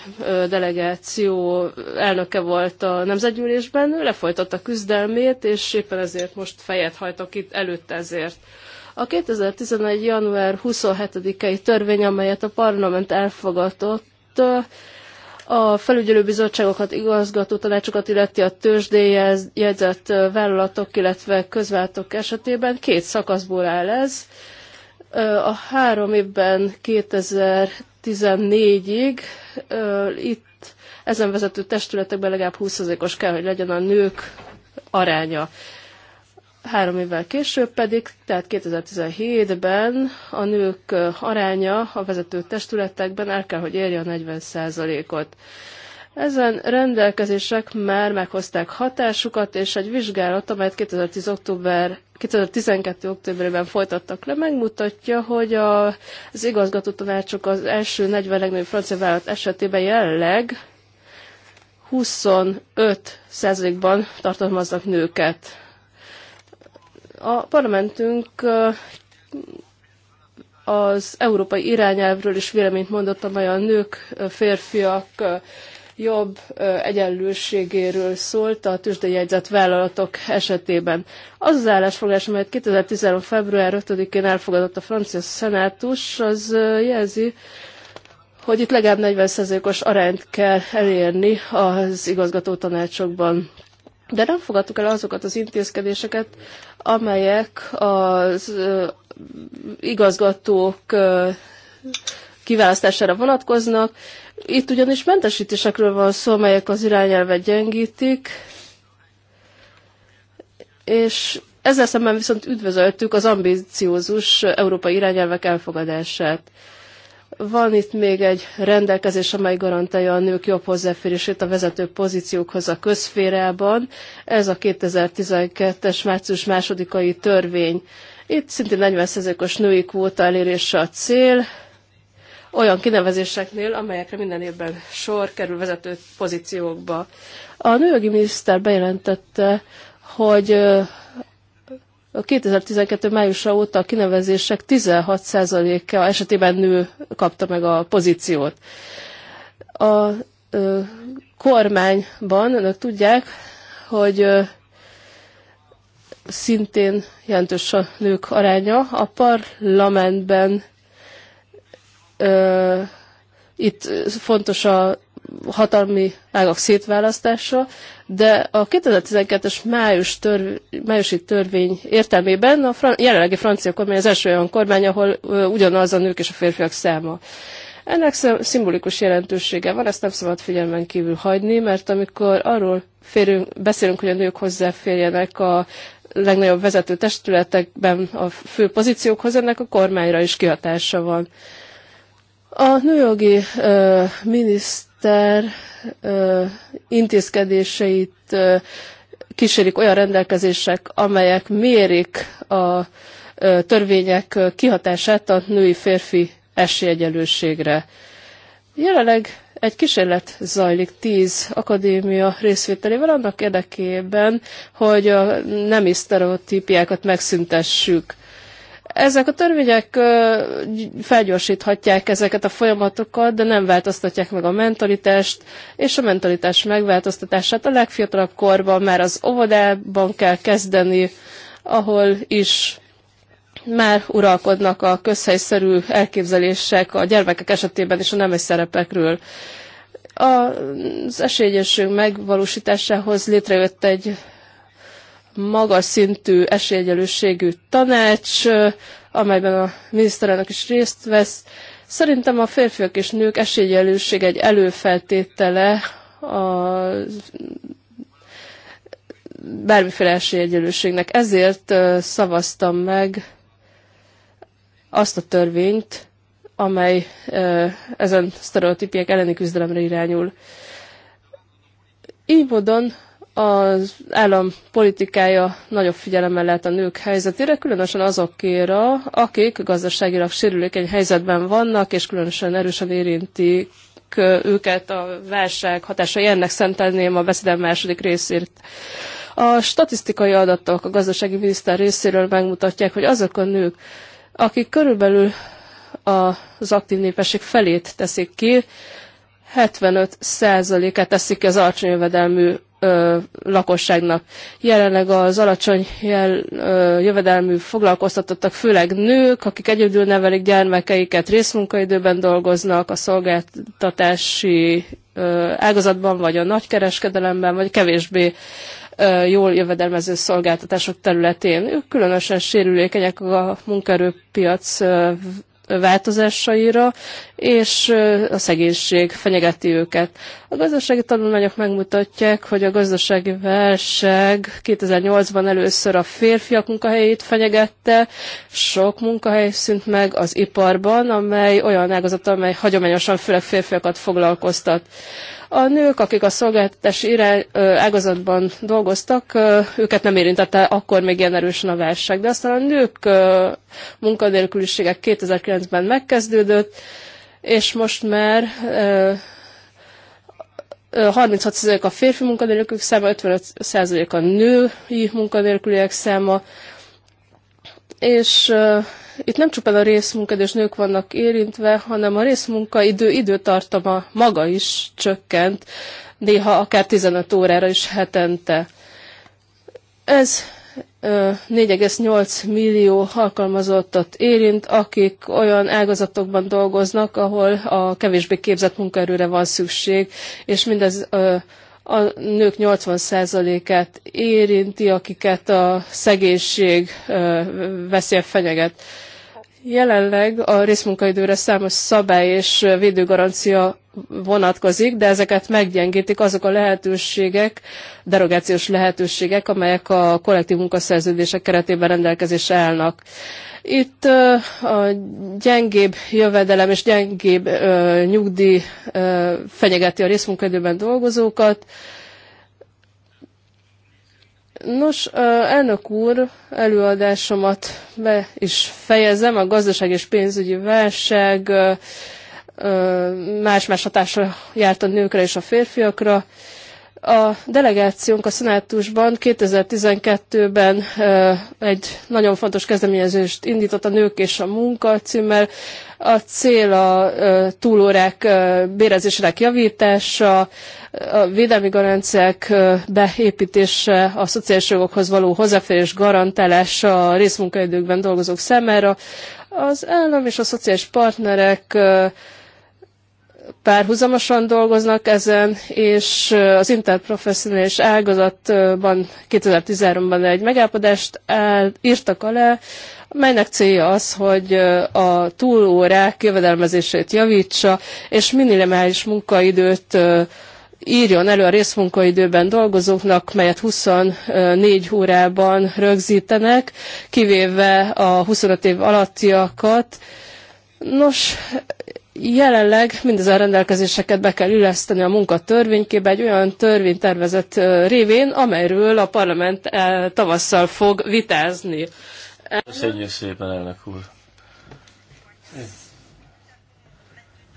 delegáció elnöke volt a nemzetgyűlésben. Ő lefolytatta küzdelmét, és éppen ezért most fejet hajtok itt előtt ezért. A 2011. január 27-i törvény, amelyet a parlament elfogadott, a felügyelőbizottságokat, igazgató tanácsokat illeti a tőzsdéhez jegyzett vállalatok, illetve közváltok esetében két szakaszból áll ez. A három évben 2014-ig itt ezen vezető testületekben legalább 20%-os kell, hogy legyen a nők aránya. Három évvel később pedig, tehát 2017-ben a nők aránya a vezető testületekben el kell, hogy érje a 40%-ot. Ezen rendelkezések már meghozták hatásukat, és egy vizsgálat, amelyet 2010 október, 2012. októberében folytattak le, megmutatja, hogy a, az igazgató tanácsok az első 40 legnagyobb francia vállalat esetében jelenleg 25%-ban tartalmaznak nőket. A parlamentünk az európai irányelvről is véleményt mondott, amely a nők, férfiak jobb egyenlőségéről szólt a tőzsdejegyzett vállalatok esetében. Az az állásfoglalás, amelyet 2013. február 5-én elfogadott a francia szenátus, az jelzi, hogy itt legalább 40%-os arányt kell elérni az igazgató tanácsokban de nem fogadtuk el azokat az intézkedéseket, amelyek az igazgatók kiválasztására vonatkoznak. Itt ugyanis mentesítésekről van szó, amelyek az irányelvet gyengítik, és ezzel szemben viszont üdvözöltük az ambiciózus európai irányelvek elfogadását. Van itt még egy rendelkezés, amely garantálja a nők jobb hozzáférését a vezető pozíciókhoz a közférában. Ez a 2012-es március másodikai törvény. Itt szintén 40%-os női kvóta elérése a cél, olyan kinevezéseknél, amelyekre minden évben sor kerül vezető pozíciókba. A nőjogi miniszter bejelentette, hogy a 2012. májusra óta a kinevezések 16%-a esetében nő kapta meg a pozíciót. A ö, kormányban önök tudják, hogy ö, szintén jelentős a nők aránya. A parlamentben ö, itt fontos a hatalmi ágak szétválasztása, de a 2012-es május törv, májusi törvény értelmében a fran, jelenlegi francia kormány az első olyan kormány, ahol ö, ugyanaz a nők és a férfiak száma. Ennek szimbolikus jelentősége van, ezt nem szabad figyelmen kívül hagyni, mert amikor arról férünk, beszélünk, hogy a nők hozzáférjenek a legnagyobb vezető testületekben a fő pozíciókhoz, ennek a kormányra is kihatása van. A nőjogi uh, miniszt miniszter intézkedéseit kísérik olyan rendelkezések, amelyek mérik a törvények kihatását a női-férfi esélyegyelőségre. Jelenleg egy kísérlet zajlik tíz akadémia részvételével annak érdekében, hogy a nemi sztereotípiákat megszüntessük. Ezek a törvények felgyorsíthatják ezeket a folyamatokat, de nem változtatják meg a mentalitást, és a mentalitás megváltoztatását a legfiatalabb korban már az óvodában kell kezdeni, ahol is már uralkodnak a közhelyszerű elképzelések a gyermekek esetében és a nemes szerepekről. Az esélyesség megvalósításához létrejött egy magas szintű esélyegyelőségű tanács, amelyben a miniszterelnök is részt vesz. Szerintem a férfiak és nők esélyegyelőség egy előfeltétele a bármiféle esélyegyelőségnek. Ezért szavaztam meg azt a törvényt, amely ezen sztereotípiek elleni küzdelemre irányul. Így módon az állam politikája nagyobb figyelemmel lehet a nők helyzetére, különösen azokéra, akik gazdaságilag sérülékeny helyzetben vannak, és különösen erősen érintik őket a válság hatásai. Ennek szentelném a beszédem második részét. A statisztikai adatok a gazdasági miniszter részéről megmutatják, hogy azok a nők, akik körülbelül az aktív népesség felét teszik ki, 75%-át teszik ki az alacsony jövedelmű ö, lakosságnak. Jelenleg az alacsony jel, ö, jövedelmű foglalkoztatottak, főleg nők, akik egyedül nevelik gyermekeiket, részmunkaidőben dolgoznak, a szolgáltatási ö, ágazatban, vagy a nagykereskedelemben, vagy kevésbé ö, jól jövedelmező szolgáltatások területén. Ők különösen sérülékenyek a munkaerőpiac változásaira, és a szegénység fenyegeti őket. A gazdasági tanulmányok megmutatják, hogy a gazdasági válság 2008-ban először a férfiak munkahelyét fenyegette, sok munkahely szűnt meg az iparban, amely olyan ágazat, amely hagyományosan főleg férfiakat foglalkoztat. A nők, akik a szolgáltatás ágazatban dolgoztak, őket nem érintette akkor még ilyen erősen a válság. De aztán a nők munkanélküliségek 2009-ben megkezdődött, és most már 36% a férfi munkanélkülök száma, 55% a női munkanélküliek száma, és uh, itt nem csupán a és nők vannak érintve, hanem a részmunkaidő időtartama maga is csökkent, néha akár 15 órára is hetente. Ez 4,8 millió alkalmazottat érint, akik olyan ágazatokban dolgoznak, ahol a kevésbé képzett munkaerőre van szükség, és mindez a nők 80%-át érinti, akiket a szegénység veszélye fenyeget. Jelenleg a részmunkaidőre számos szabály és védőgarancia vonatkozik, de ezeket meggyengítik azok a lehetőségek, derogációs lehetőségek, amelyek a kollektív munkaszerződések keretében rendelkezésre állnak. Itt a gyengébb jövedelem és gyengébb nyugdíj fenyegeti a részmunkaidőben dolgozókat. Nos, elnök úr, előadásomat be is fejezem. A gazdaság és pénzügyi válság más-más hatásra járt a nőkre és a férfiakra. A delegációnk a szenátusban 2012-ben egy nagyon fontos kezdeményezést indított a Nők és a Munka címmel. A cél a túlórák bérezésének javítása, a védelmi garanciák beépítése, a szociális jogokhoz való hozzáférés garantálása a részmunkaidőkben dolgozók számára, az állam és a szociális partnerek párhuzamosan dolgoznak ezen, és az interprofesszionális ágazatban 2013-ban egy megállapodást írtak alá, melynek célja az, hogy a túlórák jövedelmezését javítsa, és minimális munkaidőt írjon elő a részmunkaidőben dolgozóknak, melyet 24 órában rögzítenek, kivéve a 25 év alattiakat. Nos, Jelenleg mindezen rendelkezéseket be kell illeszteni a munka törvénykébe egy olyan törvénytervezet révén, amelyről a parlament tavasszal fog vitázni. Köszönjük szépen, elnök úr!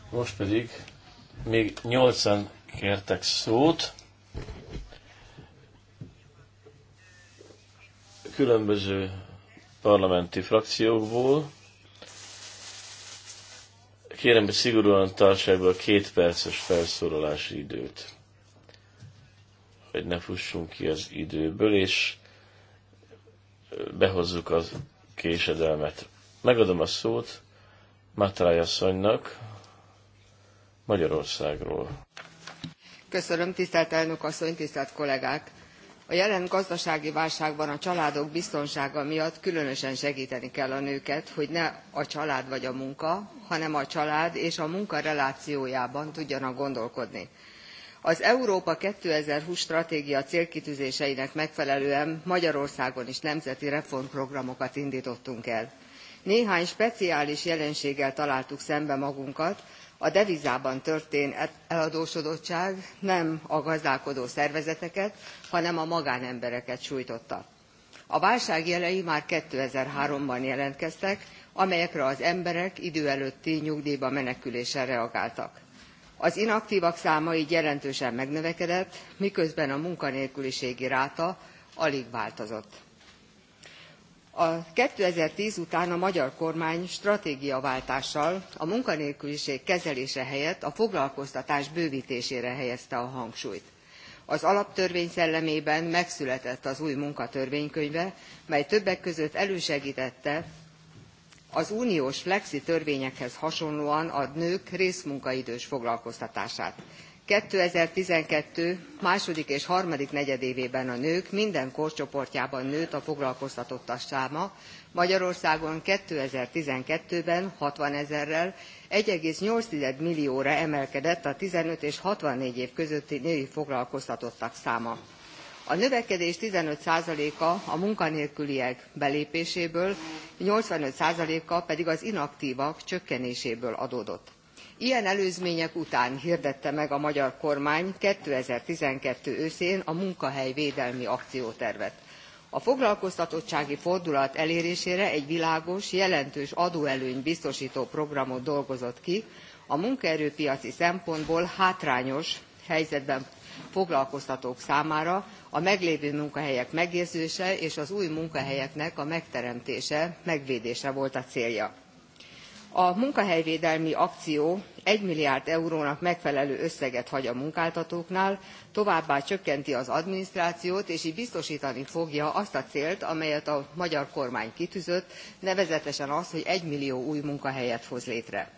Most pedig még nyolcan kértek szót. Különböző parlamenti frakciókból. Kérem, hogy szigorúan tartsa ebből a két perces felszólalási időt, hogy ne fussunk ki az időből, és behozzuk az késedelmet. Megadom a szót Matrály asszonynak Magyarországról. Köszönöm, tisztelt elnök asszony, tisztelt kollégák! a jelen gazdasági válságban a családok biztonsága miatt különösen segteni kell a nőket hogy ne a család vagy a munka hanem a család és a munka relációjában tudjanak gondolkodni. az európa two thousand and twenty stratégia célkitűzéseinek megfelelően magyarországon is nemzeti reformprogramokat indtottunk el. néhány speciális jelenséggel találtuk szembe magunkat a devizában történő e- eladósodottság nem a gazdálkodó szervezeteket hanem a magánembereket sújtotta. a válság jelei már two thousand and three ban jelentkeztek amelyekre az emberek idő előtti nyugdjba meneküléssel reagáltak. az inaktívak száma gy jelentősen megnövekedett miközben a munkanélküliségi ráta alig változott. A 2010 után a magyar kormány stratégiaváltással a munkanélküliség kezelése helyett a foglalkoztatás bővítésére helyezte a hangsúlyt. Az alaptörvény szellemében megszületett az új munkatörvénykönyve, mely többek között elősegítette az uniós flexi törvényekhez hasonlóan a nők részmunkaidős foglalkoztatását. 2012 második és harmadik negyedévében a nők minden korcsoportjában nőtt a foglalkoztatottak száma, Magyarországon 2012-ben 60 ezerrel 1,8 millióra emelkedett a 15 és 64 év közötti női foglalkoztatottak száma. A növekedés 15%-a a munkanélküliek belépéséből, 85%-a pedig az inaktívak csökkenéséből adódott ilyen előzmények után hirdette meg a magyar kormány two thousand and twelve őszén a munkahelyvédelmi akciótervet. a foglalkoztatottsági fordulat elérésére egy világos jelentős adóelőnyt biztostó programot dolgozott ki a munkaerőpiaci szempontból hátrányos helyzetben foglalkoztatók számára a meglévő munkahelyek megőrzése és az új munkahelyeknek a megteremtése megvédése volt a célja a munkahelyvédelmi akció one milliárd eurónak megfelelő összeget hagy a munkáltatóknál továbbá csökkenti az adminisztrációt és gy biztostani fogja azt a célt amelyet a magyar kormány kitűzött nevezetesen azt hogy one millió új munkahelyet hoz létre.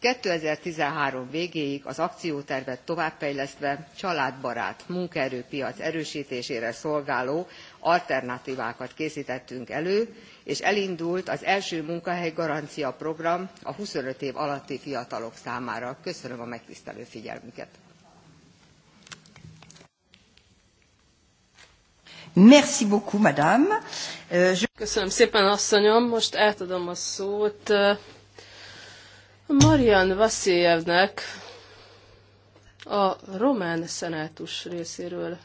two thousand and thirteen végéig az akciótervet továbbfejlesztve családbarát munkaerőpiac erőstésére szolgáló alternatívákat készítettünk elő és elindult az első munkahely garancia program a twenty év alatti fiatalok számára. köszönöm a megtisztelő figyelmüket. Merci beaucoup, madame. Euh, köszönöm szépen, asszonyom. Most átadom a szót euh, Marian Vaszélyevnek a román szenátus részéről.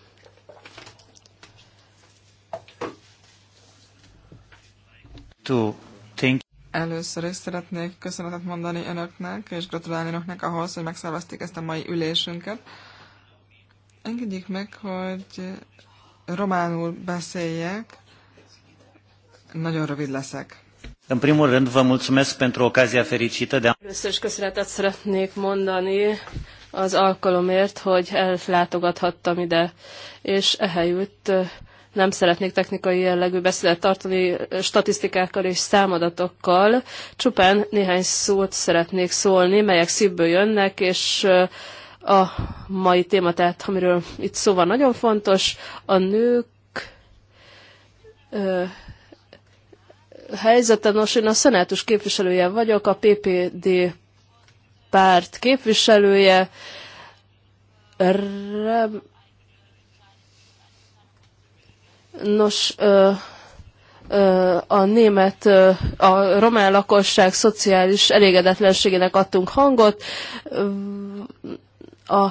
to Először is szeretnék köszönetet mondani önöknek, és gratulálni önöknek ahhoz, hogy megszervezték ezt a mai ülésünket. Engedjék meg, hogy románul beszéljek. Nagyon rövid leszek. În primul rând, vă mulțumesc pentru ocazia fericită de a... Először is köszönetet szeretnék mondani az alkalomért, hogy ellátogathattam ide, és ehelyütt nem szeretnék technikai jellegű beszédet tartani statisztikákkal és számadatokkal, csupán néhány szót szeretnék szólni, melyek szívből jönnek, és a mai téma, tehát amiről itt szó van, nagyon fontos, a nők helyzete, nos, én a szenátus képviselője vagyok, a PPD párt képviselője, Rem, Nos, ö, ö, a német, ö, a román lakosság szociális elégedetlenségének adtunk hangot. A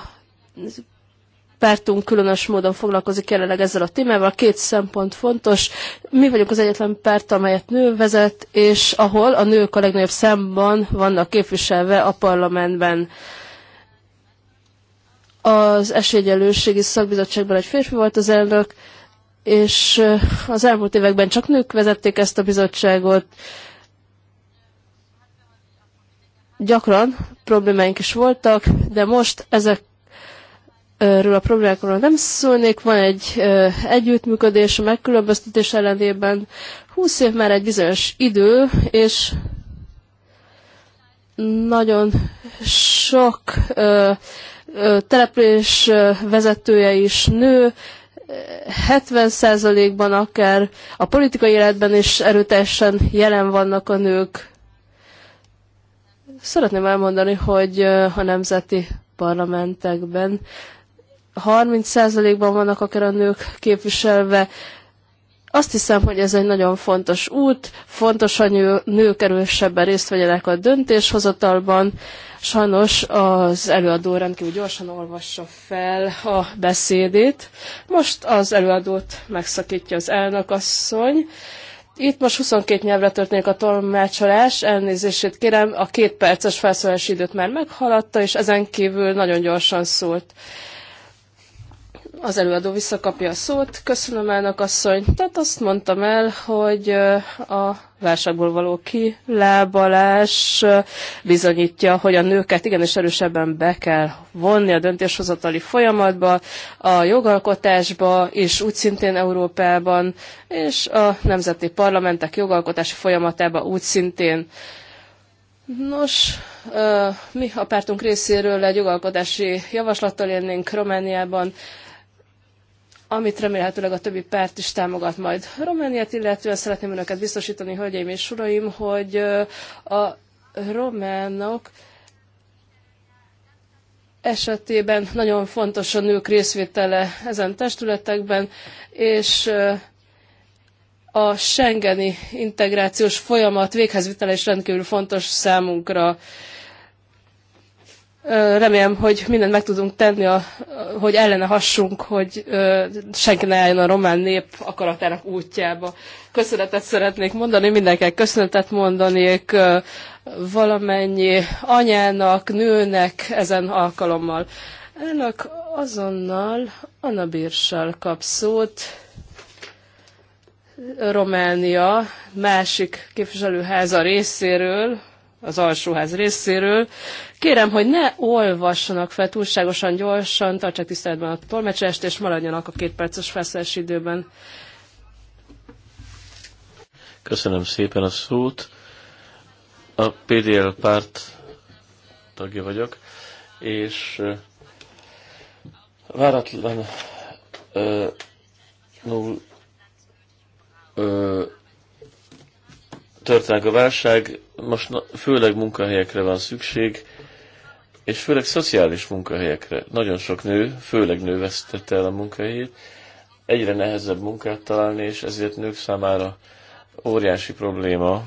pártunk különös módon foglalkozik jelenleg ezzel a témával. Két szempont fontos. Mi vagyunk az egyetlen párt, amelyet nő vezet, és ahol a nők a legnagyobb számban vannak képviselve a parlamentben. Az esélyegyelőségi szakbizottságban egy férfi volt az elnök, és az elmúlt években csak nők vezették ezt a bizottságot. Gyakran problémáink is voltak, de most ezekről a problémákról nem szólnék, van egy együttműködés a megkülönböztetés ellenében. 20 év már egy bizonyos idő, és nagyon sok ö, ö, település vezetője is nő, 70%-ban akár a politikai életben is erőteljesen jelen vannak a nők. Szeretném elmondani, hogy a nemzeti parlamentekben 30%-ban vannak akár a nők képviselve, azt hiszem, hogy ez egy nagyon fontos út, fontos, hogy nők erősebben részt vegyenek a döntéshozatalban. Sajnos az előadó rendkívül gyorsan olvassa fel a beszédét. Most az előadót megszakítja az elnökasszony. Itt most 22 nyelvre történik a tolmácsolás, elnézését kérem, a két perces felszólási időt már meghaladta, és ezen kívül nagyon gyorsan szólt az előadó visszakapja a szót. Köszönöm elnök asszony. Tehát azt mondtam el, hogy a válságból való kilábalás bizonyítja, hogy a nőket igenis erősebben be kell vonni a döntéshozatali folyamatba, a jogalkotásba, és úgy szintén Európában, és a nemzeti parlamentek jogalkotási folyamatába úgy szintén. Nos, mi a pártunk részéről egy jogalkotási javaslattal élnénk Romániában amit remélhetőleg a többi párt is támogat majd. Romániát illetően szeretném önöket biztosítani, hölgyeim és uraim, hogy a románok esetében nagyon fontos a nők részvétele ezen testületekben, és a Schengeni integrációs folyamat véghezvitele is rendkívül fontos számunkra. Remélem, hogy mindent meg tudunk tenni, a, hogy ellene hassunk, hogy senki ne álljon a román nép akaratának útjába. Köszönetet szeretnék mondani, mindenkinek köszönetet mondanék valamennyi anyának, nőnek ezen alkalommal. Ennek azonnal Anna Birsal kap szót. Románia másik képviselőháza részéről az alsóház részéről. Kérem, hogy ne olvassanak fel túlságosan gyorsan, tartsák tiszteletben a tolmecsest, és maradjanak a két perces felszeres időben. Köszönöm szépen a szót. A PDL párt tagja vagyok, és váratlan ö, null, ö, Történik a válság, most főleg munkahelyekre van szükség, és főleg szociális munkahelyekre. Nagyon sok nő, főleg nő vesztette el a munkahelyét, egyre nehezebb munkát találni, és ezért nők számára óriási probléma,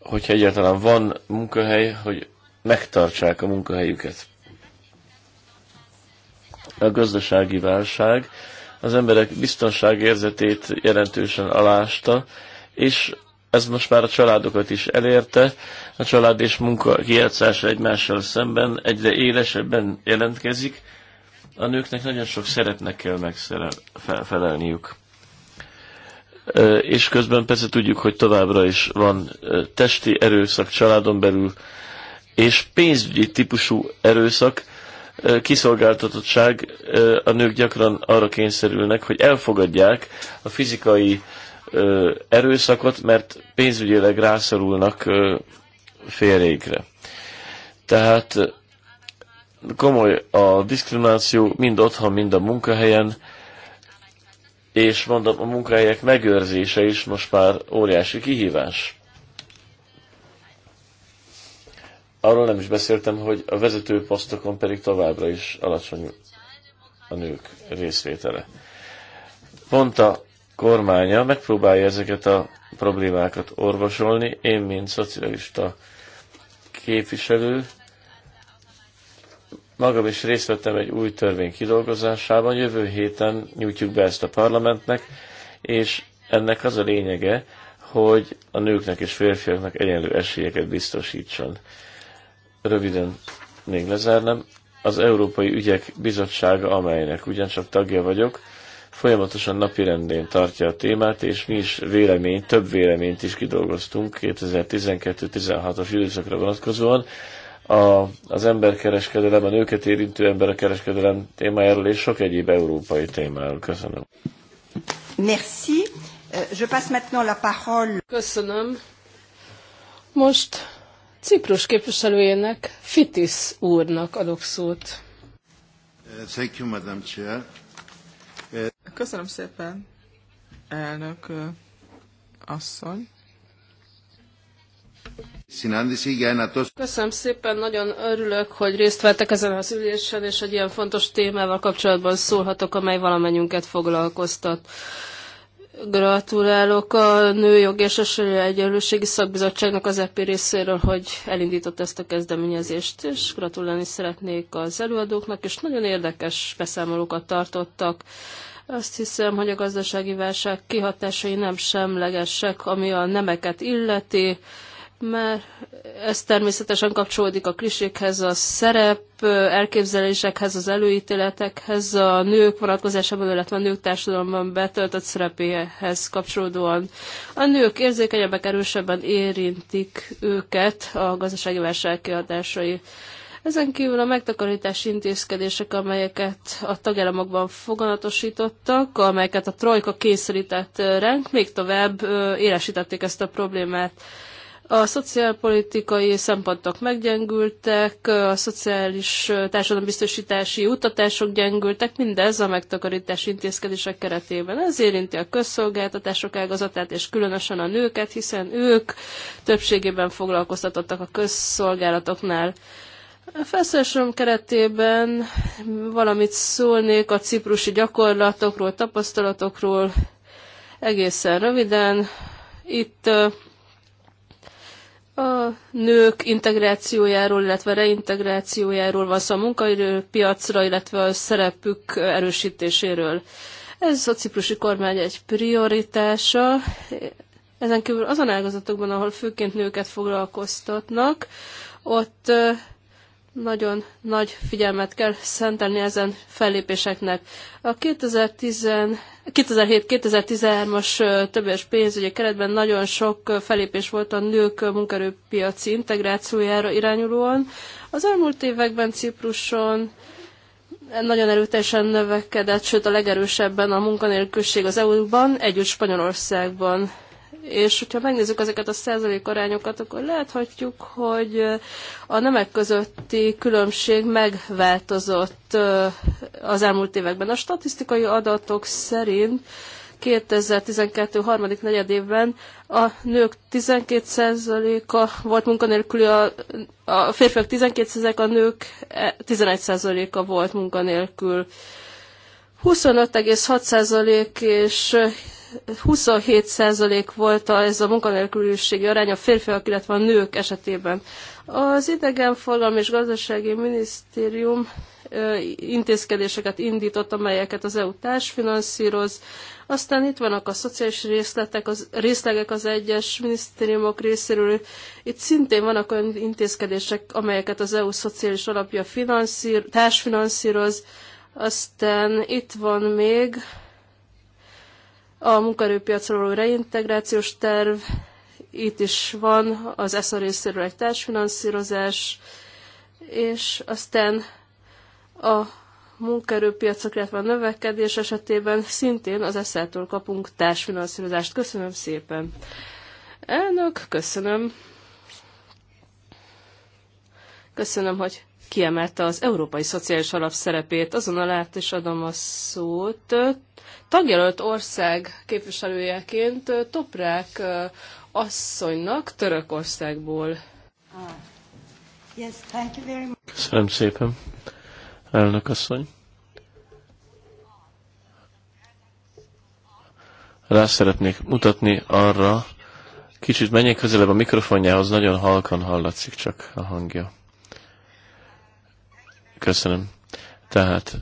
hogyha egyáltalán van munkahely, hogy megtartsák a munkahelyüket. A gazdasági válság az emberek biztonságérzetét jelentősen alásta, és ez most már a családokat is elérte, a család és munka kijátszása egymással szemben egyre élesebben jelentkezik, a nőknek nagyon sok szeretnek kell megfelelniük. És közben persze tudjuk, hogy továbbra is van testi erőszak családon belül, és pénzügyi típusú erőszak, kiszolgáltatottság, a nők gyakran arra kényszerülnek, hogy elfogadják a fizikai erőszakot, mert pénzügyileg rászorulnak férjékre. Tehát komoly a diszkrimináció mind otthon, mind a munkahelyen, és mondom, a munkahelyek megőrzése is most már óriási kihívás. Arról nem is beszéltem, hogy a vezető posztokon pedig továbbra is alacsony a nők részvétele. Pont a kormánya megpróbálja ezeket a problémákat orvosolni. Én, mint szocialista képviselő, magam is részt vettem egy új törvény kidolgozásában. Jövő héten nyújtjuk be ezt a parlamentnek, és ennek az a lényege, hogy a nőknek és férfiaknak egyenlő esélyeket biztosítson röviden még lezárnám, az Európai Ügyek Bizottsága, amelynek ugyancsak tagja vagyok, folyamatosan napirendén tartja a témát, és mi is vélemény, több véleményt is kidolgoztunk 2012-16-os időszakra vonatkozóan. A, az emberkereskedelem, a nőket érintő emberkereskedelem témájáról és sok egyéb európai témáról. Köszönöm. Merci. Euh, je passe maintenant la parole. Köszönöm. Most Ciprus képviselőjének, Fitis úrnak adok szót. Thank you, Madam Chair. Köszönöm szépen, elnök asszony. Köszönöm szépen, nagyon örülök, hogy részt vettek ezen az ülésen, és egy ilyen fontos témával kapcsolatban szólhatok, amely valamennyünket foglalkoztat. Gratulálok a Nőjog és Esélye Egyenlőségi Szakbizottságnak az EPI részéről, hogy elindított ezt a kezdeményezést, és gratulálni szeretnék az előadóknak, és nagyon érdekes beszámolókat tartottak. Azt hiszem, hogy a gazdasági válság kihatásai nem semlegesek, ami a nemeket illeti mert ez természetesen kapcsolódik a klisékhez, a szerep elképzelésekhez, az előítéletekhez, a nők vonatkozásában, illetve a nők társadalomban betöltött szerepéhez kapcsolódóan. A nők érzékenyebbek erősebben érintik őket a gazdasági válság kiadásai. Ezen kívül a megtakarítási intézkedések, amelyeket a tagállamokban foganatosítottak, amelyeket a trojka kényszerített ránk, még tovább élesítették ezt a problémát. A szociálpolitikai szempontok meggyengültek, a szociális társadalombiztosítási utatások gyengültek, mindez a megtakarítási intézkedések keretében. Ez érinti a közszolgáltatások ágazatát, és különösen a nőket, hiszen ők többségében foglalkoztatottak a közszolgálatoknál. A felszólásom keretében valamit szólnék a ciprusi gyakorlatokról, tapasztalatokról, egészen röviden. Itt a nők integrációjáról, illetve reintegrációjáról van szó a munkaerőpiacra, illetve a szerepük erősítéséről. Ez a ciprusi kormány egy prioritása. Ezen kívül azon ágazatokban, ahol főként nőket foglalkoztatnak, ott nagyon nagy figyelmet kell szentelni ezen fellépéseknek. A 2007-2013-as többes pénzügyi keretben nagyon sok fellépés volt a nők munkerőpiaci integrációjára irányulóan. Az elmúlt években Cipruson nagyon erőteljesen növekedett, sőt a legerősebben a munkanélküliség az EU-ban, együtt Spanyolországban és hogyha megnézzük ezeket a százalék arányokat, akkor láthatjuk, hogy a nemek közötti különbség megváltozott az elmúlt években. A statisztikai adatok szerint 2012. harmadik évben a nők 12%-a volt munkanélküli, a, a férfiak 12%-a, a nők 11%-a e, volt munkanélkül. 25,6% és 27% volt a, ez a munkanélküliségi arány a férfiak, illetve a nők esetében. Az idegenforgalmi és gazdasági minisztérium intézkedéseket indított, amelyeket az EU társfinanszíroz. Aztán itt vannak a szociális részletek, az, részlegek az egyes minisztériumok részéről. Itt szintén vannak olyan intézkedések, amelyeket az EU szociális alapja finanszír, társfinanszíroz. Aztán itt van még a munkaerőpiacról való reintegrációs terv, itt is van az ESZA részéről egy társfinanszírozás, és aztán a munkaerőpiacok, illetve a növekedés esetében szintén az ESZA-tól kapunk társfinanszírozást. Köszönöm szépen. Elnök, köszönöm. Köszönöm, hogy kiemelte az Európai Szociális Alap szerepét. Azonnal át is adom a szót. Tagjelölt ország képviselőjeként Toprák asszonynak Törökországból. Ah. Köszönöm szépen, elnök asszony. Rá szeretnék mutatni arra, kicsit menjek közelebb a mikrofonjához, nagyon halkan hallatszik csak a hangja. Köszönöm. Tehát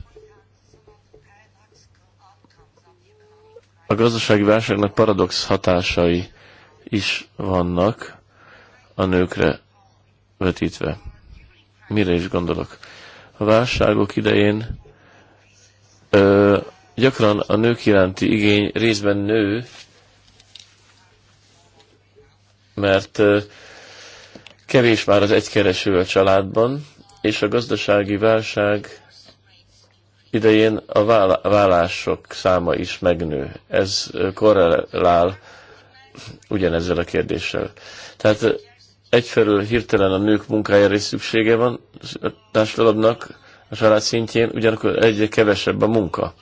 a gazdasági válságnak paradox hatásai is vannak a nőkre vetítve. Mire is gondolok? A válságok idején ö, gyakran a nők iránti igény részben nő, mert ö, kevés már az egykereső a családban, és a gazdasági válság idején a vállások száma is megnő. Ez korrelál ugyanezzel a kérdéssel. Tehát egyfelől hirtelen a nők munkájára is szüksége van a társadalomnak, a család szintjén, ugyanakkor egyre kevesebb a munka.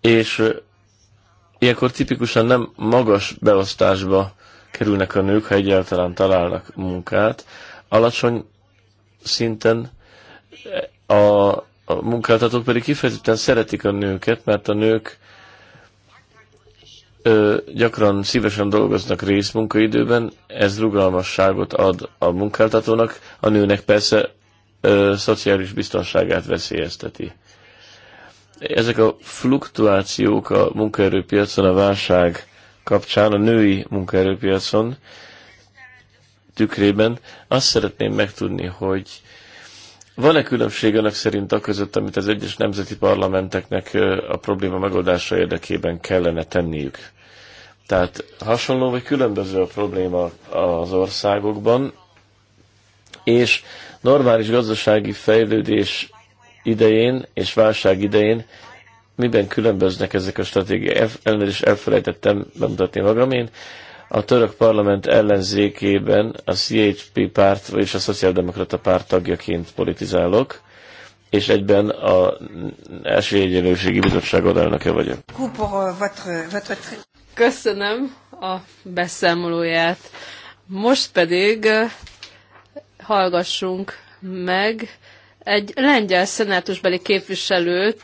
És ilyenkor tipikusan nem magas beosztásba kerülnek a nők, ha egyáltalán találnak munkát. Alacsony szinten a, a munkáltatók pedig kifejezetten szeretik a nőket, mert a nők ö, gyakran szívesen dolgoznak részmunkaidőben, ez rugalmasságot ad a munkáltatónak, a nőnek persze ö, szociális biztonságát veszélyezteti. Ezek a fluktuációk a munkaerőpiacon a válság kapcsán a női munkaerőpiacon tükrében azt szeretném megtudni, hogy van-e különbség önök szerint a között, amit az egyes nemzeti parlamenteknek a probléma megoldása érdekében kellene tenniük? Tehát hasonló vagy különböző a probléma az országokban, és normális gazdasági fejlődés idején és válság idején miben különböznek ezek a stratégiák. is elfelejtettem bemutatni magam én. A török parlament ellenzékében a CHP párt és a Szociáldemokrata párt tagjaként politizálok, és egyben a első egyenlőségi Bizottság alelnöke vagyok. Köszönöm a beszámolóját. Most pedig eh, hallgassunk meg egy lengyel szenátusbeli képviselőt,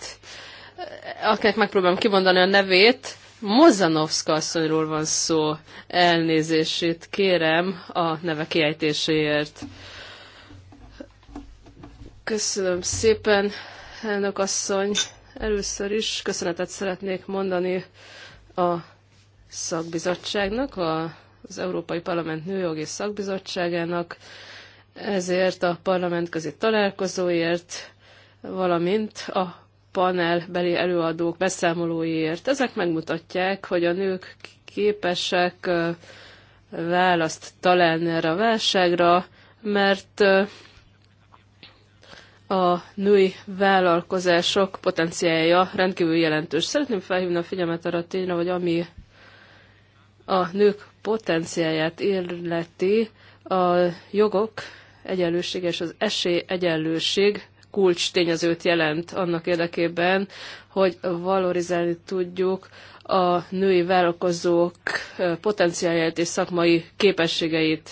akinek megpróbálom kimondani a nevét, Mozanovska asszonyról van szó. Elnézését kérem a neve kiejtéséért. Köszönöm szépen, elnök asszony. Először is köszönetet szeretnék mondani a szakbizottságnak, az Európai Parlament Nőjogi Szakbizottságának, ezért a parlament közé találkozóért, valamint a panelbeli előadók beszámolóiért. Ezek megmutatják, hogy a nők képesek választ találni erre a válságra, mert a női vállalkozások potenciálja rendkívül jelentős. Szeretném felhívni a figyelmet arra a tényre, hogy ami a nők potenciáját illeti, a jogok egyenlőség és az esély egyenlőség kulcs tényezőt jelent annak érdekében, hogy valorizálni tudjuk a női vállalkozók potenciáját és szakmai képességeit.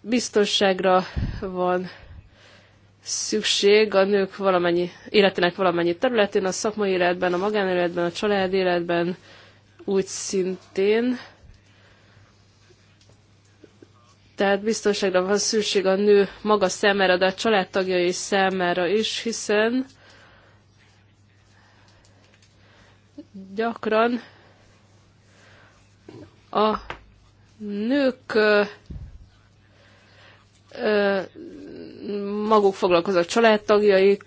Biztonságra van szükség a nők valamennyi, életének valamennyi területén, a szakmai életben, a magánéletben, a család életben, úgy szintén Tehát biztonságra van szükség a nő maga számára, de a családtagjai számára is, hiszen gyakran a nők ö, ö, maguk foglalkoznak családtagjaik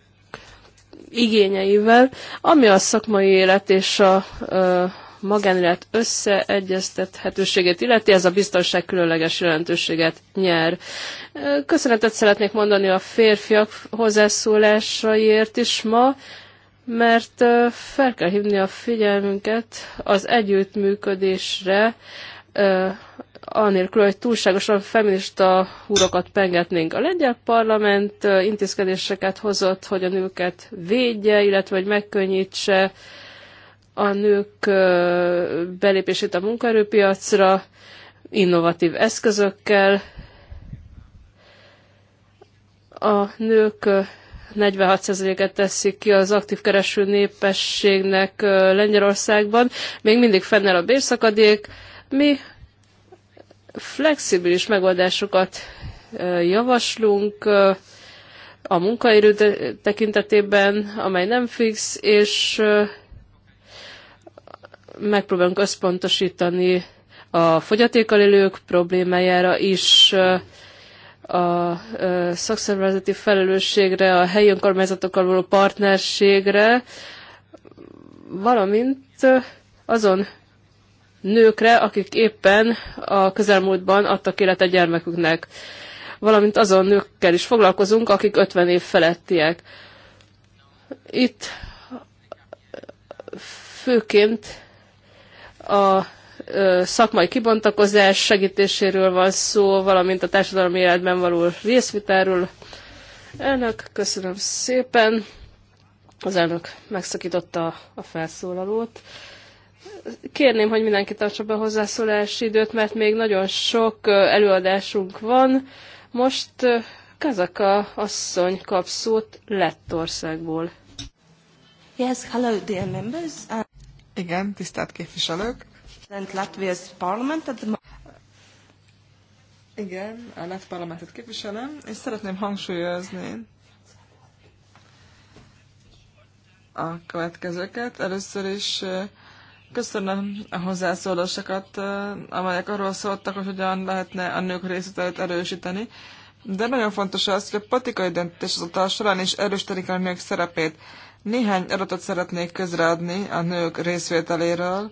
igényeivel, ami a szakmai élet és a ö, magánélet összeegyeztethetőségét illeti, ez a biztonság különleges jelentőséget nyer. Köszönetet szeretnék mondani a férfiak hozzászólásaiért is ma, mert fel kell hívni a figyelmünket az együttműködésre, anélkül, hogy túlságosan feminista húrokat pengetnénk. A lengyel parlament intézkedéseket hozott, hogy a nőket védje, illetve hogy megkönnyítse a nők belépését a munkaerőpiacra, innovatív eszközökkel. A nők 46%-et teszik ki az aktív kereső népességnek Lengyelországban. Még mindig fennáll a bérszakadék. Mi flexibilis megoldásokat javaslunk a munkaerő tekintetében, amely nem fix, és megpróbálunk összpontosítani a fogyatékkal élők problémájára is, a szakszervezeti felelősségre, a helyi önkormányzatokkal való partnerségre, valamint azon nőkre, akik éppen a közelmúltban adtak életet gyermeküknek, valamint azon nőkkel is foglalkozunk, akik 50 év felettiek. Itt főként a szakmai kibontakozás segítéséről van szó, valamint a társadalmi életben való részvitelről. Elnök, köszönöm szépen. Az elnök megszakította a felszólalót. Kérném, hogy mindenki tartsa be a hozzászólási időt, mert még nagyon sok előadásunk van. Most Kazaka asszony kap szót Lettországból. Yes, hello dear members. Igen, tisztelt képviselők. Igen, a lett parlamentet képviselem, és szeretném hangsúlyozni a következőket. Először is köszönöm a hozzászólásokat, amelyek arról szóltak, hogy hogyan lehetne a nők részvételét erősíteni. De nagyon fontos az, hogy a politikai döntéshozatal során is erősítenik a nők szerepét. Néhány adatot szeretnék közreadni a nők részvételéről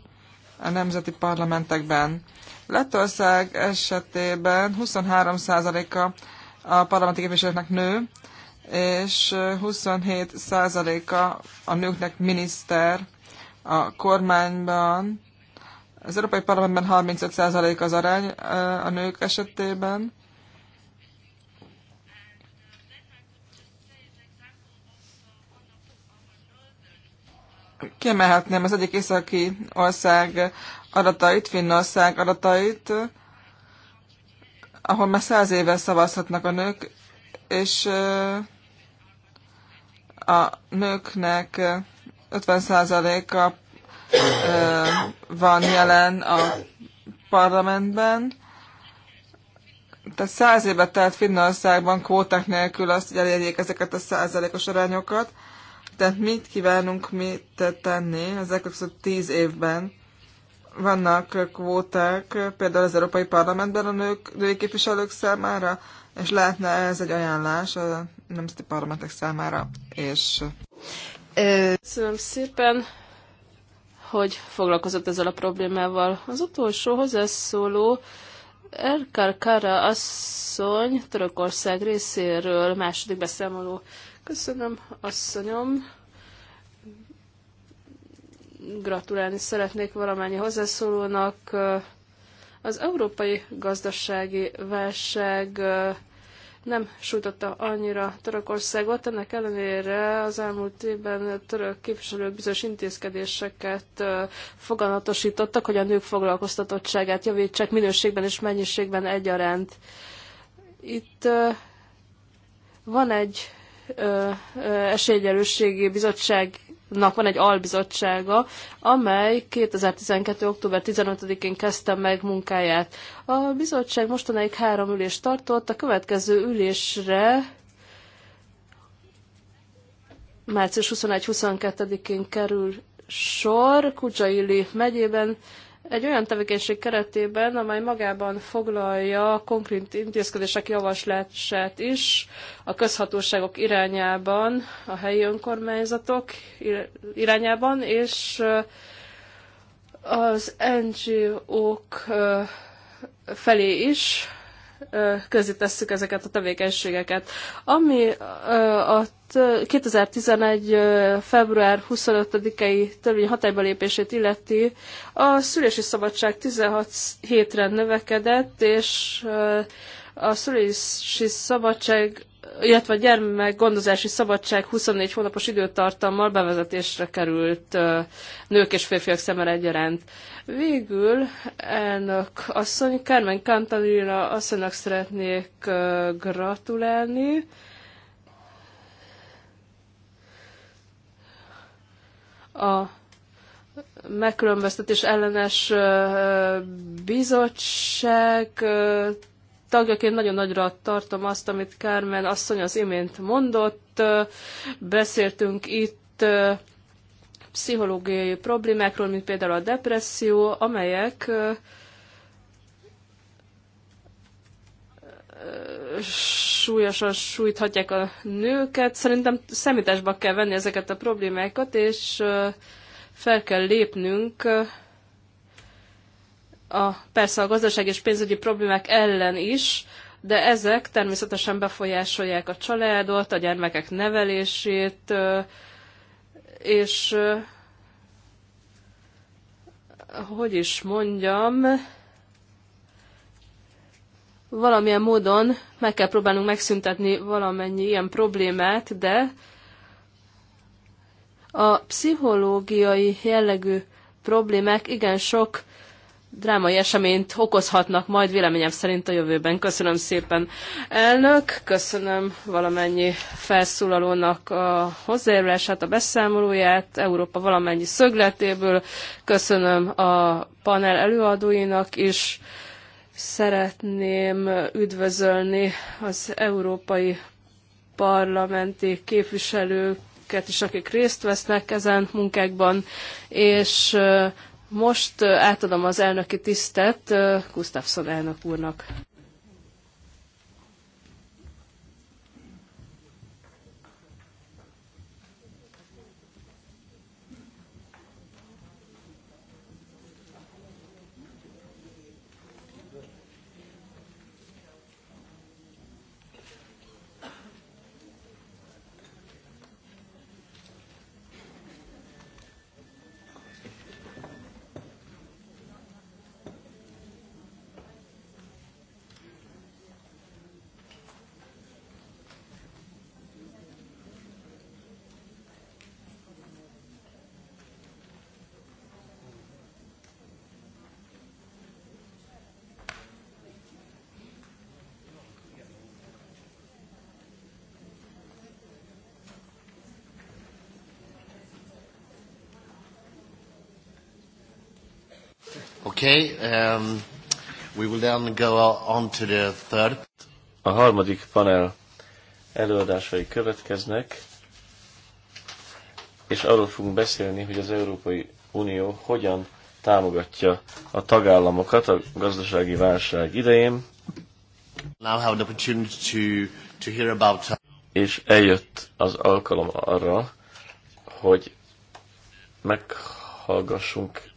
a nemzeti parlamentekben. Lettország esetében 23%-a a parlamenti képviselőknek nő, és 27%-a a nőknek miniszter a kormányban. Az Európai Parlamentben 35% az arány a nők esetében. kiemelhetném az egyik északi ország adatait, Finnország adatait, ahol már száz éve szavazhatnak a nők, és a nőknek 50%-a van jelen a parlamentben. Tehát száz évet telt Finnországban kvóták nélkül azt, hogy elérjék ezeket a százalékos arányokat. Tehát mit kívánunk mit tenni az elkövetkező tíz évben? Vannak kvóták, például az Európai Parlamentben a nők, női képviselők számára, és lehetne ez egy ajánlás a nemzeti parlamentek számára, és... Köszönöm szépen, hogy foglalkozott ezzel a problémával. Az utolsó hozzászóló Erkar Kara asszony Törökország részéről második beszámoló Köszönöm, asszonyom. Gratulálni szeretnék valamennyi hozzászólónak. Az európai gazdasági válság nem sújtotta annyira Törökországot, ennek ellenére az elmúlt évben török képviselők bizonyos intézkedéseket foganatosítottak, hogy a nők foglalkoztatottságát javítsák minőségben és mennyiségben egyaránt. Itt van egy Esélyegyelősségi Bizottságnak van egy albizottsága, amely 2012. október 15-én kezdte meg munkáját. A bizottság mostanáig három ülést tartott, a következő ülésre március 21-22-én kerül sor Kucsailli megyében, egy olyan tevékenység keretében, amely magában foglalja a konkrét intézkedések javaslatát is a közhatóságok irányában, a helyi önkormányzatok irányában, és az NGO-k felé is, közé tesszük ezeket a tevékenységeket. Ami a 2011. február 25-i törvény hatályba lépését illeti, a szülési szabadság 16 hétre növekedett, és a szülési szabadság illetve a gyermek gondozási szabadság 24 hónapos időtartammal bevezetésre került nők és férfiak szemére egyaránt. Végül elnök asszony, Carmen Cantalina asszonynak szeretnék gratulálni. A megkülönböztetés ellenes bizottság tagjaként nagyon nagyra tartom azt, amit Kármen asszony az imént mondott. Beszéltünk itt pszichológiai problémákról, mint például a depresszió, amelyek súlyosan sújthatják a nőket. Szerintem szemításba kell venni ezeket a problémákat, és fel kell lépnünk a, persze a gazdaság és pénzügyi problémák ellen is, de ezek természetesen befolyásolják a családot, a gyermekek nevelését, és hogy is mondjam, valamilyen módon meg kell próbálnunk megszüntetni valamennyi ilyen problémát, de a pszichológiai jellegű problémák igen sok drámai eseményt okozhatnak majd véleményem szerint a jövőben. Köszönöm szépen elnök, köszönöm valamennyi felszólalónak a hozzájárulását, a beszámolóját, Európa valamennyi szögletéből, köszönöm a panel előadóinak is, szeretném üdvözölni az európai parlamenti képviselőket is, akik részt vesznek ezen munkákban, és most átadom az elnöki tisztet Gustafsson elnök úrnak. A harmadik panel előadásai következnek, és arról fogunk beszélni, hogy az Európai Unió hogyan támogatja a tagállamokat a gazdasági válság idején. Now have an opportunity to, to hear about... Uh, és eljött az alkalom arra, hogy meghallgassunk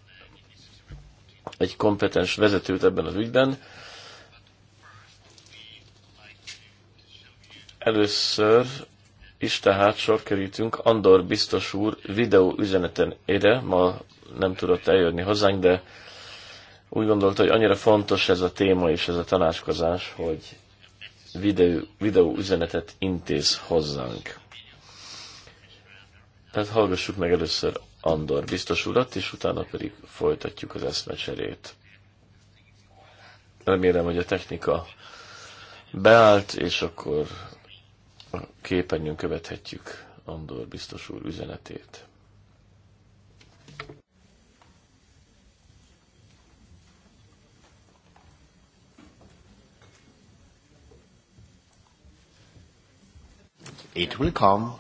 egy kompetens vezetőt ebben az ügyben. Először is tehát sor kerítünk Andor biztos úr videó üzeneten ére, ma nem tudott eljönni hozzánk, de úgy gondolta, hogy annyira fontos ez a téma és ez a tanácskozás, hogy videó, videó üzenetet intéz hozzánk. Tehát hallgassuk meg először Andor biztos urat, és utána pedig folytatjuk az eszmecserét. Remélem, hogy a technika beállt, és akkor a képernyőn követhetjük Andor biztos úr üzenetét. It will come.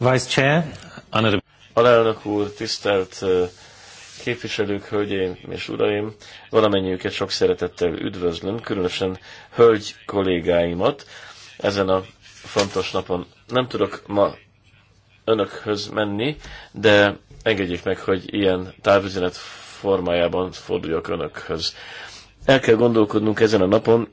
Vice Chair, Honorable. Alelnök úr, tisztelt képviselők, hölgyeim és uraim, valamennyiüket sok szeretettel üdvözlöm, különösen hölgy kollégáimat ezen a fontos napon. Nem tudok ma önökhöz menni, de engedjék meg, hogy ilyen távüzenet formájában forduljak önökhöz. El kell gondolkodnunk ezen a napon,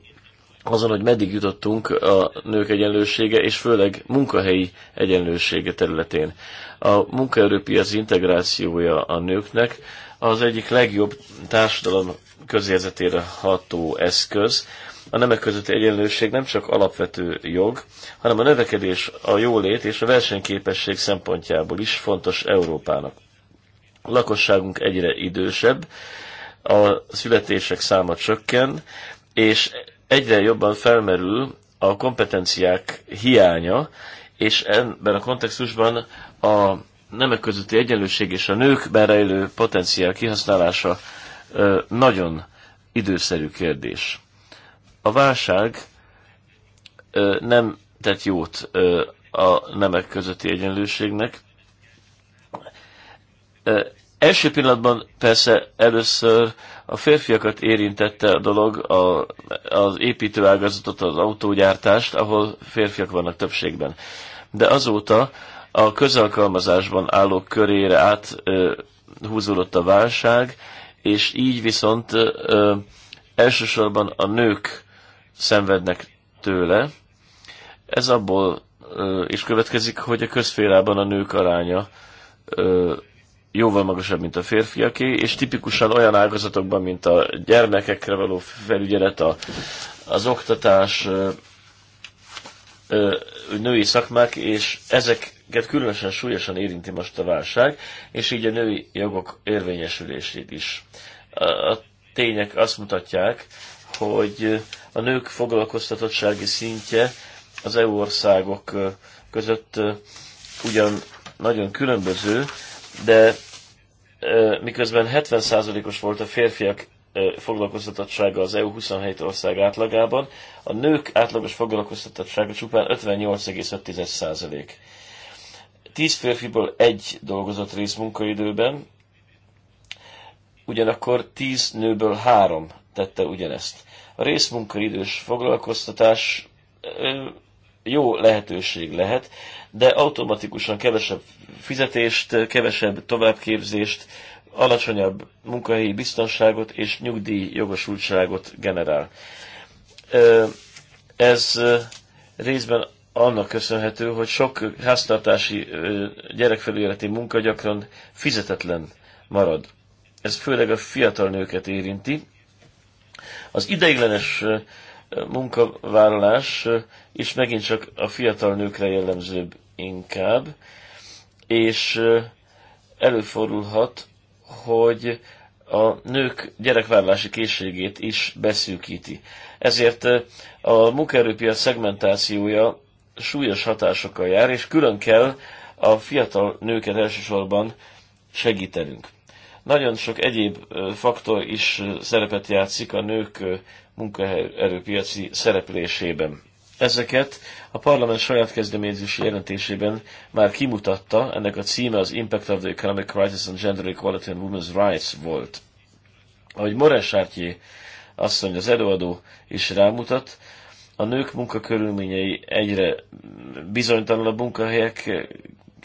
azon, hogy meddig jutottunk a nők egyenlősége, és főleg munkahelyi egyenlősége területén. A munkaerőpiac integrációja a nőknek az egyik legjobb társadalom közérzetére ható eszköz. A nemek közötti egyenlőség nem csak alapvető jog, hanem a növekedés, a jólét és a versenyképesség szempontjából is fontos Európának. A lakosságunk egyre idősebb, a születések száma csökken, és egyre jobban felmerül a kompetenciák hiánya, és ebben a kontextusban a nemek közötti egyenlőség és a nőkben rejlő potenciál kihasználása nagyon időszerű kérdés. A válság nem tett jót a nemek közötti egyenlőségnek. Első pillanatban persze először a férfiakat érintette a dolog, a, az építőágazatot, az autógyártást, ahol férfiak vannak többségben. De azóta a közalkalmazásban állók körére áthúzódott a válság, és így viszont ö, elsősorban a nők szenvednek tőle. Ez abból ö, is következik, hogy a közférában a nők aránya ö, jóval magasabb, mint a férfiaké, és tipikusan olyan ágazatokban, mint a gyermekekre való felügyelet, a, az oktatás, női szakmák, és ezeket különösen súlyosan érinti most a válság, és így a női jogok érvényesülését is. A tények azt mutatják, hogy a nők foglalkoztatottsági szintje az EU országok között ugyan nagyon különböző, de miközben 70%-os volt a férfiak foglalkoztatottsága az EU 27 ország átlagában, a nők átlagos foglalkoztatottsága csupán 58,5%. 10 férfiból egy dolgozott részmunkaidőben, ugyanakkor 10 nőből három tette ugyanezt. A részmunkaidős foglalkoztatás jó lehetőség lehet, de automatikusan kevesebb fizetést, kevesebb továbbképzést, alacsonyabb munkahelyi biztonságot és nyugdíj jogosultságot generál. Ez részben annak köszönhető, hogy sok háztartási gyerekfelületi munka gyakran fizetetlen marad. Ez főleg a fiatal nőket érinti. Az ideiglenes munkavállalás is megint csak a fiatal nőkre jellemzőbb inkább, és előfordulhat, hogy a nők gyerekvállási készségét is beszűkíti. Ezért a munkaerőpiac szegmentációja súlyos hatásokkal jár, és külön kell a fiatal nőket elsősorban segítenünk. Nagyon sok egyéb faktor is szerepet játszik a nők munkaerőpiaci szereplésében. Ezeket a parlament saját kezdeményezési jelentésében már kimutatta, ennek a címe az Impact of the Economic Crisis on Gender Equality and Women's Rights volt. Ahogy Morán Sártyé mondja, az előadó is rámutat, a nők munkakörülményei egyre bizonytalanabb munkahelyek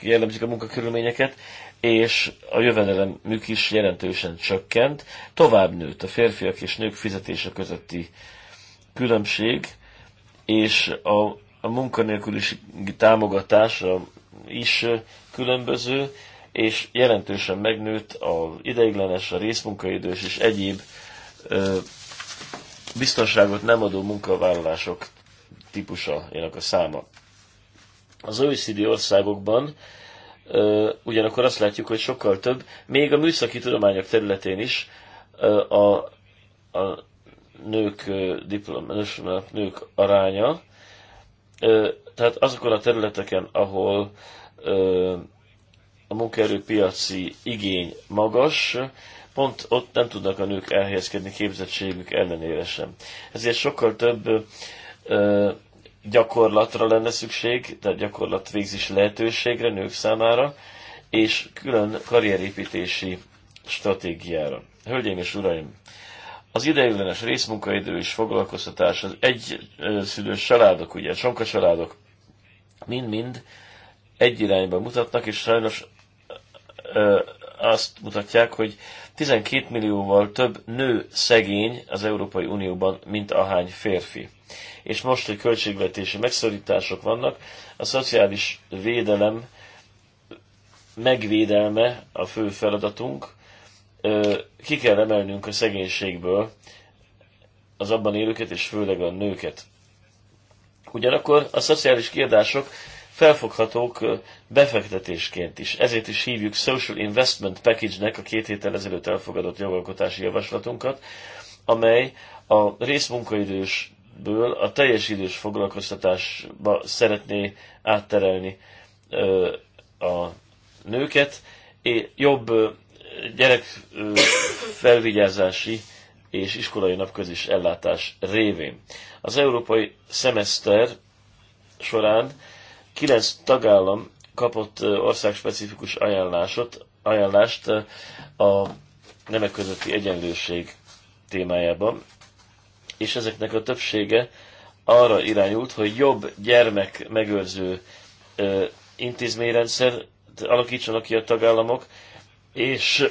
jellemzik a munkakörülményeket, és a jövedelemük is jelentősen csökkent. Tovább nőtt a férfiak és nők fizetése közötti különbség, és a, a munkanélküliségi támogatása is különböző, és jelentősen megnőtt a ideiglenes, a részmunkaidős és egyéb ö, biztonságot nem adó munkavállalások típusa, ennek a száma. Az OECD országokban ö, ugyanakkor azt látjuk, hogy sokkal több, még a műszaki tudományok területén is ö, a, a nők, diplomásnak nők aránya, tehát azokon a területeken, ahol a munkaerőpiaci igény magas, pont ott nem tudnak a nők elhelyezkedni képzettségük ellenére sem. Ezért sokkal több gyakorlatra lenne szükség, tehát gyakorlatvégzés lehetőségre nők számára, és külön karrierépítési stratégiára. Hölgyeim és uraim, az ideiglenes részmunkaidő és foglalkoztatás, az egyszülős családok, ugye, sonka családok, mind-mind egy irányba mutatnak, és sajnos ö, azt mutatják, hogy 12 millióval több nő szegény az Európai Unióban, mint ahány férfi. És most, hogy költségvetési megszorítások vannak, a szociális védelem megvédelme a fő feladatunk, ki kell emelnünk a szegénységből az abban élőket, és főleg a nőket. Ugyanakkor a szociális kiadások felfoghatók befektetésként is. Ezért is hívjuk Social Investment Package-nek a két héttel ezelőtt elfogadott jogalkotási javaslatunkat, amely a részmunkaidősből a teljes idős foglalkoztatásba szeretné átterelni a nőket, és jobb gyerek felvigyázási és iskolai napközis ellátás révén. Az európai szemeszter során kilenc tagállam kapott országspecifikus ajánlásot, ajánlást a nemek közötti egyenlőség témájában, és ezeknek a többsége arra irányult, hogy jobb gyermek megőrző intézményrendszer alakítsanak ki a tagállamok, és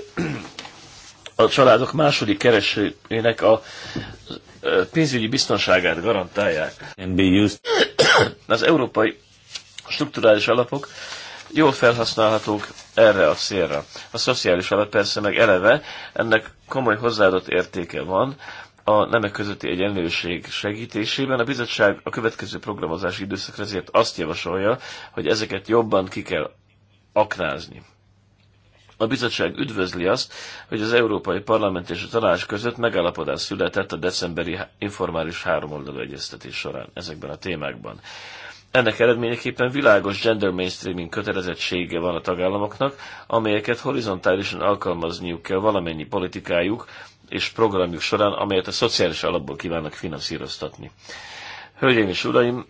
a családok második keresőjének a pénzügyi biztonságát garantálják. Az európai strukturális alapok jól felhasználhatók erre a célra. A szociális alap persze meg eleve, ennek komoly hozzáadott értéke van, a nemek közötti egyenlőség segítésében. A bizottság a következő programozási időszakra ezért azt javasolja, hogy ezeket jobban ki kell aknázni. A bizottság üdvözli azt, hogy az Európai Parlament és a Tanács között megállapodás született a decemberi informális háromoldalú egyeztetés során ezekben a témákban. Ennek eredményeképpen világos gender mainstreaming kötelezettsége van a tagállamoknak, amelyeket horizontálisan alkalmazniuk kell valamennyi politikájuk és programjuk során, amelyet a szociális alapból kívánnak finanszíroztatni. Hölgyeim és uraim,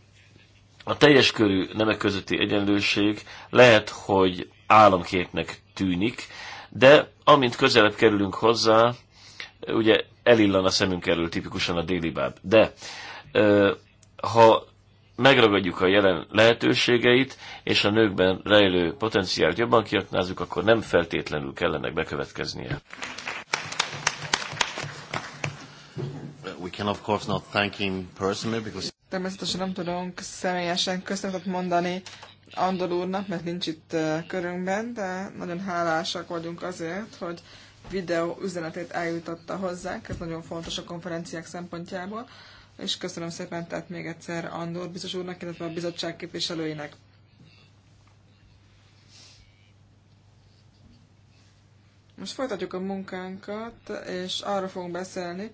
a teljes körű nemek közötti egyenlőség lehet, hogy államképnek tűnik, de amint közelebb kerülünk hozzá, ugye elillan a szemünk elől tipikusan a déli báb. De ha megragadjuk a jelen lehetőségeit, és a nőkben rejlő potenciált jobban kiaknázzuk, akkor nem feltétlenül kellene bekövetkeznie. We can of course not thank him personally because... Természetesen nem tudunk személyesen köszönetet mondani Andor úrnak, mert nincs itt körünkben, de nagyon hálásak vagyunk azért, hogy videó üzenetét eljutatta hozzánk, ez nagyon fontos a konferenciák szempontjából, és köszönöm szépen tehát még egyszer Andor biztos úrnak, illetve a bizottság képviselőinek. Most folytatjuk a munkánkat, és arra fogunk beszélni,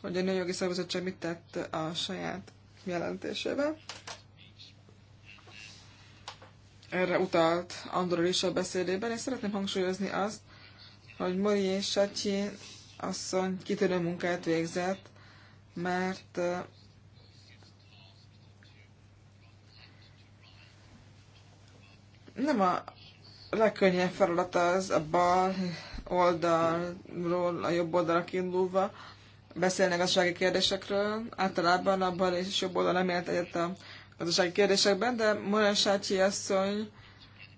hogy a Nőjogi Szervezettség mit tett a saját jelentésével erre utalt Andor is a beszédében, és szeretném hangsúlyozni azt, hogy Mori és Satyi asszony kitörő munkát végzett, mert nem a legkönnyebb feladat az a bal oldalról, a jobb oldalra kiindulva beszélnek a kérdésekről. Általában a bal és jobb oldal nem élt egyet a gazdasági kérdésekben, de Morasácsi asszony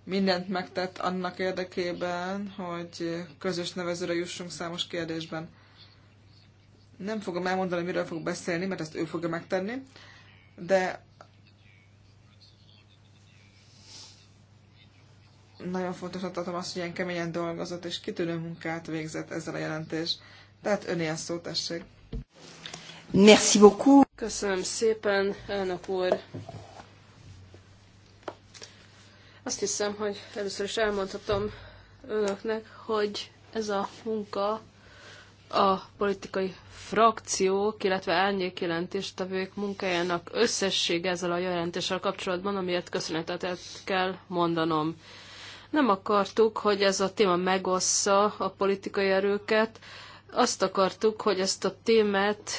mindent megtett annak érdekében, hogy közös nevezőre jussunk számos kérdésben. Nem fogom elmondani, miről fog beszélni, mert ezt ő fogja megtenni, de nagyon fontosnak tartom azt, hogy ilyen keményen dolgozott és kitűnő munkát végzett ezzel a jelentés. Tehát öné a szó, tessék. Merci beaucoup. Köszönöm szépen, elnök úr. Azt hiszem, hogy először is elmondhatom önöknek, hogy ez a munka a politikai frakciók, illetve árnyékjelentéstevők munkájának összessége ezzel a jelentéssel kapcsolatban, amiért köszönetet kell mondanom. Nem akartuk, hogy ez a téma megossza a politikai erőket, azt akartuk, hogy ezt a témát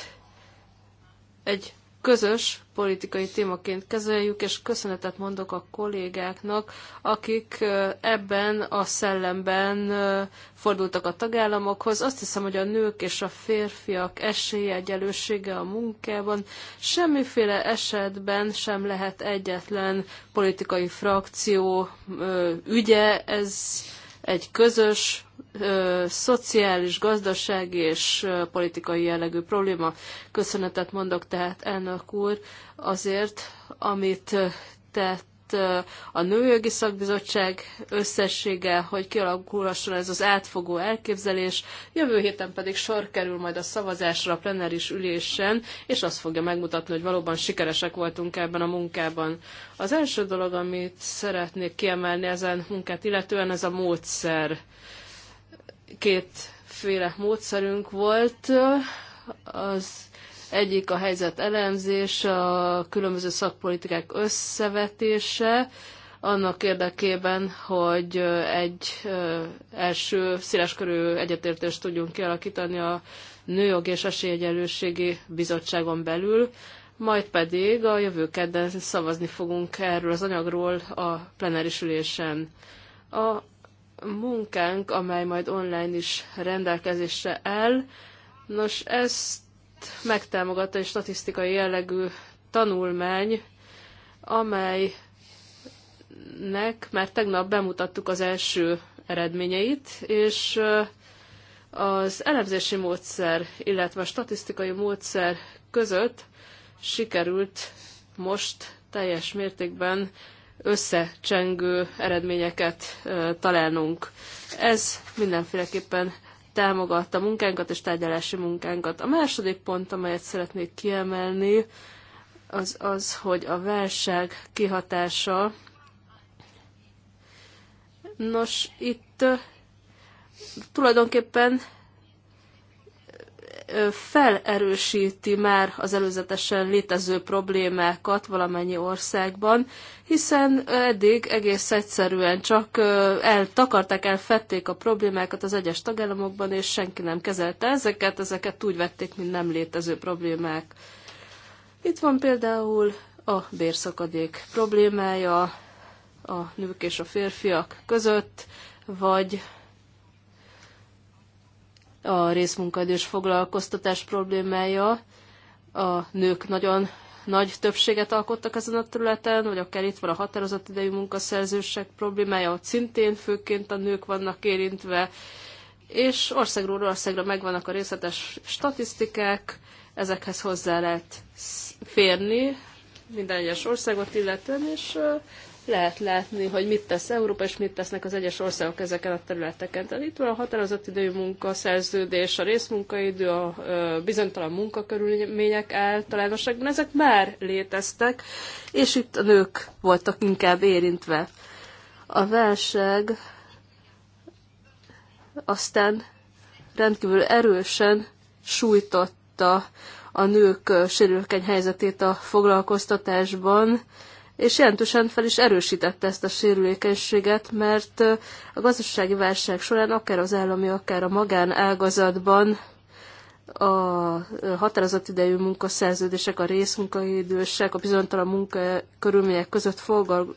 egy közös politikai témaként kezeljük, és köszönetet mondok a kollégáknak, akik ebben a szellemben fordultak a tagállamokhoz. Azt hiszem, hogy a nők és a férfiak esélyegyelősége a munkában semmiféle esetben sem lehet egyetlen politikai frakció ügye, ez egy közös ö, szociális, gazdasági és ö, politikai jellegű probléma. Köszönetet mondok tehát elnök úr azért, amit tett a Nőjogi Szakbizottság összessége, hogy kialakulhasson ez az átfogó elképzelés. Jövő héten pedig sor kerül majd a szavazásra a plenáris ülésen, és azt fogja megmutatni, hogy valóban sikeresek voltunk ebben a munkában. Az első dolog, amit szeretnék kiemelni ezen munkát, illetően ez a módszer. Kétféle módszerünk volt. Az egyik a helyzet elemzés, a különböző szakpolitikák összevetése, annak érdekében, hogy egy első széleskörű egyetértést tudjunk kialakítani a Nőjog és Esélyegyenlőségi Bizottságon belül, majd pedig a jövő kedden szavazni fogunk erről az anyagról a plenáris ülésen. A munkánk, amely majd online is rendelkezésre áll, nos, ezt megtámogatta egy statisztikai jellegű tanulmány, amelynek már tegnap bemutattuk az első eredményeit, és az elemzési módszer, illetve a statisztikai módszer között sikerült most teljes mértékben összecsengő eredményeket találnunk. Ez mindenféleképpen támogatta munkánkat és tárgyalási munkánkat. A második pont, amelyet szeretnék kiemelni, az az, hogy a válság kihatása. Nos, itt tulajdonképpen felerősíti már az előzetesen létező problémákat valamennyi országban, hiszen eddig egész egyszerűen csak eltakarták, elfették a problémákat az egyes tagállamokban, és senki nem kezelte ezeket, ezeket úgy vették, mint nem létező problémák. Itt van például a bérszakadék problémája a nők és a férfiak között, vagy a részmunkaidős foglalkoztatás problémája. A nők nagyon nagy többséget alkottak ezen a területen, vagy akár itt van a határozott idejű munkaszerzősek problémája, ott szintén főként a nők vannak érintve, és országról országra megvannak a részletes statisztikák, ezekhez hozzá lehet férni minden egyes országot illetően, és lehet látni, hogy mit tesz Európa, és mit tesznek az egyes országok ezeken a területeken. Tehát itt van a határozott idő munkaszerződés, a részmunkaidő, a bizonytalan munkakörülmények általánosságban, ezek már léteztek, és itt a nők voltak inkább érintve. A válság aztán rendkívül erősen sújtotta a nők sérülékeny helyzetét a foglalkoztatásban, és jelentősen fel is erősítette ezt a sérülékenységet, mert a gazdasági válság során akár az állami, akár a magánágazatban a határozott idejű munkaszerződések, a részmunkaidősek, a bizonytalan munkakörülmények között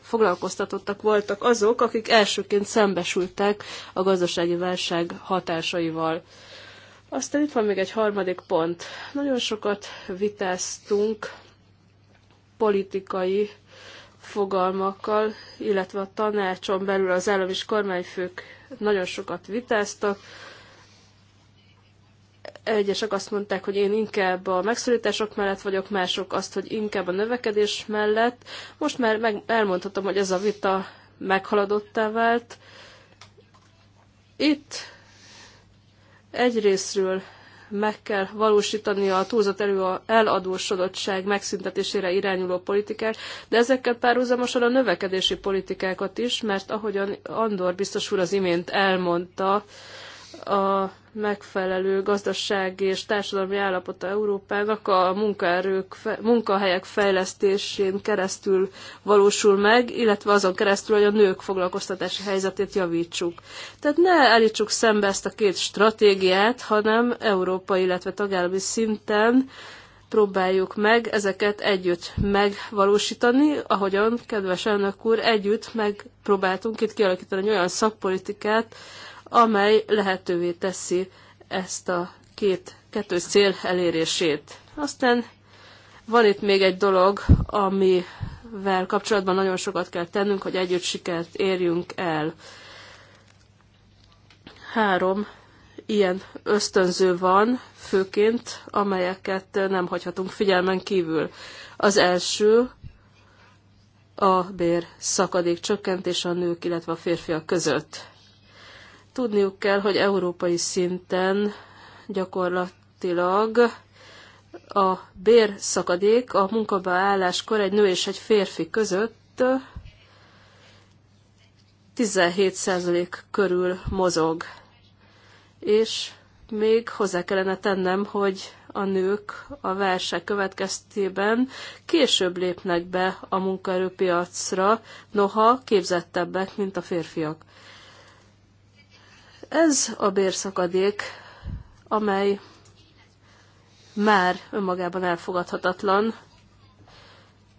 foglalkoztatottak voltak azok, akik elsőként szembesültek a gazdasági válság hatásaival. Aztán itt van még egy harmadik pont. Nagyon sokat vitáztunk politikai fogalmakkal, illetve a tanácson belül az állam és kormányfők nagyon sokat vitáztak. Egyesek azt mondták, hogy én inkább a megszorítások mellett vagyok, mások azt, hogy inkább a növekedés mellett. Most már meg, elmondhatom, hogy ez a vita meghaladottá vált. Itt egyrésztről meg kell valósítani a túlzott elő a eladósodottság megszüntetésére irányuló politikát, de ezekkel párhuzamosan a növekedési politikákat is, mert ahogyan Andor biztos úr az imént elmondta, a megfelelő gazdasági és társadalmi állapota Európának a munkaerők, munkahelyek fejlesztésén keresztül valósul meg, illetve azon keresztül, hogy a nők foglalkoztatási helyzetét javítsuk. Tehát ne állítsuk szembe ezt a két stratégiát, hanem európai, illetve tagállami szinten próbáljuk meg ezeket együtt megvalósítani, ahogyan, kedves elnök úr, együtt megpróbáltunk itt kialakítani olyan szakpolitikát, amely lehetővé teszi ezt a két, kettős cél elérését. Aztán van itt még egy dolog, amivel kapcsolatban nagyon sokat kell tennünk, hogy együtt sikert érjünk el. Három ilyen ösztönző van, főként, amelyeket nem hagyhatunk figyelmen kívül. Az első a bér szakadék csökkentés a nők, illetve a férfiak között. Tudniuk kell, hogy európai szinten gyakorlatilag a bérszakadék a munkabeálláskor egy nő és egy férfi között 17% körül mozog. És még hozzá kellene tennem, hogy a nők a válság következtében később lépnek be a munkaerőpiacra, noha képzettebbek, mint a férfiak. Ez a bérszakadék, amely már önmagában elfogadhatatlan,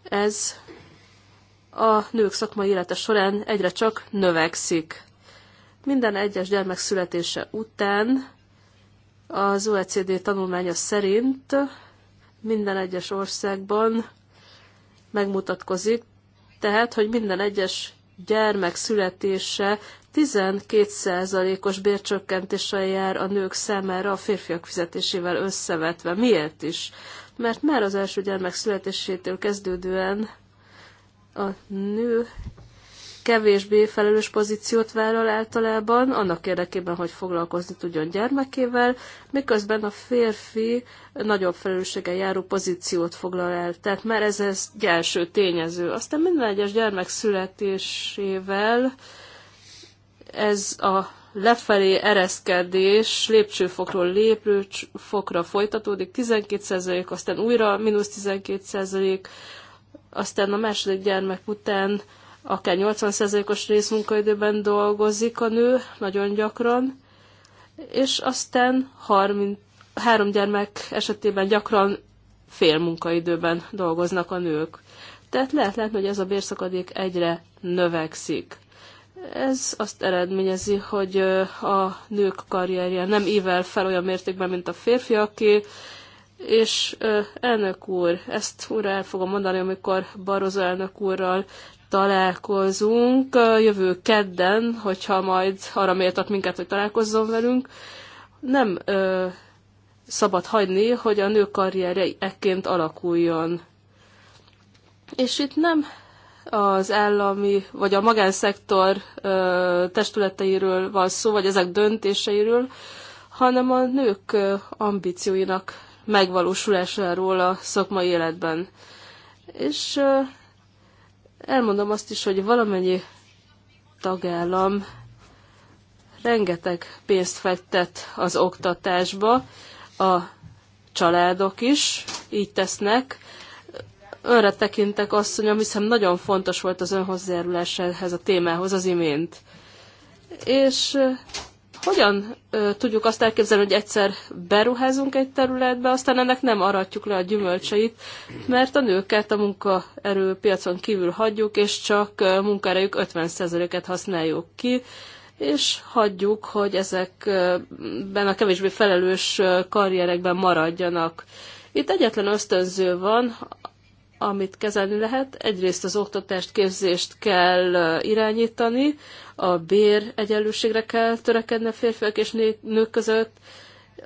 ez a nők szakmai élete során egyre csak növekszik. Minden egyes gyermek születése után az OECD tanulmánya szerint minden egyes országban megmutatkozik, tehát, hogy minden egyes gyermek születése 12%-os bércsökkentéssel jár a nők számára a férfiak fizetésével összevetve. Miért is? Mert már az első gyermek születésétől kezdődően a nő kevésbé felelős pozíciót vállal általában, annak érdekében, hogy foglalkozni tudjon gyermekével, miközben a férfi nagyobb felelőssége járó pozíciót foglal el. Tehát már ez, ez egy első tényező. Aztán minden egyes gyermek születésével ez a lefelé ereszkedés lépcsőfokról lépcsőfokra folytatódik, 12%, aztán újra mínusz 12%, aztán a második gyermek után akár 80%-os részmunkaidőben dolgozik a nő, nagyon gyakran, és aztán 30, három gyermek esetében gyakran fél munkaidőben dolgoznak a nők. Tehát lehet lehet, hogy ez a bérszakadék egyre növekszik. Ez azt eredményezi, hogy a nők karrierje nem ível fel olyan mértékben, mint a férfiaké, és elnök úr, ezt újra el fogom mondani, amikor Barozó elnök úrral találkozunk jövő kedden, hogyha majd arra méltat minket, hogy találkozzon velünk. Nem ö, szabad hagyni, hogy a nő karrierje ekként alakuljon. És itt nem az állami vagy a magánszektor testületeiről van szó, vagy ezek döntéseiről, hanem a nők ambícióinak megvalósulásáról a szakmai életben. És elmondom azt is, hogy valamennyi tagállam rengeteg pénzt fektet az oktatásba, a családok is így tesznek, Önre tekintek, asszonyom, hiszem nagyon fontos volt az ön ehhez a témához az imént. És hogyan ö, tudjuk azt elképzelni, hogy egyszer beruházunk egy területbe, aztán ennek nem aratjuk le a gyümölcseit, mert a nőket a munkaerőpiacon kívül hagyjuk, és csak munkaerőjük 50%-et használjuk ki, és hagyjuk, hogy ezekben a kevésbé felelős karrierekben maradjanak. Itt egyetlen ösztönző van, amit kezelni lehet. Egyrészt az oktatást, képzést kell irányítani, a bér egyenlőségre kell törekedni a férfiak és nők között,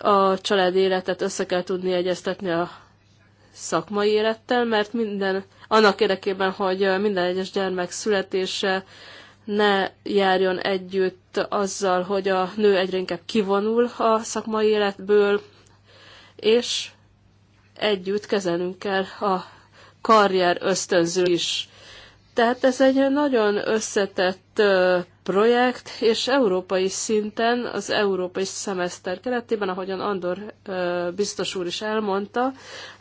a család életet össze kell tudni egyeztetni a szakmai élettel, mert minden, annak érdekében, hogy minden egyes gyermek születése ne járjon együtt azzal, hogy a nő egyre inkább kivonul a szakmai életből, és együtt kezelnünk kell a karrier ösztönző is. Tehát ez egy nagyon összetett projekt, és európai szinten, az európai szemeszter keretében, ahogyan Andor biztos úr is elmondta,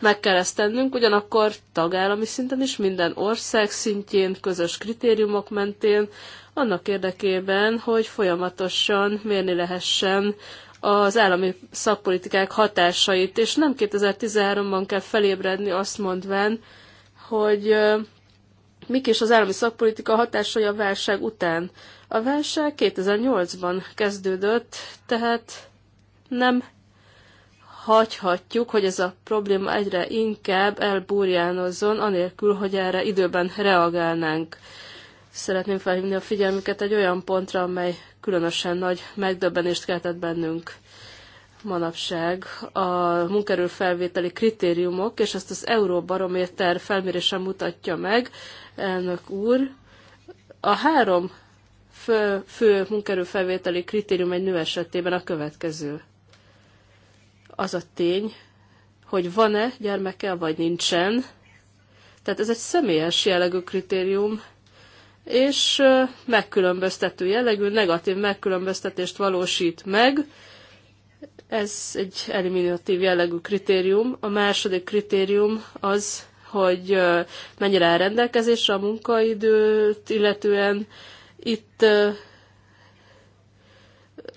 meg kell ezt tennünk, ugyanakkor tagállami szinten is, minden ország szintjén, közös kritériumok mentén, annak érdekében, hogy folyamatosan mérni lehessen az állami szakpolitikák hatásait, és nem 2013-ban kell felébredni azt mondván, hogy mik is az állami szakpolitika hatásai a válság után. A válság 2008-ban kezdődött, tehát nem hagyhatjuk, hogy ez a probléma egyre inkább elbúrjánozzon, anélkül, hogy erre időben reagálnánk. Szeretném felhívni a figyelmüket egy olyan pontra, amely különösen nagy megdöbbenést keltett bennünk manapság a munkerőfelvételi felvételi kritériumok, és ezt az Euróbarométer felmérése mutatja meg, elnök úr. A három fő, fő munkerőfelvételi felvételi kritérium egy nő esetében a következő. Az a tény, hogy van-e gyermeke, vagy nincsen. Tehát ez egy személyes jellegű kritérium, és megkülönböztető jellegű, negatív megkülönböztetést valósít meg, ez egy eliminatív jellegű kritérium. A második kritérium az, hogy mennyire áll rendelkezésre a munkaidőt, illetően itt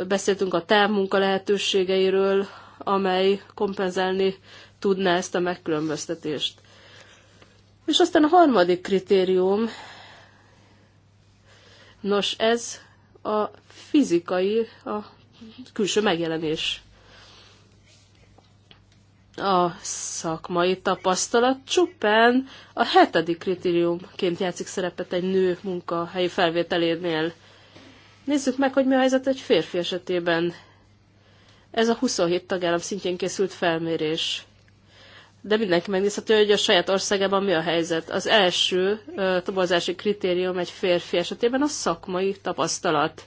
beszéltünk a távmunka lehetőségeiről, amely kompenzálni tudná ezt a megkülönböztetést. És aztán a harmadik kritérium, nos ez a fizikai, a külső megjelenés. A szakmai tapasztalat csupán a hetedik kritériumként játszik szerepet egy nő munkahelyi felvételénél. Nézzük meg, hogy mi a helyzet egy férfi esetében. Ez a 27 tagállam szintjén készült felmérés. De mindenki megnézheti, hogy a saját országában mi a helyzet. Az első uh, tobozási kritérium egy férfi esetében a szakmai tapasztalat.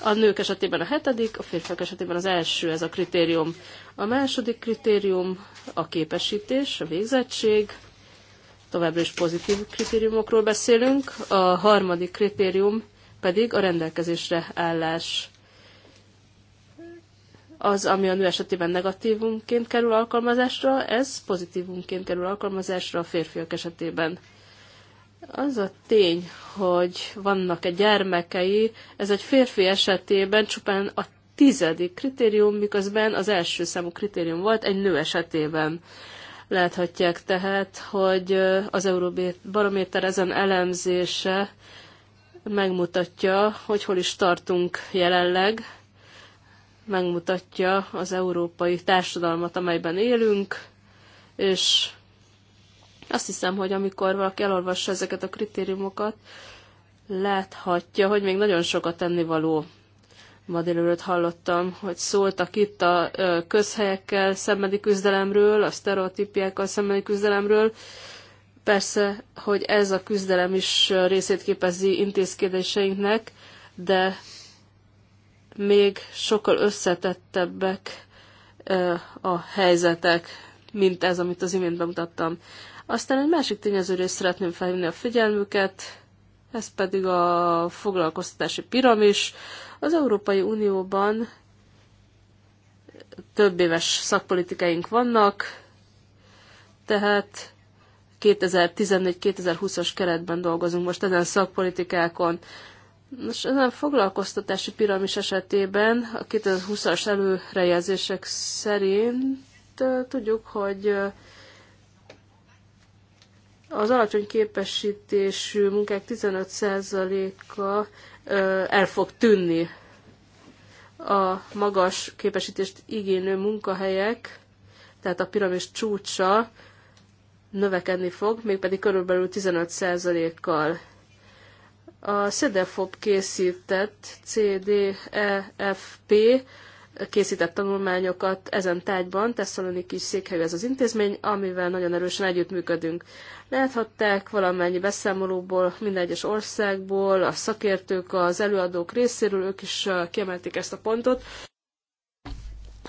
A nők esetében a hetedik, a férfiak esetében az első ez a kritérium. A második kritérium a képesítés, a végzettség, továbbra is pozitív kritériumokról beszélünk. A harmadik kritérium pedig a rendelkezésre állás. Az, ami a nő esetében negatívunkként kerül alkalmazásra, ez pozitívunkként kerül alkalmazásra a férfiak esetében. Az a tény, hogy vannak-e gyermekei, ez egy férfi esetében csupán a tizedik kritérium, miközben az első számú kritérium volt egy nő esetében. Láthatják tehát, hogy az Euróbarométer ezen elemzése megmutatja, hogy hol is tartunk jelenleg, megmutatja az európai társadalmat, amelyben élünk, és azt hiszem, hogy amikor valaki elolvassa ezeket a kritériumokat, láthatja, hogy még nagyon sokat tennivaló. Ma délelőtt hallottam, hogy szóltak itt a közhelyekkel szembeni küzdelemről, a sztereotípiákkal szembeni küzdelemről. Persze, hogy ez a küzdelem is részét képezi intézkedéseinknek, de még sokkal összetettebbek a helyzetek, mint ez, amit az imént bemutattam. Aztán egy másik tényezőre is szeretném felhívni a figyelmüket, ez pedig a foglalkoztatási piramis. Az Európai Unióban több éves szakpolitikáink vannak, tehát 2014-2020-as keretben dolgozunk most ezen szakpolitikákon. Most ezen foglalkoztatási piramis esetében a 2020-as előrejelzések szerint tudjuk, hogy az alacsony képesítésű munkák 15%-a el fog tűnni. A magas képesítést igénylő munkahelyek, tehát a piramis csúcsa növekedni fog, mégpedig körülbelül 15%-kal. A SEDEFOP készített CDEFP készített tanulmányokat ezen tárgyban, Tesszaloniki székhelyű ez az intézmény, amivel nagyon erősen együttműködünk. Láthatták valamennyi beszámolóból, minden egyes országból, a szakértők, az előadók részéről, ők is kiemelték ezt a pontot,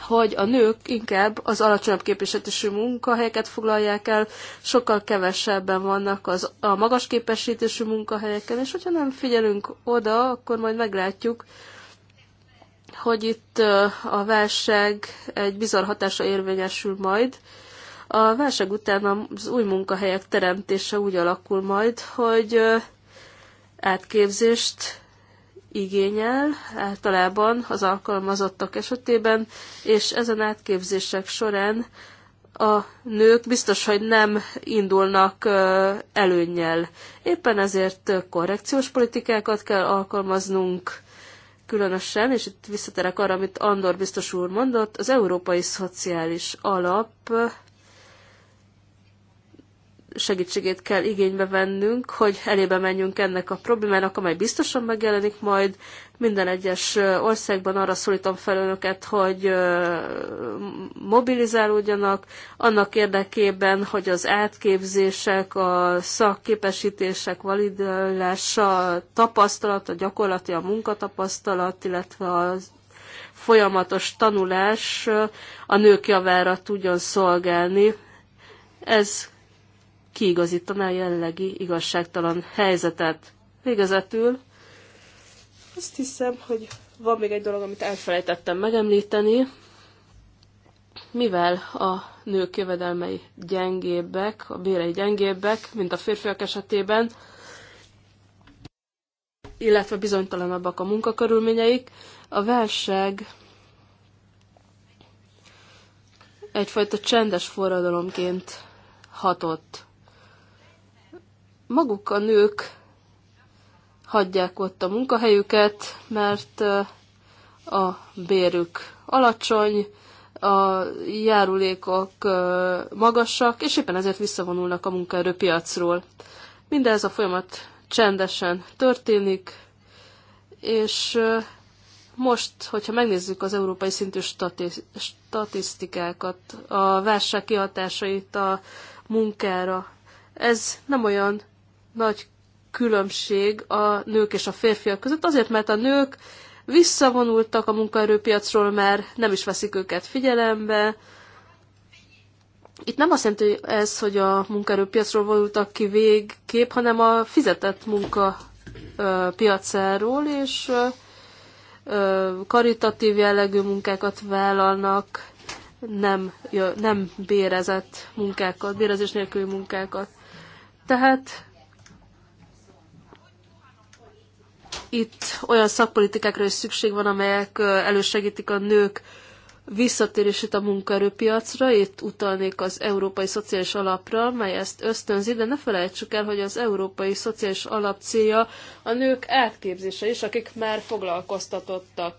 hogy a nők inkább az alacsonyabb képesítésű munkahelyeket foglalják el, sokkal kevesebben vannak az, a magas képesítésű munkahelyeken, és hogyha nem figyelünk oda, akkor majd meglátjuk, hogy itt a válság egy bizarr hatása érvényesül majd. A válság után az új munkahelyek teremtése úgy alakul majd, hogy átképzést igényel általában az alkalmazottak esetében, és ezen átképzések során a nők biztos, hogy nem indulnak előnnyel. Éppen ezért korrekciós politikákat kell alkalmaznunk, különösen, és itt visszaterek arra, amit Andor biztos úr mondott, az Európai Szociális Alap segítségét kell igénybe vennünk, hogy elébe menjünk ennek a problémának, amely biztosan megjelenik majd. Minden egyes országban arra szólítom fel önöket, hogy mobilizálódjanak annak érdekében, hogy az átképzések, a szakképesítések validálása, a tapasztalat, a gyakorlati, a munkatapasztalat, illetve a folyamatos tanulás a nők javára tudjon szolgálni. Ez kiigazítaná a jelenlegi igazságtalan helyzetet. Végezetül azt hiszem, hogy van még egy dolog, amit elfelejtettem megemlíteni. Mivel a nők jövedelmei gyengébbek, a bérei gyengébbek, mint a férfiak esetében, illetve bizonytalanabbak a munkakörülményeik, a válság egyfajta csendes forradalomként hatott maguk a nők hagyják ott a munkahelyüket, mert a bérük alacsony, a járulékok magasak, és éppen ezért visszavonulnak a munkaerőpiacról. Mindez a folyamat csendesen történik, és most, hogyha megnézzük az európai szintű statisztikákat, a válság kihatásait a munkára, ez nem olyan nagy különbség a nők és a férfiak között, azért mert a nők visszavonultak a munkaerőpiacról, mert nem is veszik őket figyelembe. Itt nem azt jelenti hogy ez, hogy a munkaerőpiacról vonultak ki végképp, hanem a fizetett munka piacáról, és karitatív jellegű munkákat vállalnak, nem, nem bérezett munkákat, bérezés nélküli munkákat. Tehát itt olyan szakpolitikákra is szükség van, amelyek elősegítik a nők visszatérését a munkaerőpiacra, itt utalnék az Európai Szociális Alapra, mely ezt ösztönzi, de ne felejtsük el, hogy az Európai Szociális Alap célja a nők átképzése is, akik már foglalkoztatottak.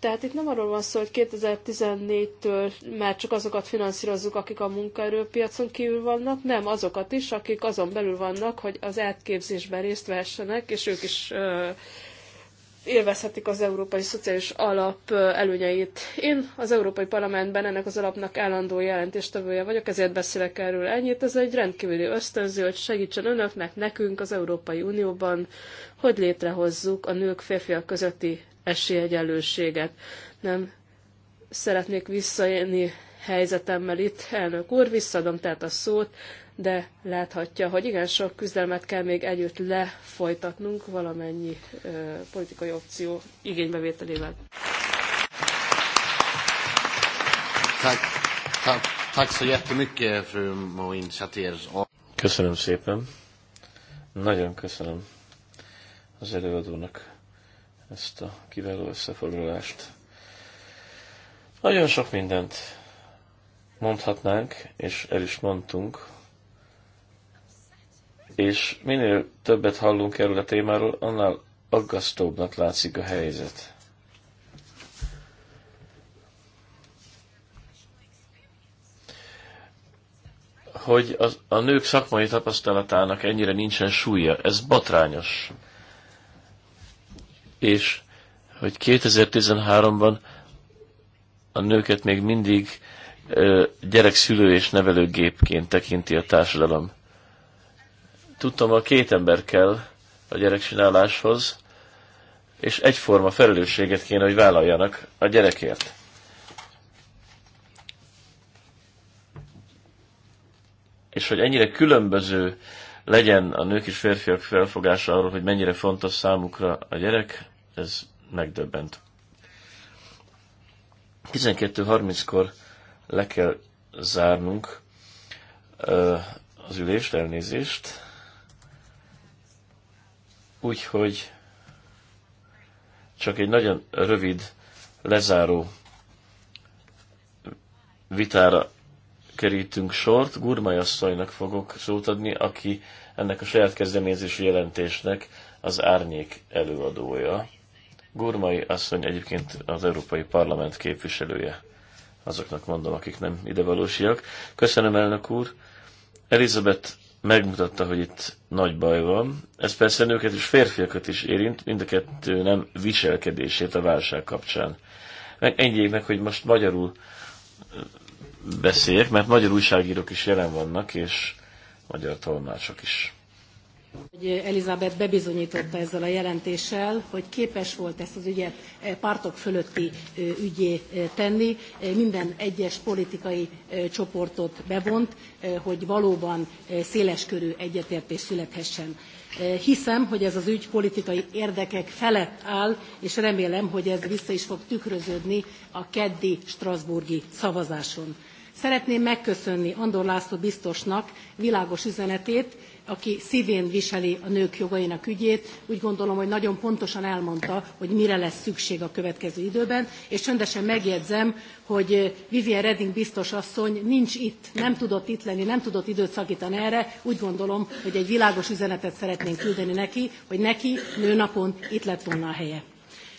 Tehát itt nem arról van szó, hogy 2014-től már csak azokat finanszírozzuk, akik a munkaerőpiacon kívül vannak, nem azokat is, akik azon belül vannak, hogy az átképzésben részt vehessenek, és ők is ö, élvezhetik az Európai Szociális Alap előnyeit. Én az Európai Parlamentben ennek az alapnak állandó jelentéstevője vagyok, ezért beszélek erről ennyit. Ez egy rendkívüli ösztönző, hogy segítsen önöknek, nekünk az Európai Unióban, hogy létrehozzuk a nők férfiak közötti esélyegyenlőséget. Nem szeretnék visszaélni helyzetemmel itt, elnök úr, visszadom tehát a szót, de láthatja, hogy igen sok küzdelmet kell még együtt lefolytatnunk valamennyi ö, politikai opció igénybevételével. Köszönöm szépen. Nagyon köszönöm az előadónak ezt a kiváló összefoglalást. Nagyon sok mindent mondhatnánk, és el is mondtunk, és minél többet hallunk erről a témáról, annál aggasztóbbnak látszik a helyzet. Hogy az, a nők szakmai tapasztalatának ennyire nincsen súlya, ez batrányos és hogy 2013-ban a nőket még mindig gyerekszülő és nevelőgépként tekinti a társadalom. Tudtam, a két ember kell a gyerekcsináláshoz, és egyforma felelősséget kéne, hogy vállaljanak a gyerekért. És hogy ennyire különböző legyen a nők és férfiak felfogása arról, hogy mennyire fontos számukra a gyerek, ez megdöbbent. 12.30-kor le kell zárnunk az ülést, elnézést. Úgyhogy csak egy nagyon rövid lezáró vitára kerítünk sort. Gurmai asszonynak fogok szót adni, aki ennek a saját kezdeményezési jelentésnek az árnyék előadója. Gurmai asszony egyébként az Európai Parlament képviselője. Azoknak mondom, akik nem idevalósiak. Köszönöm, elnök úr. Elizabeth megmutatta, hogy itt nagy baj van. Ez persze nőket és férfiakat is érint, mind a kettő nem viselkedését a válság kapcsán. Meg engedjék meg, hogy most magyarul beszéljek, mert magyar újságírók is jelen vannak, és magyar tolmácsok is. Elizabeth bebizonyította ezzel a jelentéssel, hogy képes volt ezt az ügyet eh, pártok fölötti eh, ügyé eh, tenni. Minden egyes politikai csoportot bevont, hogy valóban széleskörű egyetértés születhessen. Hiszem, hogy ez az ügy politikai érdekek felett áll, és remélem, hogy ez vissza is fog tükröződni a keddi Strasburgi szavazáson. Szeretném megköszönni Andor László biztosnak világos üzenetét, aki szívén viseli a nők jogainak ügyét. Úgy gondolom, hogy nagyon pontosan elmondta, hogy mire lesz szükség a következő időben, és csöndesen megjegyzem, hogy Vivian Redding biztos asszony nincs itt, nem tudott itt lenni, nem tudott időt szakítani erre. Úgy gondolom, hogy egy világos üzenetet szeretnénk küldeni neki, hogy neki nőnapon itt lett volna a helye.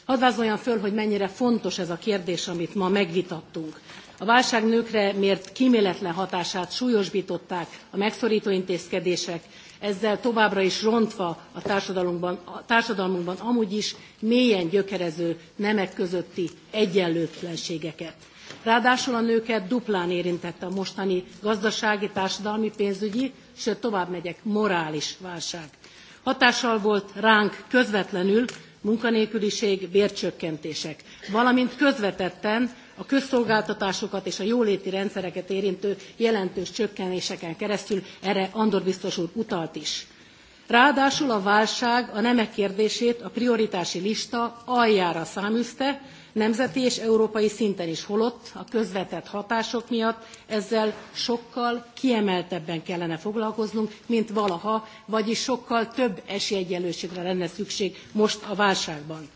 Hadd vázoljam föl, hogy mennyire fontos ez a kérdés, amit ma megvitattunk. A válság nőkre mért kíméletlen hatását súlyosbították a megszorító intézkedések, ezzel továbbra is rontva a társadalmunkban, a társadalmunkban amúgy is mélyen gyökerező nemek közötti egyenlőtlenségeket. Ráadásul a nőket duplán érintette a mostani gazdasági, társadalmi, pénzügyi, sőt tovább megyek, morális válság. Hatással volt ránk közvetlenül munkanélküliség, bércsökkentések, valamint közvetetten a közszolgáltatásokat és a jóléti rendszereket érintő jelentős csökkenéseken keresztül, erre Andor biztos úr utalt is. Ráadásul a válság a nemek kérdését a prioritási lista aljára száműzte, nemzeti és európai szinten is, holott a közvetett hatások miatt ezzel sokkal kiemeltebben kellene foglalkoznunk, mint valaha, vagyis sokkal több esélyegyenlőségre lenne szükség most a válságban.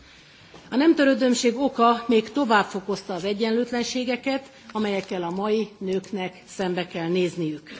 A nem törődömség oka még tovább fokozta az egyenlőtlenségeket, amelyekkel a mai nőknek szembe kell nézniük.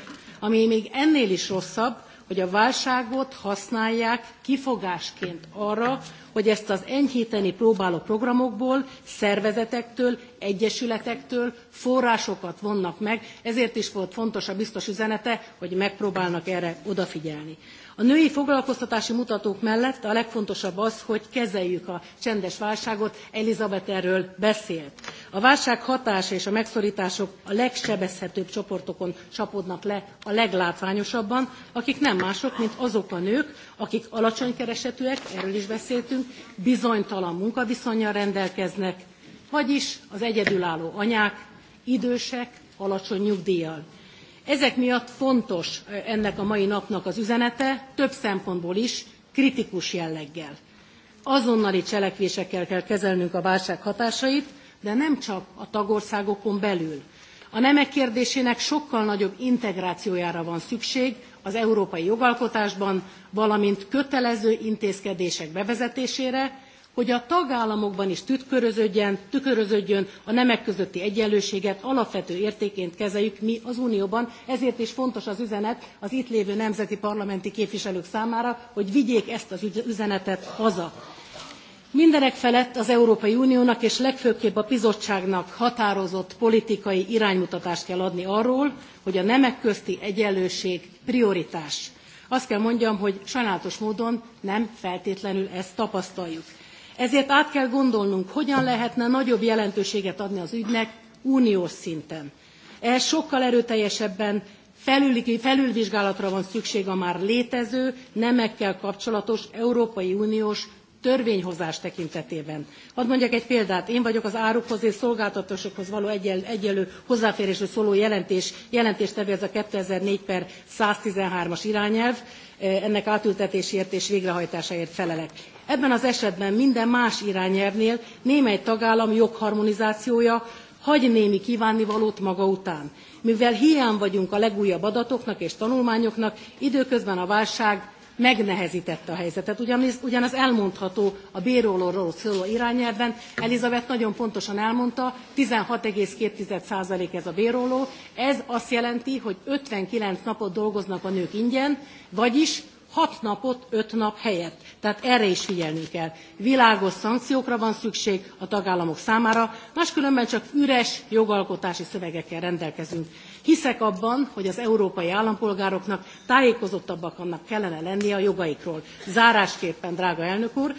Ami még ennél is rosszabb, hogy a válságot használják kifogásként arra, hogy ezt az enyhíteni próbáló programokból, szervezetektől, egyesületektől forrásokat vonnak meg, ezért is volt fontos a biztos üzenete, hogy megpróbálnak erre odafigyelni. A női foglalkoztatási mutatók mellett a legfontosabb az, hogy kezeljük a csendes válságot, Elizabeth erről beszélt. A válság hatása és a megszorítások a legsebezhetőbb csoportokon csapódnak le a leglátványosabban, akik nem mások, mint azok a nők, akik alacsony keresetűek, erről is beszéltünk, bizonytalan munkaviszonyjal rendelkeznek, vagyis az egyedülálló anyák, idősek, alacsony nyugdíjjal. Ezek miatt fontos ennek a mai napnak az üzenete, több szempontból is, kritikus jelleggel. Azonnali cselekvésekkel kell kezelnünk a válság hatásait, de nem csak a tagországokon belül. A nemek kérdésének sokkal nagyobb integrációjára van szükség az európai jogalkotásban, valamint kötelező intézkedések bevezetésére, hogy a tagállamokban is tükröződjön, tükröződjön a nemek közötti egyenlőséget, alapvető értéként kezeljük mi az Unióban. Ezért is fontos az üzenet az itt lévő nemzeti parlamenti képviselők számára, hogy vigyék ezt az üzenetet haza. Mindenek felett az Európai Uniónak és legfőképp a bizottságnak határozott politikai iránymutatást kell adni arról, hogy a nemek közti egyenlőség prioritás. Azt kell mondjam, hogy sajnálatos módon nem feltétlenül ezt tapasztaljuk. Ezért át kell gondolnunk, hogyan lehetne nagyobb jelentőséget adni az ügynek uniós szinten. Ehhez sokkal erőteljesebben felül, felülvizsgálatra van szükség a már létező, nemekkel kapcsolatos Európai Uniós törvényhozás tekintetében. Hadd mondjak egy példát. Én vagyok az árukhoz és szolgáltatásokhoz való egyel, egyenlő hozzáférésről szóló jelentés, jelentéstevő ez a 2004 per 113-as irányelv, ennek átültetéséért és végrehajtásáért felelek. Ebben az esetben minden más irányelvnél némely tagállam jogharmonizációja hagy némi kívánnivalót maga után. Mivel hiány vagyunk a legújabb adatoknak és tanulmányoknak, időközben a válság megnehezítette a helyzetet. Ugyanaz, ugyanaz elmondható a bérólóról szóló irányelvben. Elizabeth nagyon pontosan elmondta, 16,2% ez a béróló. Ez azt jelenti, hogy 59 napot dolgoznak a nők ingyen, vagyis hat napot, öt nap helyett. Tehát erre is figyelnünk kell. Világos szankciókra van szükség a tagállamok számára, máskülönben csak üres jogalkotási szövegekkel rendelkezünk. Hiszek abban, hogy az európai állampolgároknak tájékozottabbaknak kellene lennie a jogaikról. Zárásképpen, drága elnök úr,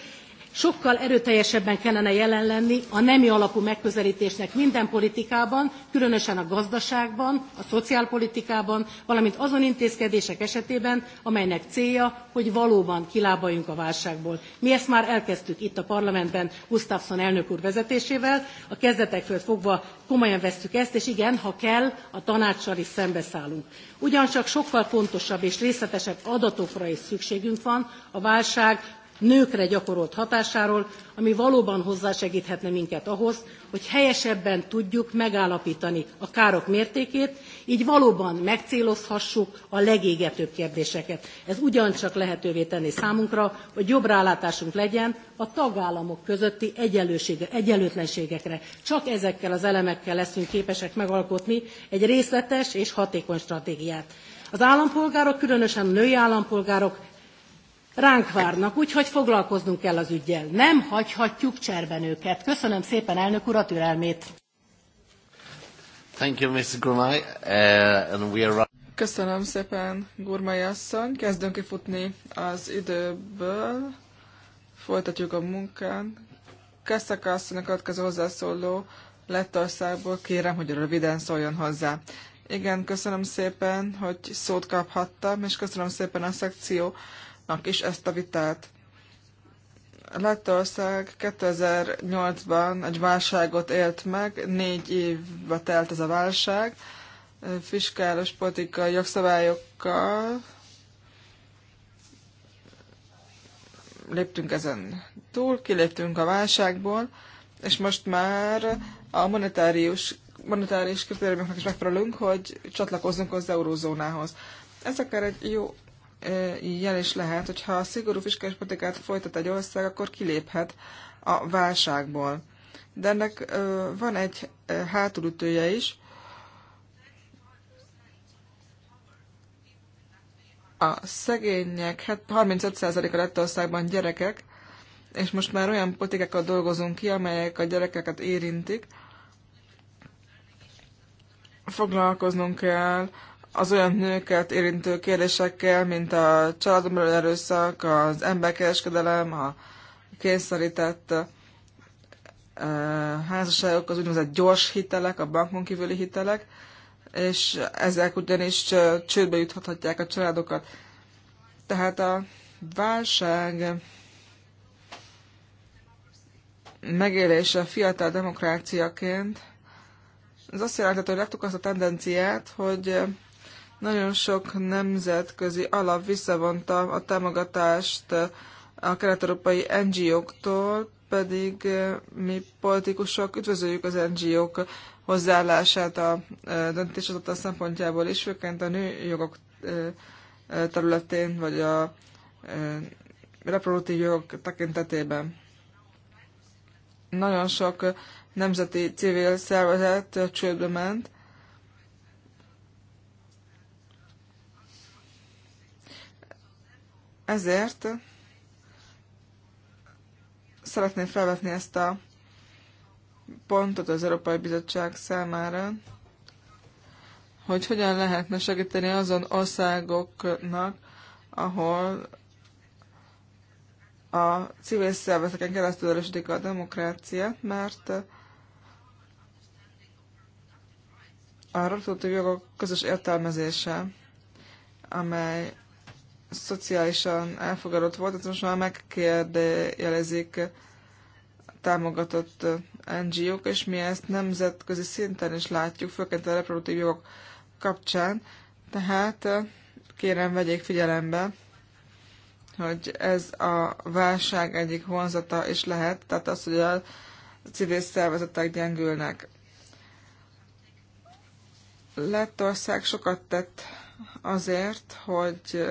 sokkal erőteljesebben kellene jelen lenni a nemi alapú megközelítésnek minden politikában, különösen a gazdaságban, a szociálpolitikában, valamint azon intézkedések esetében, amelynek célja, hogy valóban kilábaljunk a válságból. Mi ezt már elkezdtük itt a parlamentben Gustafsson elnök úr vezetésével, a kezdetektől fogva komolyan vesszük ezt, és igen, ha kell, a tanácssal is szembeszállunk. Ugyancsak sokkal fontosabb és részletesebb adatokra is szükségünk van a válság nőkre gyakorolt hatásáról, ami valóban hozzásegíthetne minket ahhoz, hogy helyesebben tudjuk megállapítani a károk mértékét, így valóban megcélozhassuk a legégetőbb kérdéseket. Ez ugyancsak lehetővé tenni számunkra, hogy jobb rálátásunk legyen a tagállamok közötti egyenlőtlenségekre. Csak ezekkel az elemekkel leszünk képesek megalkotni egy részletes és hatékony stratégiát. Az állampolgárok, különösen a női állampolgárok ránk várnak, úgyhogy foglalkoznunk kell az ügyjel. Nem hagyhatjuk cserben őket. Köszönöm szépen, elnök urat, türelmét! Thank you, Mr. Gourmay. Uh, and we are... Köszönöm szépen, Gurmai asszony. Kezdünk kifutni az időből. Folytatjuk a munkán. Kasszaka asszony a következő hozzászóló Lettországból. Kérem, hogy röviden szóljon hozzá. Igen, köszönöm szépen, hogy szót kaphattam, és köszönöm szépen a szekció is ezt a vitát. Lettország 2008-ban egy válságot élt meg, négy évbe telt ez a válság, fiskális politikai jogszabályokkal léptünk ezen túl, kiléptünk a válságból, és most már a monetárius, monetáris kritériumoknak is megfelelünk, hogy csatlakozzunk az eurózónához. Ez akár egy jó jel is lehet, hogyha a szigorú fiskális politikát folytat egy ország, akkor kiléphet a válságból. De ennek van egy hátulütője is. A szegények 35%-a országban gyerekek, és most már olyan politikákat dolgozunk ki, amelyek a gyerekeket érintik. Foglalkoznunk kell az olyan nőket érintő kérdésekkel, mint a családomról erőszak, az emberkereskedelem, a kényszerített házasságok, az úgynevezett gyors hitelek, a bankon kívüli hitelek, és ezek ugyanis csődbe juthatják a családokat. Tehát a válság megélése fiatal demokráciaként, ez azt jelenti, hogy láttuk azt a tendenciát, hogy nagyon sok nemzetközi alap visszavonta a támogatást a kelet-európai NGO-któl, pedig eh, mi politikusok üdvözöljük az NGO-k hozzáállását a eh, döntéshozatal szempontjából is, főként a nőjogok eh, területén, vagy a reproduktív jogok tekintetében. Nagyon sok nemzeti civil szervezet csődbe ment, Ezért szeretném felvetni ezt a pontot az Európai Bizottság számára, hogy hogyan lehetne segíteni azon országoknak, ahol a civil szervezeteken keresztül erősödik a demokráciát, mert a rabszolgatói jogok közös értelmezése, amely szociálisan elfogadott volt, tehát most már megkérdejelezik támogatott NGO-k, és mi ezt nemzetközi szinten is látjuk, főként a reproduktív jogok kapcsán. Tehát kérem, vegyék figyelembe, hogy ez a válság egyik vonzata is lehet, tehát az, hogy a civil szervezetek gyengülnek. Lettország sokat tett azért, hogy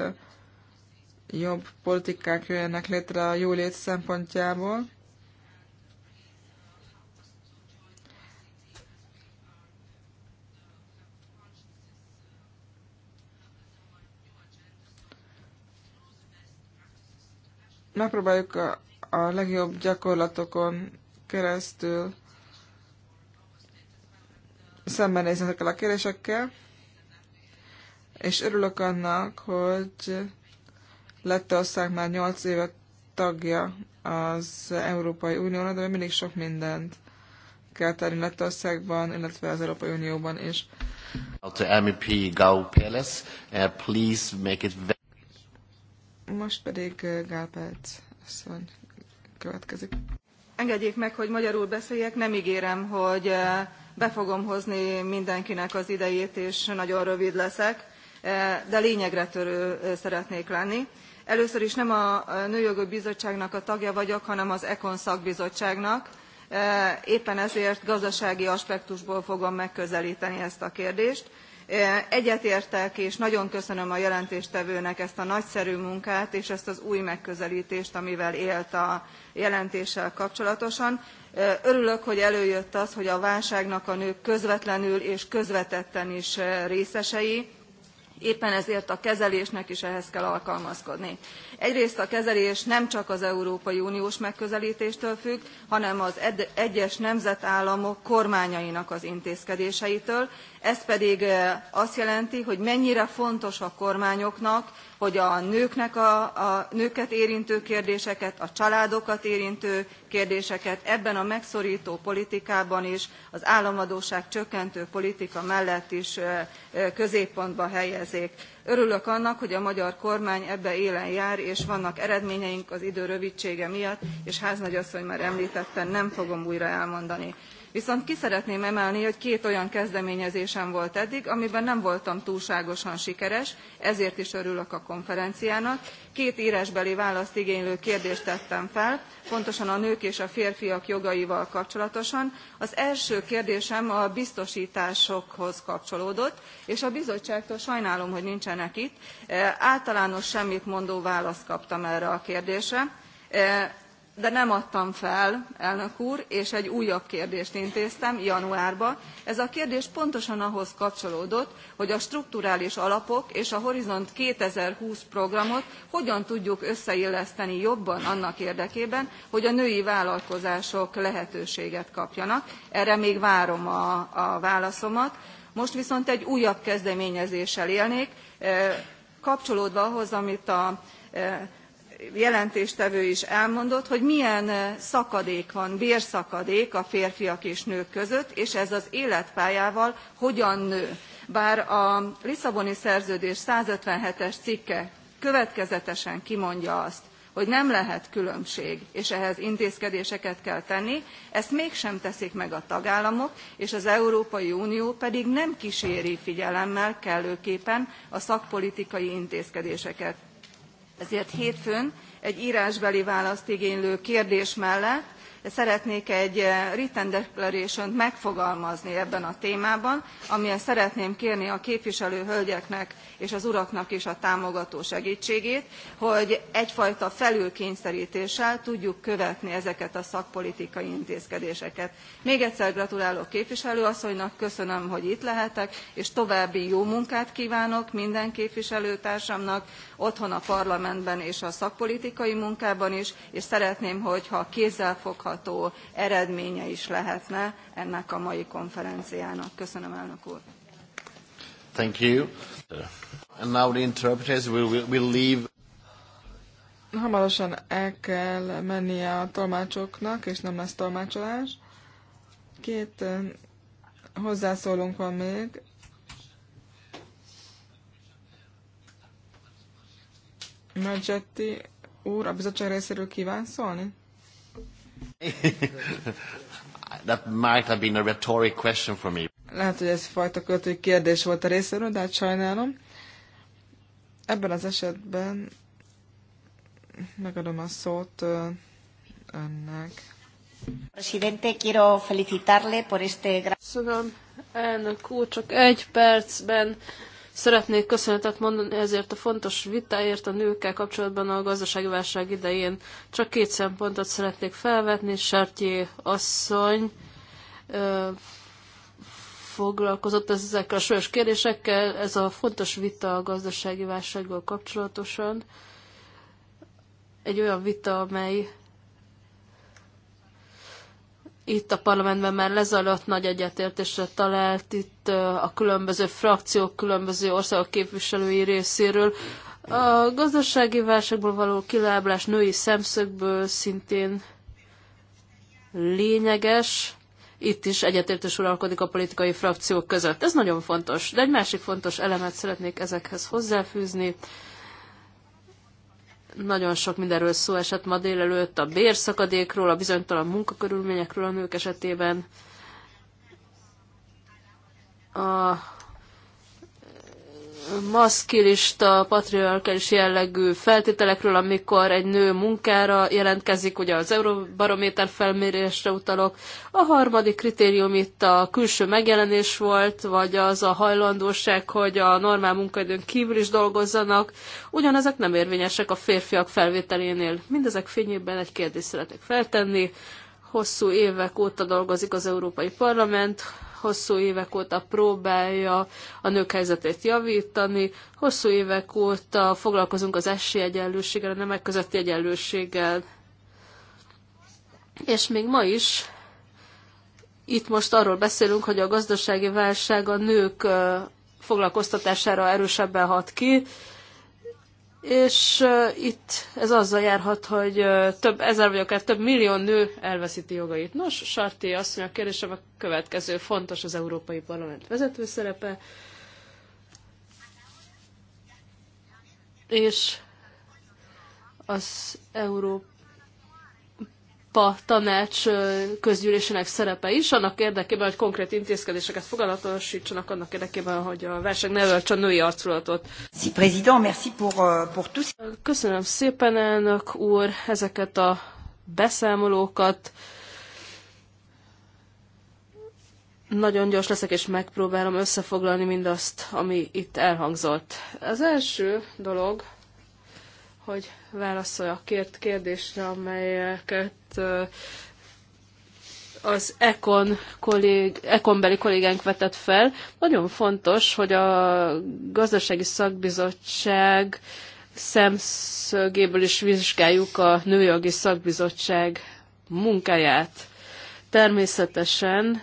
jobb politikák jöjjenek létre a jólét szempontjából. Megpróbáljuk a, a legjobb gyakorlatokon keresztül szembenézni ezekkel a kérésekkel, és örülök annak, hogy Lettország már 8 éve tagja az Európai Uniónak, de még mindig sok mindent kell tenni Lettországban, illetve az Európai Unióban is. To MEP Gau Peles, uh, eh, please make it Most pedig eh, Gál Perc asszony következik. Engedjék meg, hogy magyarul beszéljek. Nem ígérem, hogy eh, be fogom hozni mindenkinek az idejét, és nagyon rövid leszek, de lényegre törő szeretnék lenni először is nem a nőjogok bizottságának a tagja vagyok hanem az econ szakbizottságnak e, éppen ezért gazdasági aspektusból fogom megközelteni ezt a kérdést. E, egyetértek és nagyon köszönöm a jelentéstevőnek ezt a nagyszerű munkát és ezt az új megközeltést amivel élt a jelentéssel kapcsolatosan. E, örülök hogy előjött az hogy a válságnak a nők közvetlenül és közvetetten is részesei éppen ezért a kezelésnek is ehhez kell alkalmazkodni. egyrészt a kezelés nem csak az európai uniós megközeltéstől függ hanem az egyes nemzetállamok kormányainak az intézkedéseitől ez pedig azt jelenti hogy mennyire fontos a kormányoknak hogy a, nőknek a, nőket érintő kérdéseket a családokat érintő kérdéseket ebben a megszortó politikában is az államadósság csökkentő politika mellett is középpontba helyezzék. örülök annak hogy a magyar kormány ebbe élen jár és vannak eredményeink az idő rövidsége miatt és háznagyasszony már emltette nem fogom újra elmondani viszont ki szeretném emelni hogy két olyan kezdeményezésem volt eddig amiben nem voltam túlságosan sikeres ezért is örülök a konferenciának két rásbeli választ igénylő kérdést tettem fel pontosan a nők és a férfiak jogaival kapcsolatosan. az első kérdésem a biztostásokhoz kapcsolódott és a bizottságtól sajnálom hogy nincsenek itt általános semmitmondó választ kaptam erre a kérdésre de nem adtam fel elnök úr és egy újabb kérdést intéztem januárban. ez a kérdés pontosan ahhoz kapcsolódott hogy a strukturális alapok és a horizont two thousand and twenty programot hogyan tudjuk összeilleszteni jobban annak érdekében hogy a női vállalkozások lehetőséget kapjanak. erre még várom a, a válaszomat. most viszont egy újabb kezdeményezéssel élnék eh, kapcsolódva ahhoz amit a eh, jelentéstevő is elmondott hogy milyen eh, szakadék van bérszakadék a férfiak és nők között és ez az életpályával hogyan nő. bár a lisszaboni szerződés one hundred and fifty seven es cikke következetesen kimondja azt hogy nem lehet különbség és ehhez intézkedéseket kell tenni ezt mégsem teszik meg a tagállamok és az európai unió pedig nem kséri figyelemmel kellőképpen a szakpolitikai intézkedéseket ezért hétfőn egy rásbeli választ igénylő kérdés mellett szeretnék egy eh, written declaration t megfogalmazni ebben a témában amiben szeretném kérni a képviselő hölgyeknek és az uraknak is a támogató segtségét hogy egyfajta felülkényszertéssel tudjuk követni ezeket a szakpolitikai intézkedéseket. még egyszer gratulálok képviselő asszonynak köszönöm hogy itt lehetek és további jó munkát kvánok minden képviselőtársamnak otthon a parlamentben és a szakpolitikai munkában is és szeretném hogyha kézzelfogható eredménye is lehetne ennek a mai konferenciának. köszönöm elnök úr! And now the interpreters will, will, will leave. Hamarosan el kell mennie a tolmácsoknak, és nem lesz tolmácsolás. Két hozzászólunk van még. Majetti úr, a bizottság részéről kíván szólni? That might have been a rhetoric question for me. Lehet, hogy ez fajta költői kérdés volt a részéről, de hát sajnálom. Ebben az esetben megadom a szót önnek. Presidente, quiero felicitarle por este... Köszönöm, elnök úr, csak egy percben Szeretnék köszönetet mondani ezért a fontos vitáért a nőkkel kapcsolatban a gazdasági válság idején. Csak két szempontot szeretnék felvetni. Sertjé asszony foglalkozott ezekkel a súlyos kérdésekkel, ez a fontos vita a gazdasági válsággal kapcsolatosan. Egy olyan vita, amely itt a parlamentben már lezajlott nagy egyetértésre talált, itt a különböző frakciók, különböző országok képviselői részéről. A gazdasági válságból való kiláblás női szemszögből szintén lényeges itt is egyetértés uralkodik a politikai frakciók között. Ez nagyon fontos, de egy másik fontos elemet szeretnék ezekhez hozzáfűzni. Nagyon sok mindenről szó esett ma délelőtt, a bérszakadékról, a bizonytalan munkakörülményekről a nők esetében, a maszkilista, patriarkális jellegű feltételekről, amikor egy nő munkára jelentkezik, ugye az Euróbarométer felmérésre utalok. A harmadik kritérium itt a külső megjelenés volt, vagy az a hajlandóság, hogy a normál munkaidőn kívül is dolgozzanak. Ugyanezek nem érvényesek a férfiak felvételénél. Mindezek fényében egy kérdést szeretnék feltenni. Hosszú évek óta dolgozik az Európai Parlament, hosszú évek óta próbálja a nők helyzetét javítani, hosszú évek óta foglalkozunk az esélyegyenlőséggel, a nemek közötti egyenlőséggel. És még ma is itt most arról beszélünk, hogy a gazdasági válság a nők foglalkoztatására erősebben hat ki, és itt ez azzal járhat, hogy több ezer vagy akár több millió nő elveszíti jogait. Nos, Sarti azt mondja, a kérdésem a következő, fontos az Európai Parlament vezető szerepe, és az Európa Európa tanács közgyűlésének szerepe is, annak érdekében, hogy konkrét intézkedéseket fogadatosítsanak, annak érdekében, hogy a verseny ne öltse a női arculatot. Euh, Köszönöm szépen, elnök úr, ezeket a beszámolókat. Nagyon gyors leszek, és megpróbálom összefoglalni mindazt, ami itt elhangzott. Az első dolog, hogy válaszolja a kért kérdésre, amelyeket az Econ, kollég, Econ beli kollégánk vetett fel. Nagyon fontos, hogy a gazdasági szakbizottság szemszögéből is vizsgáljuk a nőjogi szakbizottság munkáját. Természetesen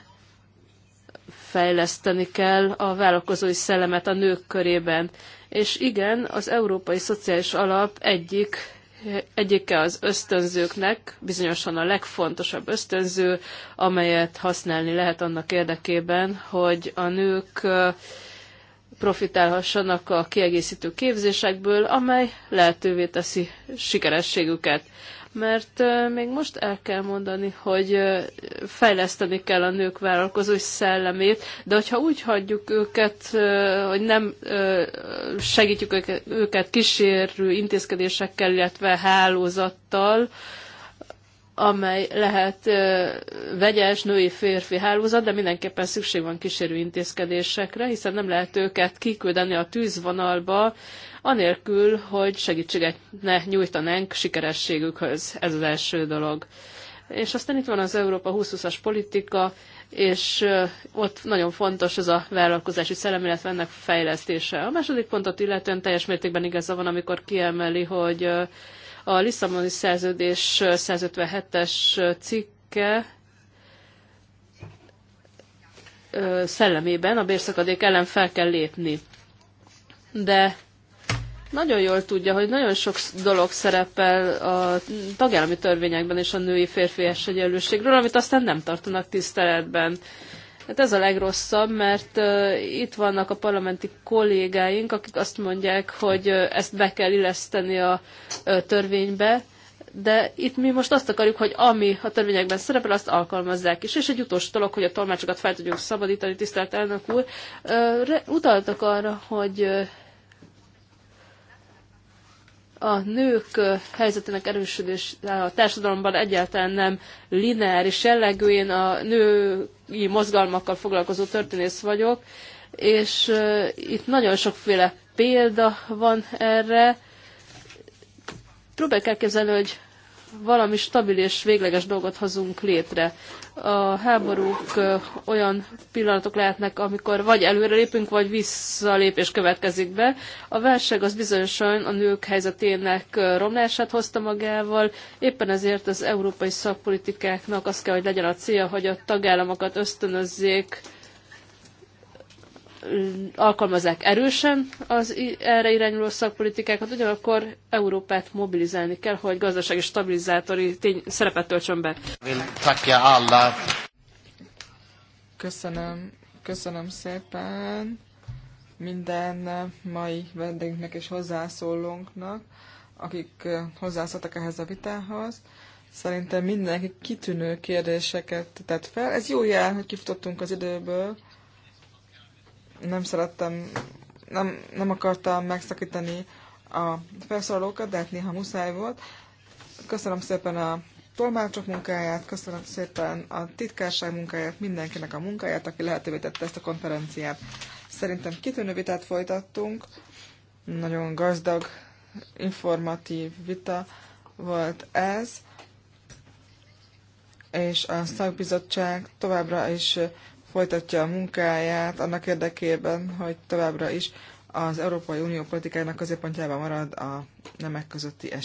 fejleszteni kell a vállalkozói szellemet a nők körében. És igen, az Európai Szociális Alap egyik egyike az ösztönzőknek, bizonyosan a legfontosabb ösztönző, amelyet használni lehet annak érdekében, hogy a nők profitálhassanak a kiegészítő képzésekből, amely lehetővé teszi sikerességüket mert még most el kell mondani, hogy fejleszteni kell a nők vállalkozói szellemét, de hogyha úgy hagyjuk őket, hogy nem segítjük őket kísérő intézkedésekkel, illetve hálózattal, amely lehet vegyes női férfi hálózat, de mindenképpen szükség van kísérő intézkedésekre, hiszen nem lehet őket kiküldeni a tűzvonalba, anélkül, hogy segítséget ne nyújtanánk sikerességükhöz. Ez az első dolog. És aztán itt van az Európa 2020-as politika, és ott nagyon fontos ez a vállalkozási szellem, illetve ennek fejlesztése. A második pontot illetően teljes mértékben igaza van, amikor kiemeli, hogy a Lisszaboni szerződés 157-es cikke szellemében a bérszakadék ellen fel kell lépni. De nagyon jól tudja, hogy nagyon sok dolog szerepel a tagállami törvényekben és a női férfi egyenlőségről, amit aztán nem tartanak tiszteletben. Hát ez a legrosszabb, mert itt vannak a parlamenti kollégáink, akik azt mondják, hogy ezt be kell illeszteni a törvénybe, de itt mi most azt akarjuk, hogy ami a törvényekben szerepel, azt alkalmazzák is. És egy utolsó dolog, hogy a tolmácsokat fel tudjuk szabadítani, tisztelt elnök úr. Utaltak arra, hogy a nők helyzetének erősödés a társadalomban egyáltalán nem lineáris jellegű. Én a női mozgalmakkal foglalkozó történész vagyok, és itt nagyon sokféle példa van erre. Próbálják elképzelni, hogy valami stabil és végleges dolgot hozunk létre. A háborúk olyan pillanatok lehetnek, amikor vagy előrelépünk, vagy visszalépés következik be. A válság az bizonyosan a nők helyzetének romlását hozta magával, éppen ezért az európai szakpolitikáknak az kell, hogy legyen a célja, hogy a tagállamokat ösztönözzék, alkalmazzák erősen az erre irányuló szakpolitikákat, ugyanakkor Európát mobilizálni kell, hogy gazdasági stabilizátori tény, szerepet töltsön be. Köszönöm, köszönöm szépen minden mai vendégnek és hozzászólónknak, akik eh, hozzászóltak ehhez a vitához. Szerintem mindenki kitűnő kérdéseket tett fel. Ez jó jel, hogy kifutottunk az időből nem szerettem, nem, nem akartam megszakítani a felszólalókat, de hát néha muszáj volt. Köszönöm szépen a tolmácsok munkáját, köszönöm szépen a titkárság munkáját, mindenkinek a munkáját, aki lehetővé tette ezt a konferenciát. Szerintem kitűnő vitát folytattunk, nagyon gazdag, informatív vita volt ez, és a szakbizottság továbbra is folytatja a munkáját annak érdekében, hogy továbbra is az Európai Unió politikájának középpontjában marad a nemek közötti esély.